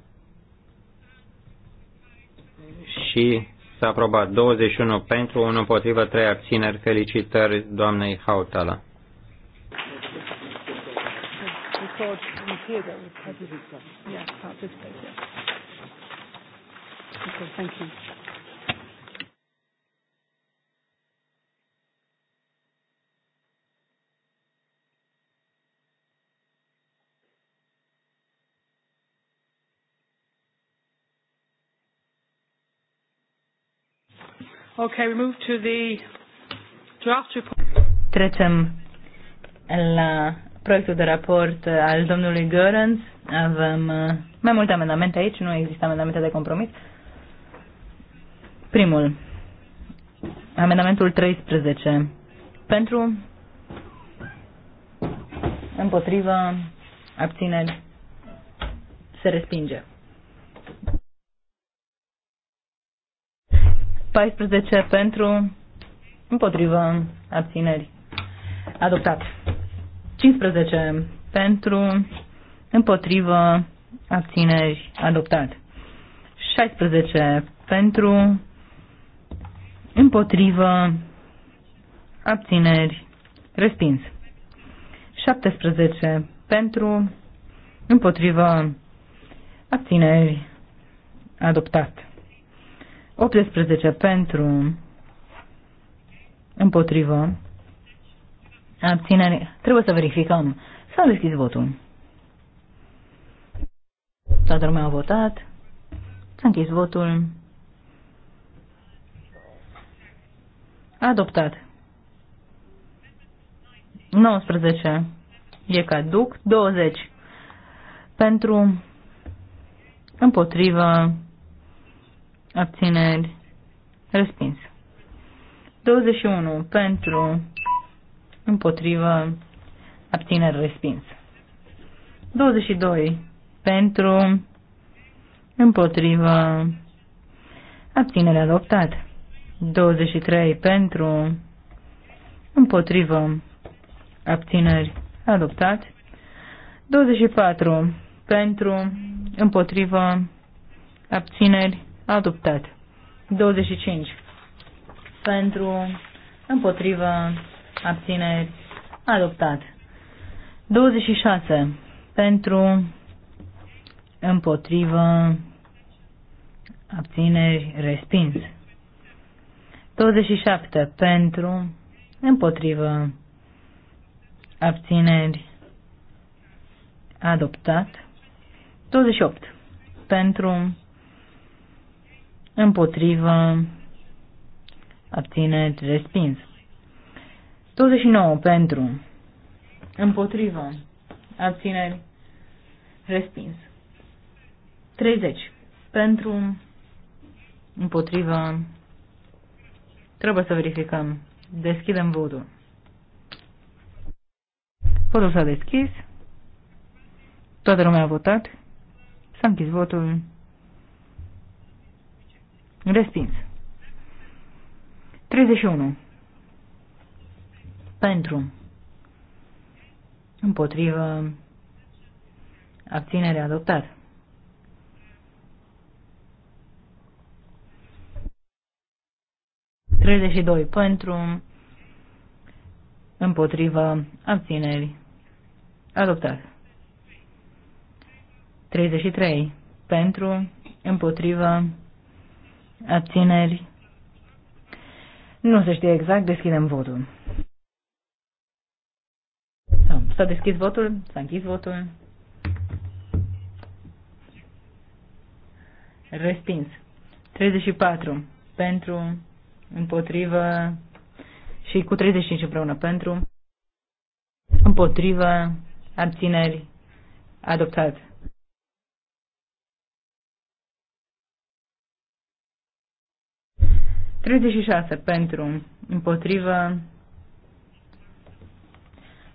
și s-a aprobat 21 pentru, 1 împotrivă, 3 abțineri. Felicitări doamnei Hautala. Thank you. Okay, we move to the draft report. Trecem la proiectul de raport al domnului Görans. Avem uh, mai multe amendamente aici, nu există amendamente de compromis. Primul, amendamentul 13. Pentru, împotrivă, abțineri, se respinge. 14 pentru, împotrivă, abțineri. Adoptat. 15 pentru, împotrivă, abțineri. Adoptat. 16 pentru, împotrivă, abțineri. Respins. 17 pentru, împotrivă, abțineri. Adoptat. 18 pentru, împotrivă, abținere. Trebuie să verificăm. S-a deschis votul. Toată lumea a votat. S-a închis votul. Adoptat. 19. E caduc. 20. Pentru împotrivă abțineri, respins. 21 pentru, împotrivă, abțineri, respins. 22 pentru, împotrivă, abținere adoptat. 23 pentru, împotrivă, abțineri, adoptat. 24 pentru, împotrivă, abțineri, adoptat. 25 pentru, împotrivă, abțineri, adoptat. 26 pentru, împotrivă, abțineri, respins. 27 pentru, împotrivă, abțineri, adoptat. 28 pentru, împotrivă, abține, respins. 29 pentru, împotrivă, abține, respins. 30 pentru, împotrivă, trebuie să verificăm. Deschidem votul. Votul s-a deschis. Toată lumea a votat. S-a închis votul. Respins. 31. Pentru. Împotrivă. Abținere adoptat. Treizeci și doi pentru, împotrivă, abțineri, adoptat. Treizeci și trei pentru, împotrivă, Abțineri. Nu se știe exact, deschidem votul. Da, s-a deschis votul, s-a închis votul. Respins. 34 pentru, împotrivă și cu 35 împreună pentru, împotrivă, abțineri, adoptat. 36 pentru, împotrivă,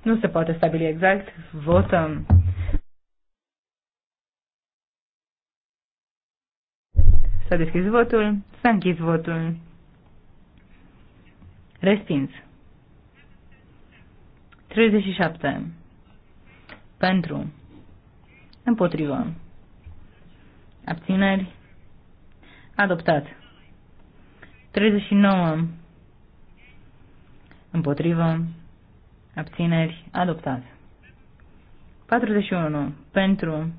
nu se poate stabili exact, votăm. S-a deschis votul, s-a închis votul. Respins. 37. Pentru. Împotrivă. Abțineri. Adoptat. 39 împotrivă, abțineri, adoptat. 41 pentru,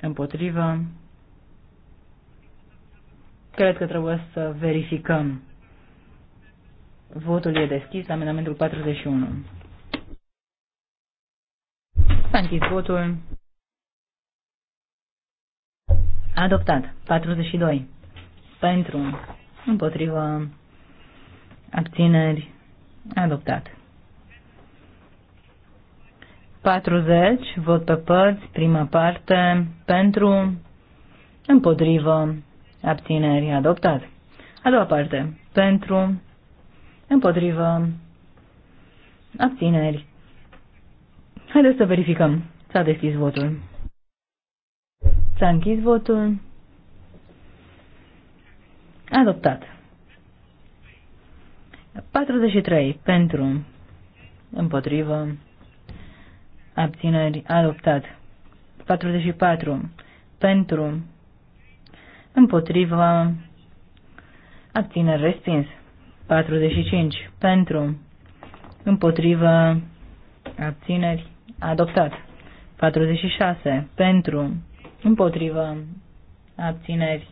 împotrivă, cred că trebuie să verificăm. Votul e deschis la amendamentul 41. S-a închis votul. Adoptat. 42 pentru, împotriva, abțineri, adoptat. 40, vot pe părți, prima parte, pentru, împotrivă, abțineri, adoptat. A doua parte, pentru, împotrivă, abțineri. Haideți să verificăm. S-a deschis votul. S-a închis votul. Adoptat. 43. Pentru. Împotrivă. Abțineri. Adoptat. 44. Pentru. Împotrivă. Abțineri. Respins. 45. Pentru. Împotrivă. Abțineri. Adoptat. 46. Pentru. Împotrivă. Abțineri.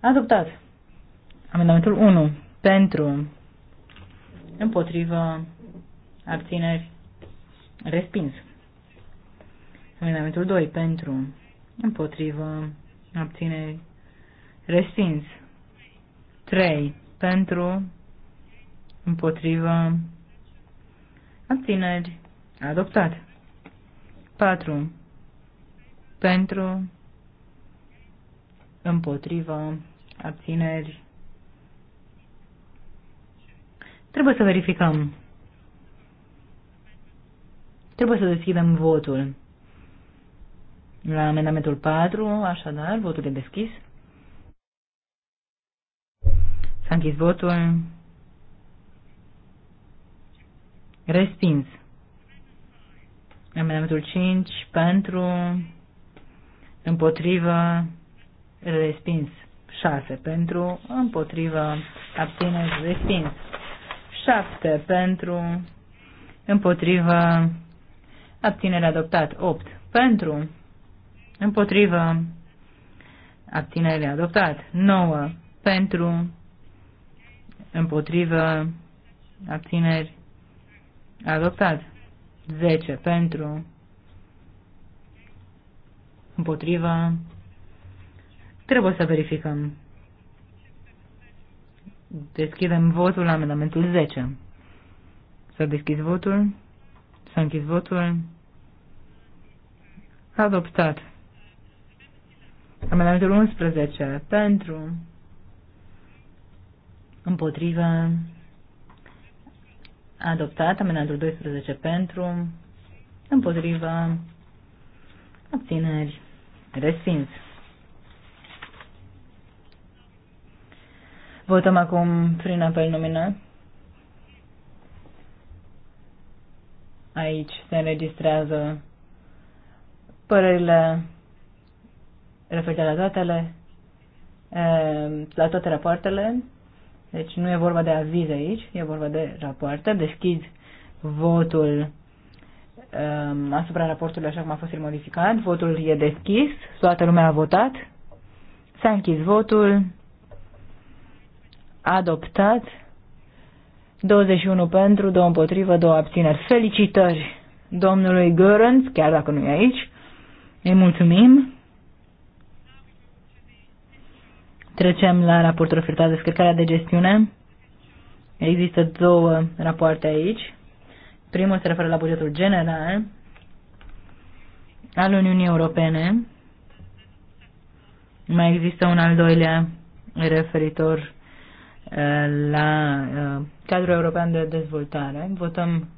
Adoptat. Amendamentul 1. Pentru. Împotrivă. Abțineri. Respins. Amendamentul 2. Pentru. Împotrivă. Abțineri. Respins. 3. Pentru. Împotrivă. Abțineri. Adoptat. 4. Pentru. Împotrivă. Abțineri Trebuie să verificăm. Trebuie să deschidem votul. La amendamentul 4, așadar, votul e deschis. S-a închis votul. Respins. Amendamentul 5, pentru, împotrivă, respins. 6, pentru, împotrivă, abțineri, respins. 7 pentru, împotrivă, abținere adoptat 8 pentru, împotrivă, abținere adoptat 9 pentru, împotrivă, abțineri adoptat 10 pentru, împotrivă, trebuie să verificăm. Deschidem votul la amendamentul 10. S-a deschis votul. S-a închis votul. Adoptat. Amendamentul 11. Pentru. Împotrivă. Adoptat. Amendamentul 12. Pentru. Împotrivă. Abțineri. Respins. Votăm acum prin apel nominal. Aici se înregistrează părerile referitoare la toatele, ehm, la toate rapoartele. Deci nu e vorba de aviz aici, e vorba de rapoarte. Deschid votul um, asupra raportului așa cum a fost modificat. Votul e deschis, toată lumea a votat. S-a închis votul adoptat. 21 pentru, 2 împotrivă, 2 abțineri. Felicitări domnului Görens, chiar dacă nu e aici. Îi mulțumim. Trecem la raportul ofertat de descărcarea de gestiune. Există două rapoarte aici. Primul se referă la bugetul general al Uniunii Europene. Mai există un al doilea referitor la uh, cadrul european de dezvoltare. Votăm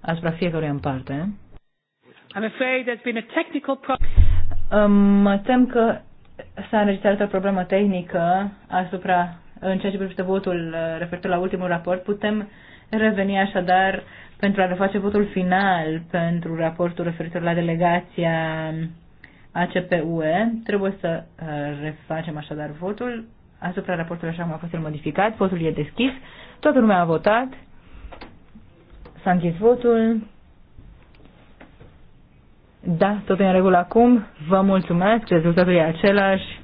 asupra fiecăruia în parte. I'm afraid there's been a technical problem. Um, mă tem că s-a înregistrat o problemă tehnică asupra în ceea ce privește votul uh, referitor la ultimul raport. Putem reveni așadar pentru a reface votul final pentru raportul referitor la delegația ACPUE. Trebuie să uh, refacem așadar votul asupra raportului așa cum a fost el modificat. Votul e deschis. Toată lumea a votat. S-a închis votul. Da, totul e în regulă acum. Vă mulțumesc. Rezultatul e același.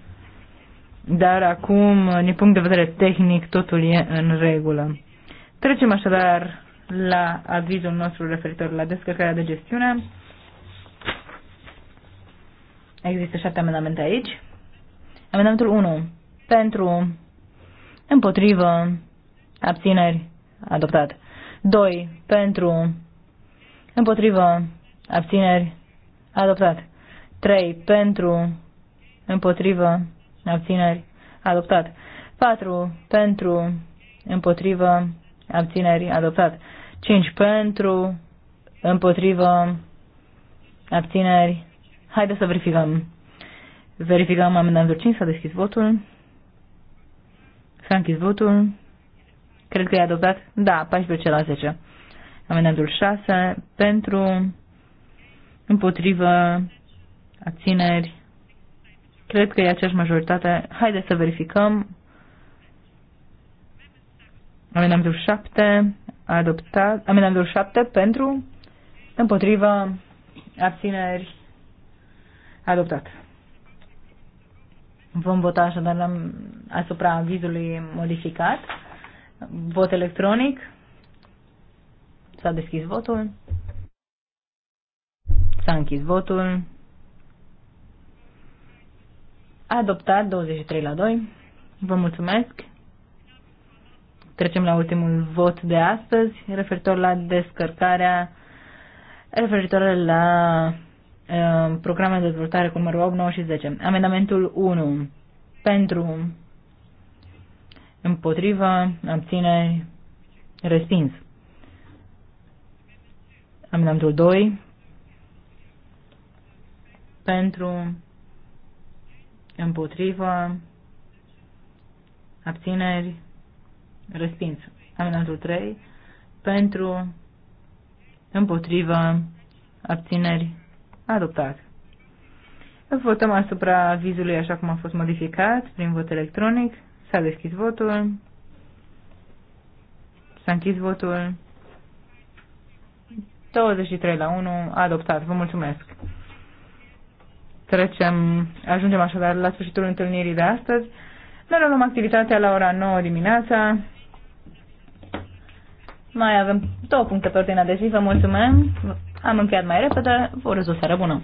Dar acum, din punct de vedere tehnic, totul e în regulă. Trecem așadar la avizul nostru referitor la descărcarea de gestiune. Există șapte amendamente aici. Amendamentul 1 pentru, împotrivă, abțineri, adoptat. 2. Pentru, împotrivă, abțineri, adoptat. 3. Pentru, împotrivă, abțineri, adoptat. 4. Pentru, împotrivă, abțineri, adoptat. 5. Pentru, împotrivă, abțineri. Haideți să verificăm. Verificăm amendamentul 5, s-a deschis votul. S-a închis votul. Cred că e adoptat. Da, 14 la 10. Amendamentul 6 pentru, împotrivă, abțineri. Cred că e aceeași majoritate. Haideți să verificăm. Amendamentul 7 adoptat. Amendamentul 7 pentru, împotrivă, abțineri. Adoptat. Vom vota așadar la, asupra avizului modificat. Vot electronic. S-a deschis votul. S-a închis votul. Adoptat 23 la 2. Vă mulțumesc. Trecem la ultimul vot de astăzi, referitor la descărcarea, referitor la Uh, programe de dezvoltare cu numărul 8, 9 și 10. Amendamentul 1 pentru împotrivă, abțineri, respins. Amendamentul 2 pentru împotrivă, abțineri, respins. Amendamentul 3 pentru împotrivă, abțineri, Adoptat. Votăm asupra vizului așa cum a fost modificat prin vot electronic. S-a deschis votul. S-a închis votul. 23 la 1, adoptat. Vă mulțumesc. Trecem, ajungem așadar la sfârșitul întâlnirii de astăzi. Noi luăm activitatea la ora 9 dimineața. Mai avem două puncte pe ordinea de zi. Vă mulțumim. Am încheiat mai repede, o seară bună!